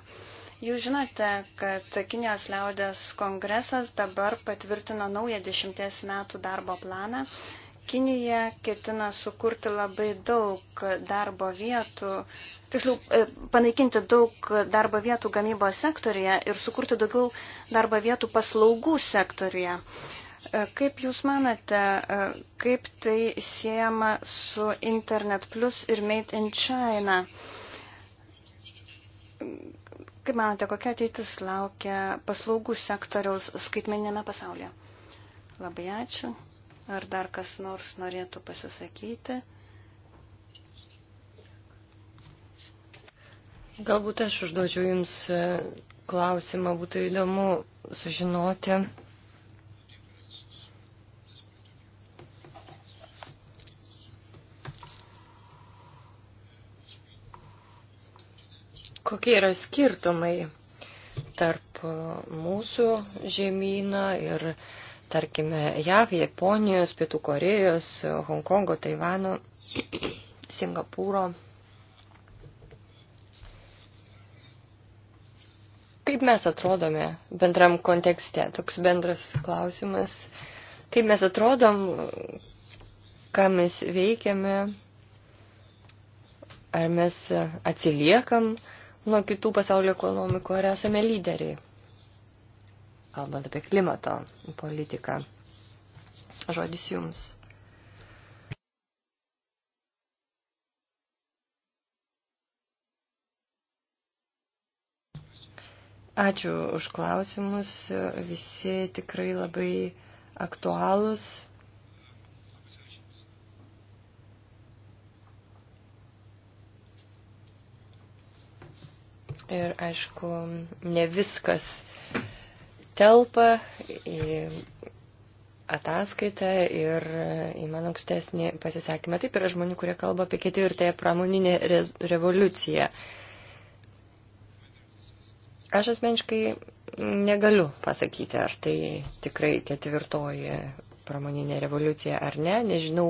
Jūs žinote, kad Kinijos liaudės kongresas dabar patvirtino naują dešimties metų darbo planą. Kinija ketina sukurti labai daug darbo vietų tiksliau, e, panaikinti daug darbo vietų gamybos sektorija ir sukurti daugiau darbo vietų paslaugų sektorija. E, kaip Jūs manate, e, kaip tai siejama su Internet Plus ir Made in China? Kaip manote, kokia ateitis laukia paslaugų sektoriaus skaitmeninėme pasaulyje? Labai ačiū. Ar dar kas nors norėtų pasisakyti? Galbūt aš užduočiau Jums e, klausimą, būtų įdomu sužinoti. Kokie yra skirtumai tarp mūsų žemyną ir, tarkime, JAV, Japonijos, Pietų Korejos, Hongkongo, Taivano, Singapūro? kaip mes atrodome bendram kontekste? Toks bendras klausimas. Kaip mes atrodom, ką mes veikiame, ar mes atsiliekam nuo kitų pasaulio ekonomikų, ar esame lyderiai. Kalbant apie klimato politiką. Žodis jums. Ačiū už klausimus, visi tikrai labai aktualūs. Ir aišku, ne viskas telpa į ataskaitą ir į mano ankstesnį pasisakymą. Taip yra žmonių, kurie kalba apie ketvirtąją pramoninę revoliuciją. Aš asmeniškai negaliu pasakyti, ar tai tikrai ketvirtoji pramoninė revoliucija ar ne. Nežinau,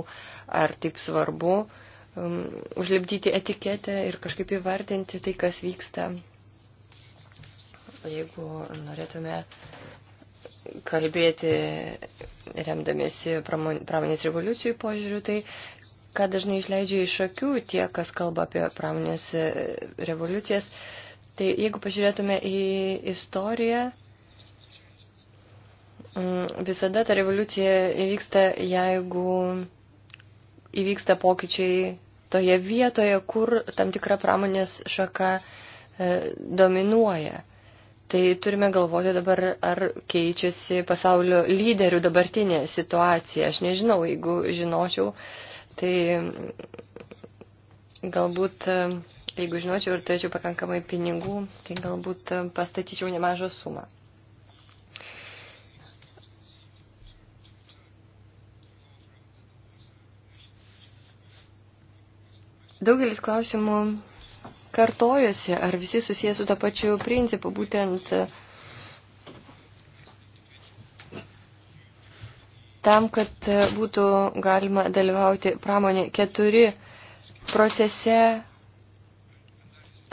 ar taip svarbu um, užlipdyti etiketę ir kažkaip įvardinti tai, kas vyksta. Jeigu norėtume kalbėti remdamiesi pramonės revoliucijų požiūriu, tai ką dažnai išleidžia iš akių tie, kas kalba apie pramonės revoliucijas, uh, Tai jeigu pažiūrėtume į istoriją, mm, visada ta revoliucija įvyksta, jeigu įvyksta pokyčiai toje vietoje, kur tam tikra pramonės šaka e, dominuoja. Tai turime galvoti dabar, ar keičiasi pasaulio lyderių dabartinė situacija. Aš nežinau, jeigu žinočiau, tai mm, galbūt. Uh, Jeigu žinočiau ir turėčiau pakankamai pinigų, tai galbūt e, pastatyčiau nemažą sumą. Daugelis klausimų kartojosi, ar visi susijęs su tą pačiu principu, būtent e, tam, kad e, būtų galima dalyvauti pramonė keturi procese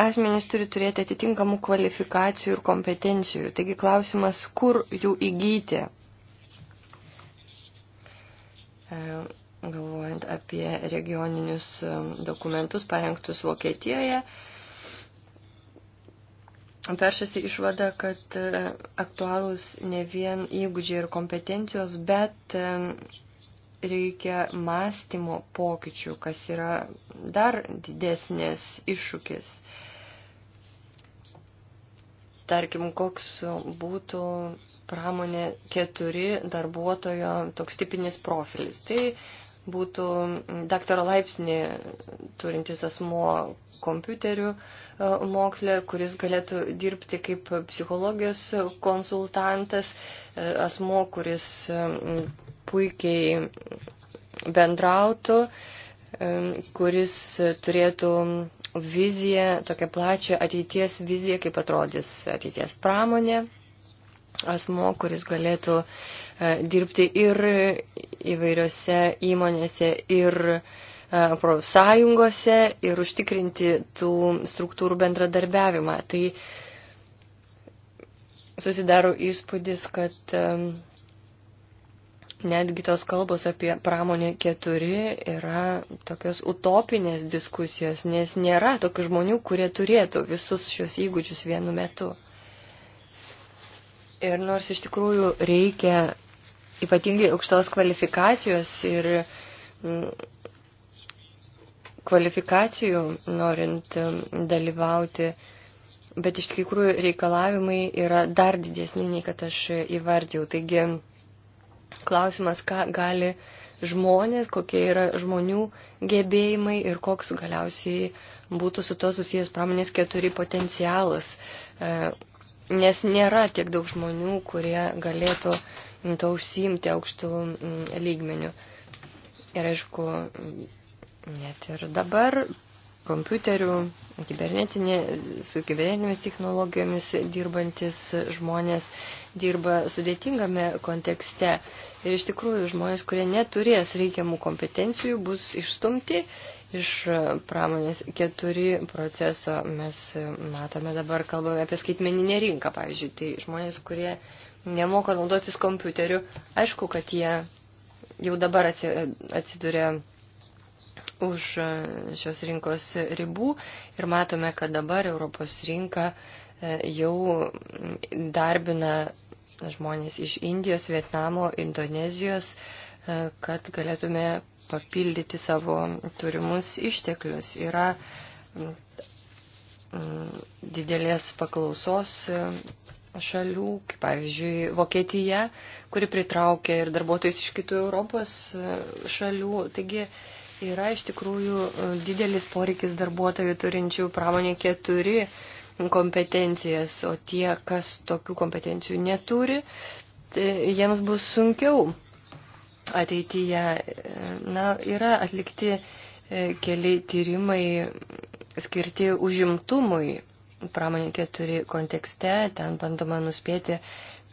asmenys turi turėti atitinkamų kvalifikacijų ir kompetencijų. Taigi klausimas, kur jų įgyti, e, galvojant apie regioninius e, dokumentus parengtus Vokietijoje. Peršasi išvada, kad e, aktualūs ne vien įgūdžiai ir kompetencijos, bet reikia mąstymo pokyčių, kas yra dar didesnės iššūkis. Tarkim, koks būtų pramonė keturi darbuotojo toks tipinis profilis. Tai būtų daktaro laipsnį turintis asmuo kompiuterių e, mokslė, kuris galėtų dirbti kaip psichologijos konsultantas, e, asmuo, kuris e, puikiai bendrautų, kuris turėtų viziją, tokią plačią ateities viziją, kaip atrodys ateities pramonė, asmo, kuris galėtų e, dirbti ir įvairiose įmonėse, ir e, profsąjungose, ir užtikrinti tų struktūrų bendradarbiavimą. Tai susidaro įspūdis, kad e, Netgi tos kalbos apie pramonę keturi yra tokios utopinės diskusijos, nes nėra tokių žmonių, kurie turėtų visus šios įgūdžius vienu metu. Ir nors iš tikrųjų reikia ypatingai aukštos kvalifikacijos ir mm, kvalifikacijų norint mm, dalyvauti, bet iš tikrųjų reikalavimai yra dar didesni nei kad aš įvardėjau. Taigi, Klausimas, ką gali žmonės, kokie yra žmonių gebėjimai ir koks galiausiai būtų su to susijęs pramonės keturi potencialas. E, nes nėra tiek daug žmonių, kurie galėtų to užsiimti aukštų mm, lygmenių. Ir aišku, net ir dabar kompiuterių, kibernetinė, su kibernetinėmis technologijomis dirbantis žmonės dirba sudėtingame kontekste. Ir iš tikrųjų žmonės, kurie neturės reikiamų kompetencijų, bus išstumti iš pramonės keturi proceso. Mes e, matome dabar, kalbame apie skaitmeninę rinką, pavyzdžiui, tai žmonės, kurie nemoka naudotis kompiuteriu, aišku, kad jie jau dabar atsiduria už e, šios rinkos ribų ir matome, kad dabar Europos rinka e, jau darbina žmonės iš Indijos, Vietnamo, Indonezijos, e, kad galėtume papildyti savo turimus išteklius. Yra didelės paklausos šalių, kaip pavyzdžiui Vokietija, kuri pritraukia ir darbuotojus iš kitų Europos šalių. Taigi, Yra iš tikrųjų e, didelis poreikis darbuotojų turinčių pramonė keturi kompetencijas, o tie, kas tokių kompetencijų neturi, tai jiems bus sunkiau ateityje. E, na, yra atlikti e, keli tyrimai skirti užimtumui pramonė keturi kontekste, ten bandoma nuspėti,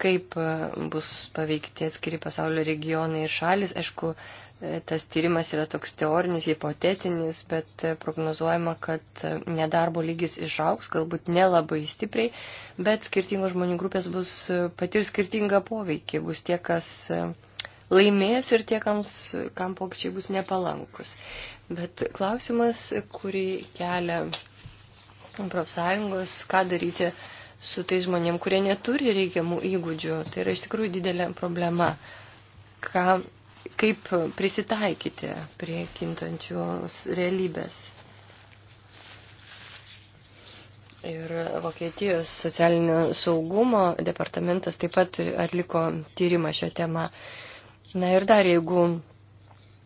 kaip e, bus paveikti atskiri pasaulio regionai ir šalis. Aišku, e, tas tyrimas yra toks teorinis, hipotetinis, bet e, prognozuojama, kad nedarbo lygis išauks, galbūt nelabai stipriai, bet skirtingos žmonių grupės bus patir skirtingą poveikį. Bus tie, kas laimės ir tie, kams, kam pokyčiai bus nepalankus. Bet klausimas, kurį kelia profsąjungos, ką daryti su tais žmonėm, kurie neturi reikiamų įgūdžių. Tai yra iš tikrųjų didelė problema. Ką, kaip prisitaikyti prie kintančios realybės. Ir Vokietijos socialinio saugumo departamentas taip pat atliko tyrimą šią temą. Na ir dar jeigu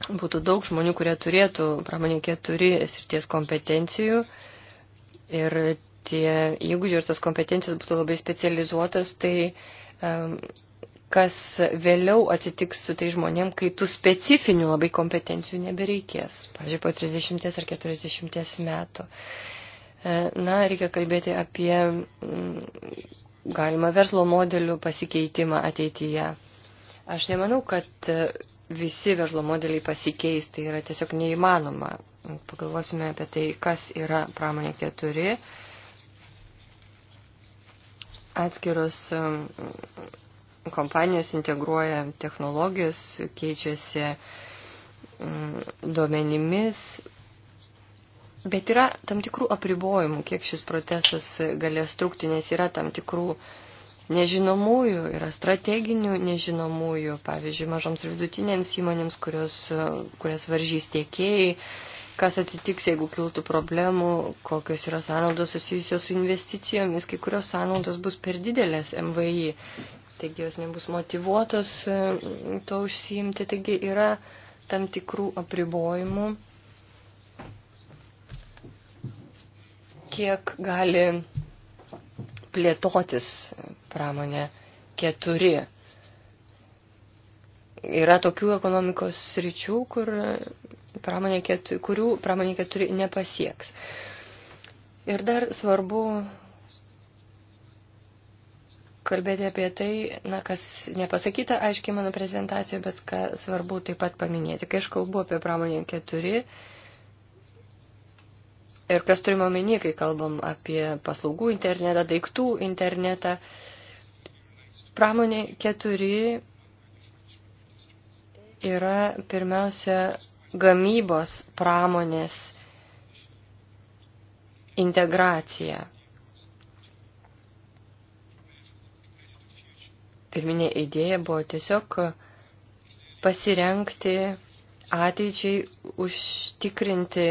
būtų daug žmonių, kurie turėtų pramonė keturi srities kompetencijų ir tie įgūdžiai ir tos kompetencijos būtų labai specializuotos, tai um, kas vėliau atsitiks su tai žmonėm, kai tų specifinių labai kompetencijų nebereikės, pavyzdžiui, po 30 ar 40 metų. E, na, reikia kalbėti apie mm, galima verslo modelių pasikeitimą ateityje. Aš nemanau, kad e, visi verslo modeliai pasikeis, tai yra tiesiog neįmanoma. Pagalvosime apie tai, kas yra pramonė keturi atskiros kompanijos integruoja technologijos, keičiasi duomenimis, bet yra tam tikrų apribojimų, kiek šis procesas galės trukti, nes yra tam tikrų nežinomųjų, yra strateginių nežinomųjų, pavyzdžiui, mažoms ir vidutinėms įmonėms, kurios, kurias varžys tiekėjai, kas atsitiks, jeigu kiltų problemų, kokios yra sąnaudos susijusios su investicijomis, kai kurios sąnaudos bus per didelės MVI, taigi jos nebus motivuotos e, to užsiimti, taigi yra tam tikrų apribojimų, kiek gali plėtotis pramonė keturi. Yra tokių ekonomikos sričių, kur pramonė keturi, kurių pramonė keturi nepasieks. Ir dar svarbu kalbėti apie tai, na, kas nepasakyta aiškiai mano prezentacijoje, bet ką svarbu taip pat paminėti. Kai aš kalbu apie pramonę keturi ir kas turime omeny, kai kalbam apie paslaugų internetą, daiktų internetą, pramonė keturi yra pirmiausia gamybos pramonės integracija. Pirminė idėja buvo tiesiog pasirenkti ateičiai užtikrinti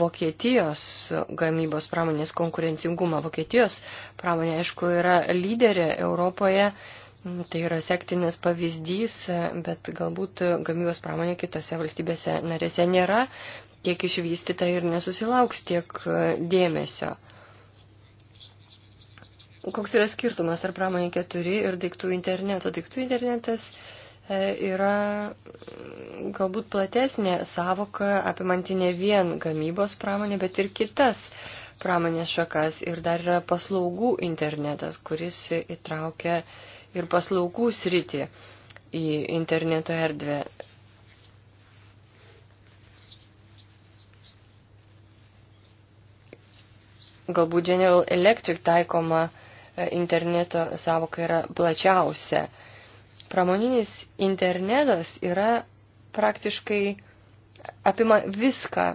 Vokietijos gamybos pramonės konkurencingumą. Vokietijos pramonė, aišku, yra lyderė Europoje Mm, tai yra sektinis pavyzdys, bet galbūt gamybos pramonė kitose valstybėse narėse nėra tiek išvystyta ir nesusilauks tiek e, dėmesio. Koks yra skirtumas tarp pramonė 4 ir daiktų interneto? Daiktų internetas e, yra mm, galbūt platesnė savoka apimanti ne vien gamybos pramonė, bet ir kitas pramonės šakas. Ir dar yra paslaugų internetas, kuris įtraukia uh, ir paslaugų sritį į interneto erdvę. Galbūt General Electric taikoma e, interneto savoka yra plačiausia. Pramoninis internetas yra praktiškai apima viską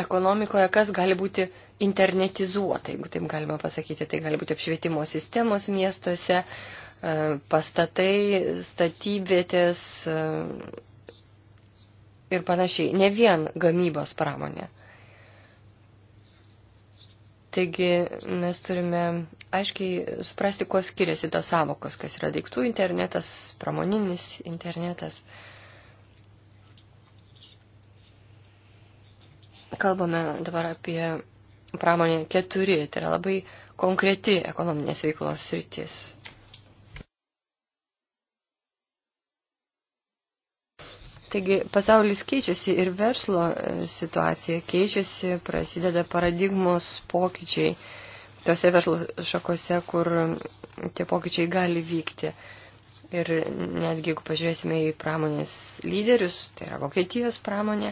ekonomikoje, kas gali būti internetizuota, jeigu taip galima pasakyti, tai gali būti apšvietimo sistemos miestuose, e, pastatai, statybvietės e, ir panašiai, ne vien gamybos pramonė. Taigi mes turime aiškiai suprasti, kuo skiriasi tos savokos, kas yra daiktų internetas, pramoninis internetas. Kalbame dabar apie pramonė keturi, tai yra labai konkreti ekonominės veiklos sritis. Taigi pasaulis keičiasi ir verslo e, situacija keičiasi, prasideda paradigmos pokyčiai tose verslo šakose, kur tie pokyčiai gali vykti. Ir netgi jeigu pažiūrėsime į pramonės lyderius, tai yra Vokietijos pramonė,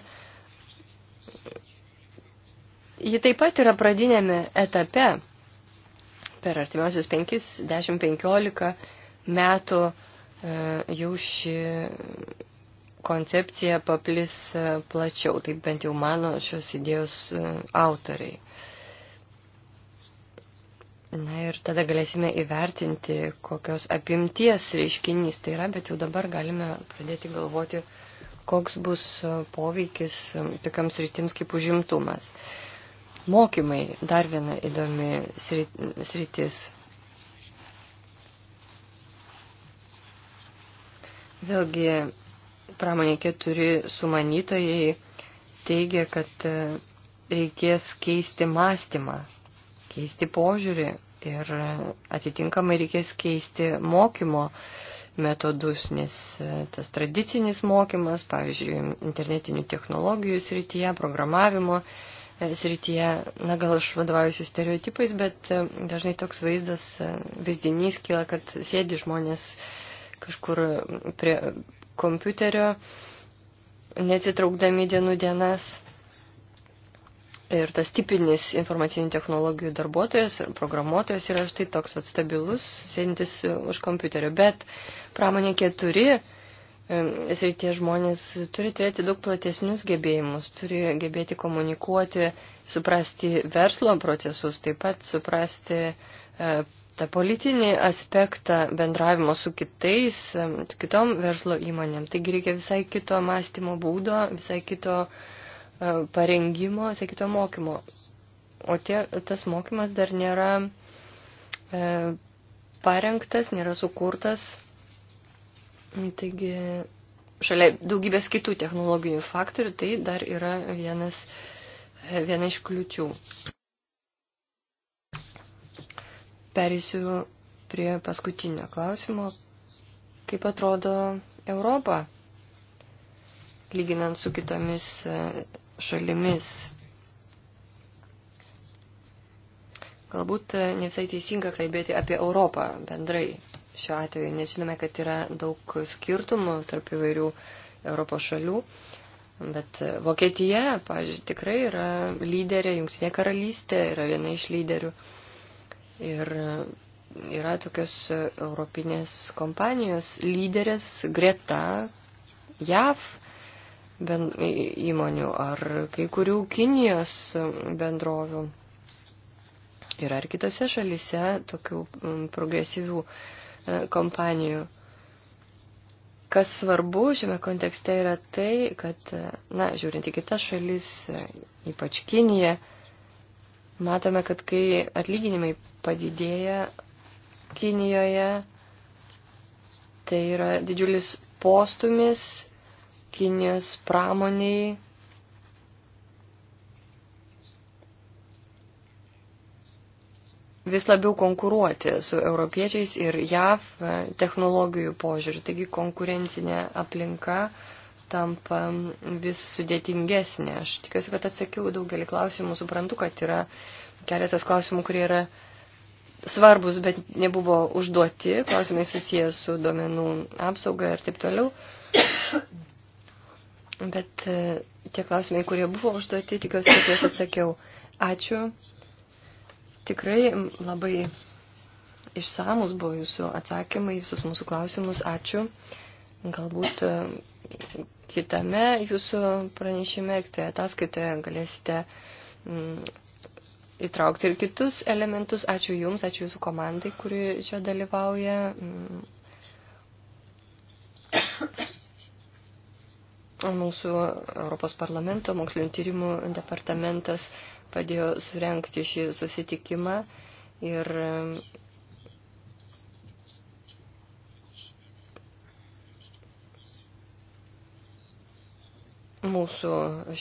Ji taip pat yra pradinėme etape per artimiausius 5, 10, 15 metų e, jau ši koncepcija paplis e, plačiau, taip bent jau mano šios idėjos e, autoriai. Na ir tada galėsime įvertinti, kokios apimties reiškinys tai yra, bet jau dabar galime pradėti galvoti, koks bus poveikis tokiams rytims kaip užimtumas. Uh, Mokymai dar viena įdomi sritis. Vėlgi, pramonė keturi sumanytojai teigia, kad e, reikės keisti mąstymą, keisti požiūrį ir e, atitinkamai reikės keisti mokymo metodus, nes e, tas tradicinis mokymas, pavyzdžiui, internetinių technologijų srityje, programavimo srityje, srityje, na gal aš vadovaujuosi stereotipais, bet e, dažnai toks vaizdas, e, vaizdinys kyla, kad sėdi žmonės kažkur prie kompiuterio, neatsitraukdami dienų dienas. Ir tas tipinis informacinių technologijų darbuotojas ir programuotojas yra štai toks vat stabilus, sėdintis už kompiuterio. Bet pramonė keturi srities žmonės turi turėti daug platesnius gebėjimus, turi gebėti komunikuoti, suprasti verslo procesus, taip pat suprasti e, tą politinį aspektą bendravimo su kitais, e, kitom verslo įmonėm. Taigi reikia visai kito mąstymo būdo, visai kito e, parengimo, visai kito mokymo. O tie, tas mokymas dar nėra parengtas, nėra sukurtas Taigi, šalia daugybės kitų technologinių faktorių, tai dar yra vienas, viena iš kliučių. Perėsiu prie paskutinio klausimo. Kaip atrodo Europa, lyginant su kitomis e, šalimis? Galbūt e, ne visai teisinga kalbėti apie Europą bendrai, šiuo atveju, nes žinome, kad yra daug skirtumų tarp įvairių Europos šalių. Bet Vokietija, pažiūrėjau, tikrai yra lyderė, Jungtinė karalystė yra viena iš lyderių. Ir yra tokios europinės kompanijos lyderės greta JAV įmonių ar kai kurių Kinijos bendrovių. Yra ir kitose šalise tokių progresyvių E, kompanijų. Kas svarbu šiame kontekste yra tai, kad, e, na, žiūrint į kitas šalis, e, ypač Kiniją, matome, kad kai atlyginimai padidėja Kinijoje, tai yra didžiulis postumis Kinijos pramoniai vis labiau konkuruoti su europiečiais ir JAV e, technologijų požiūriu. Taigi konkurencinė aplinka tampa vis sudėtingesnė. Aš tikiuosi, kad atsakiau daugelį klausimų. Suprantu, kad yra keletas klausimų, kurie yra svarbus, bet nebuvo užduoti. Klausimai susijęs su duomenų apsauga ir taip toliau. Bet e, tie klausimai, kurie buvo užduoti, tikiuosi, kad juos atsakiau. Ačiū. Tikrai labai išsamus buvo jūsų atsakymai, visus mūsų klausimus. Ačiū. Galbūt kitame jūsų pranešime ir toje ataskaitoje galėsite įtraukti ir kitus elementus. Ačiū Jums, ačiū Jūsų komandai, kuri čia dalyvauja. Mūsų Europos parlamento mokslinio tyrimų departamentas padėjo surenkti šį susitikimą ir um, mūsų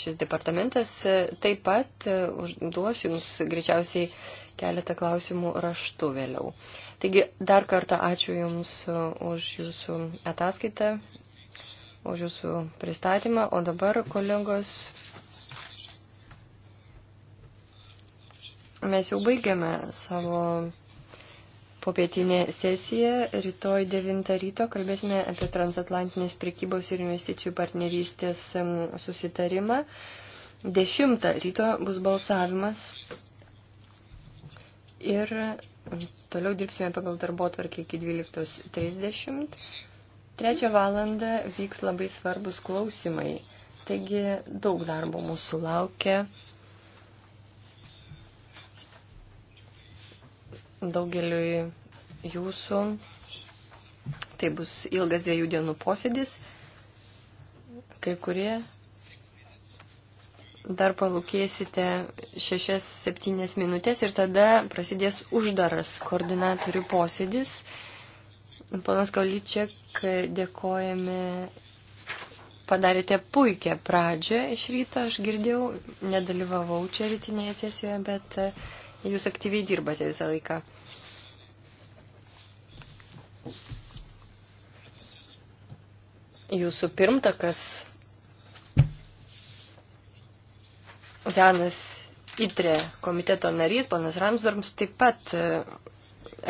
šis departamentas e, taip pat e, užduos jums greičiausiai keletą klausimų raštu vėliau. Taigi dar kartą ačiū Jums e, už Jūsų ataskaitą, už Jūsų pristatymą, o dabar kolegos Mes jau baigiame savo popietinė sesija. Rytoj 9 ryto kalbėsime apie transatlantinės prekybos ir investicijų partnerystės susitarimą. 10 ryto bus balsavimas. Ir toliau dirbsime pagal darbo tvarkį iki 12.30. Trečią valandą vyks labai svarbus klausimai. Taigi daug darbo mūsų laukia. daugeliui jūsų. Tai bus ilgas dviejų dienų posėdis. Kai kurie dar palūkėsite 6-7 minutės ir tada prasidės uždaras koordinatorių posėdis. Panas Kaulyčiak, dėkojame, padarėte puikią pradžią iš ryto, aš girdėjau, nedalyvavau čia rytinėje sesijoje, bet Jūs aktyviai dirbate visą laiką. Jūsų pirmtakas Janas ITRE komiteto narys, panas Ramsdorms, taip pat e,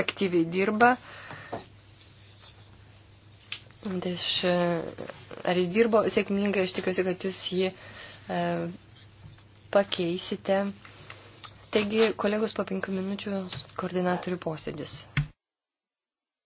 aktyviai dirba. Tai aš, e, ar jis dirbo sėkmingai, aš tikiuosi, kad jūs jį e, pakeisite. Taigi, kolegos, po penkių minučių koordinatorių posėdis.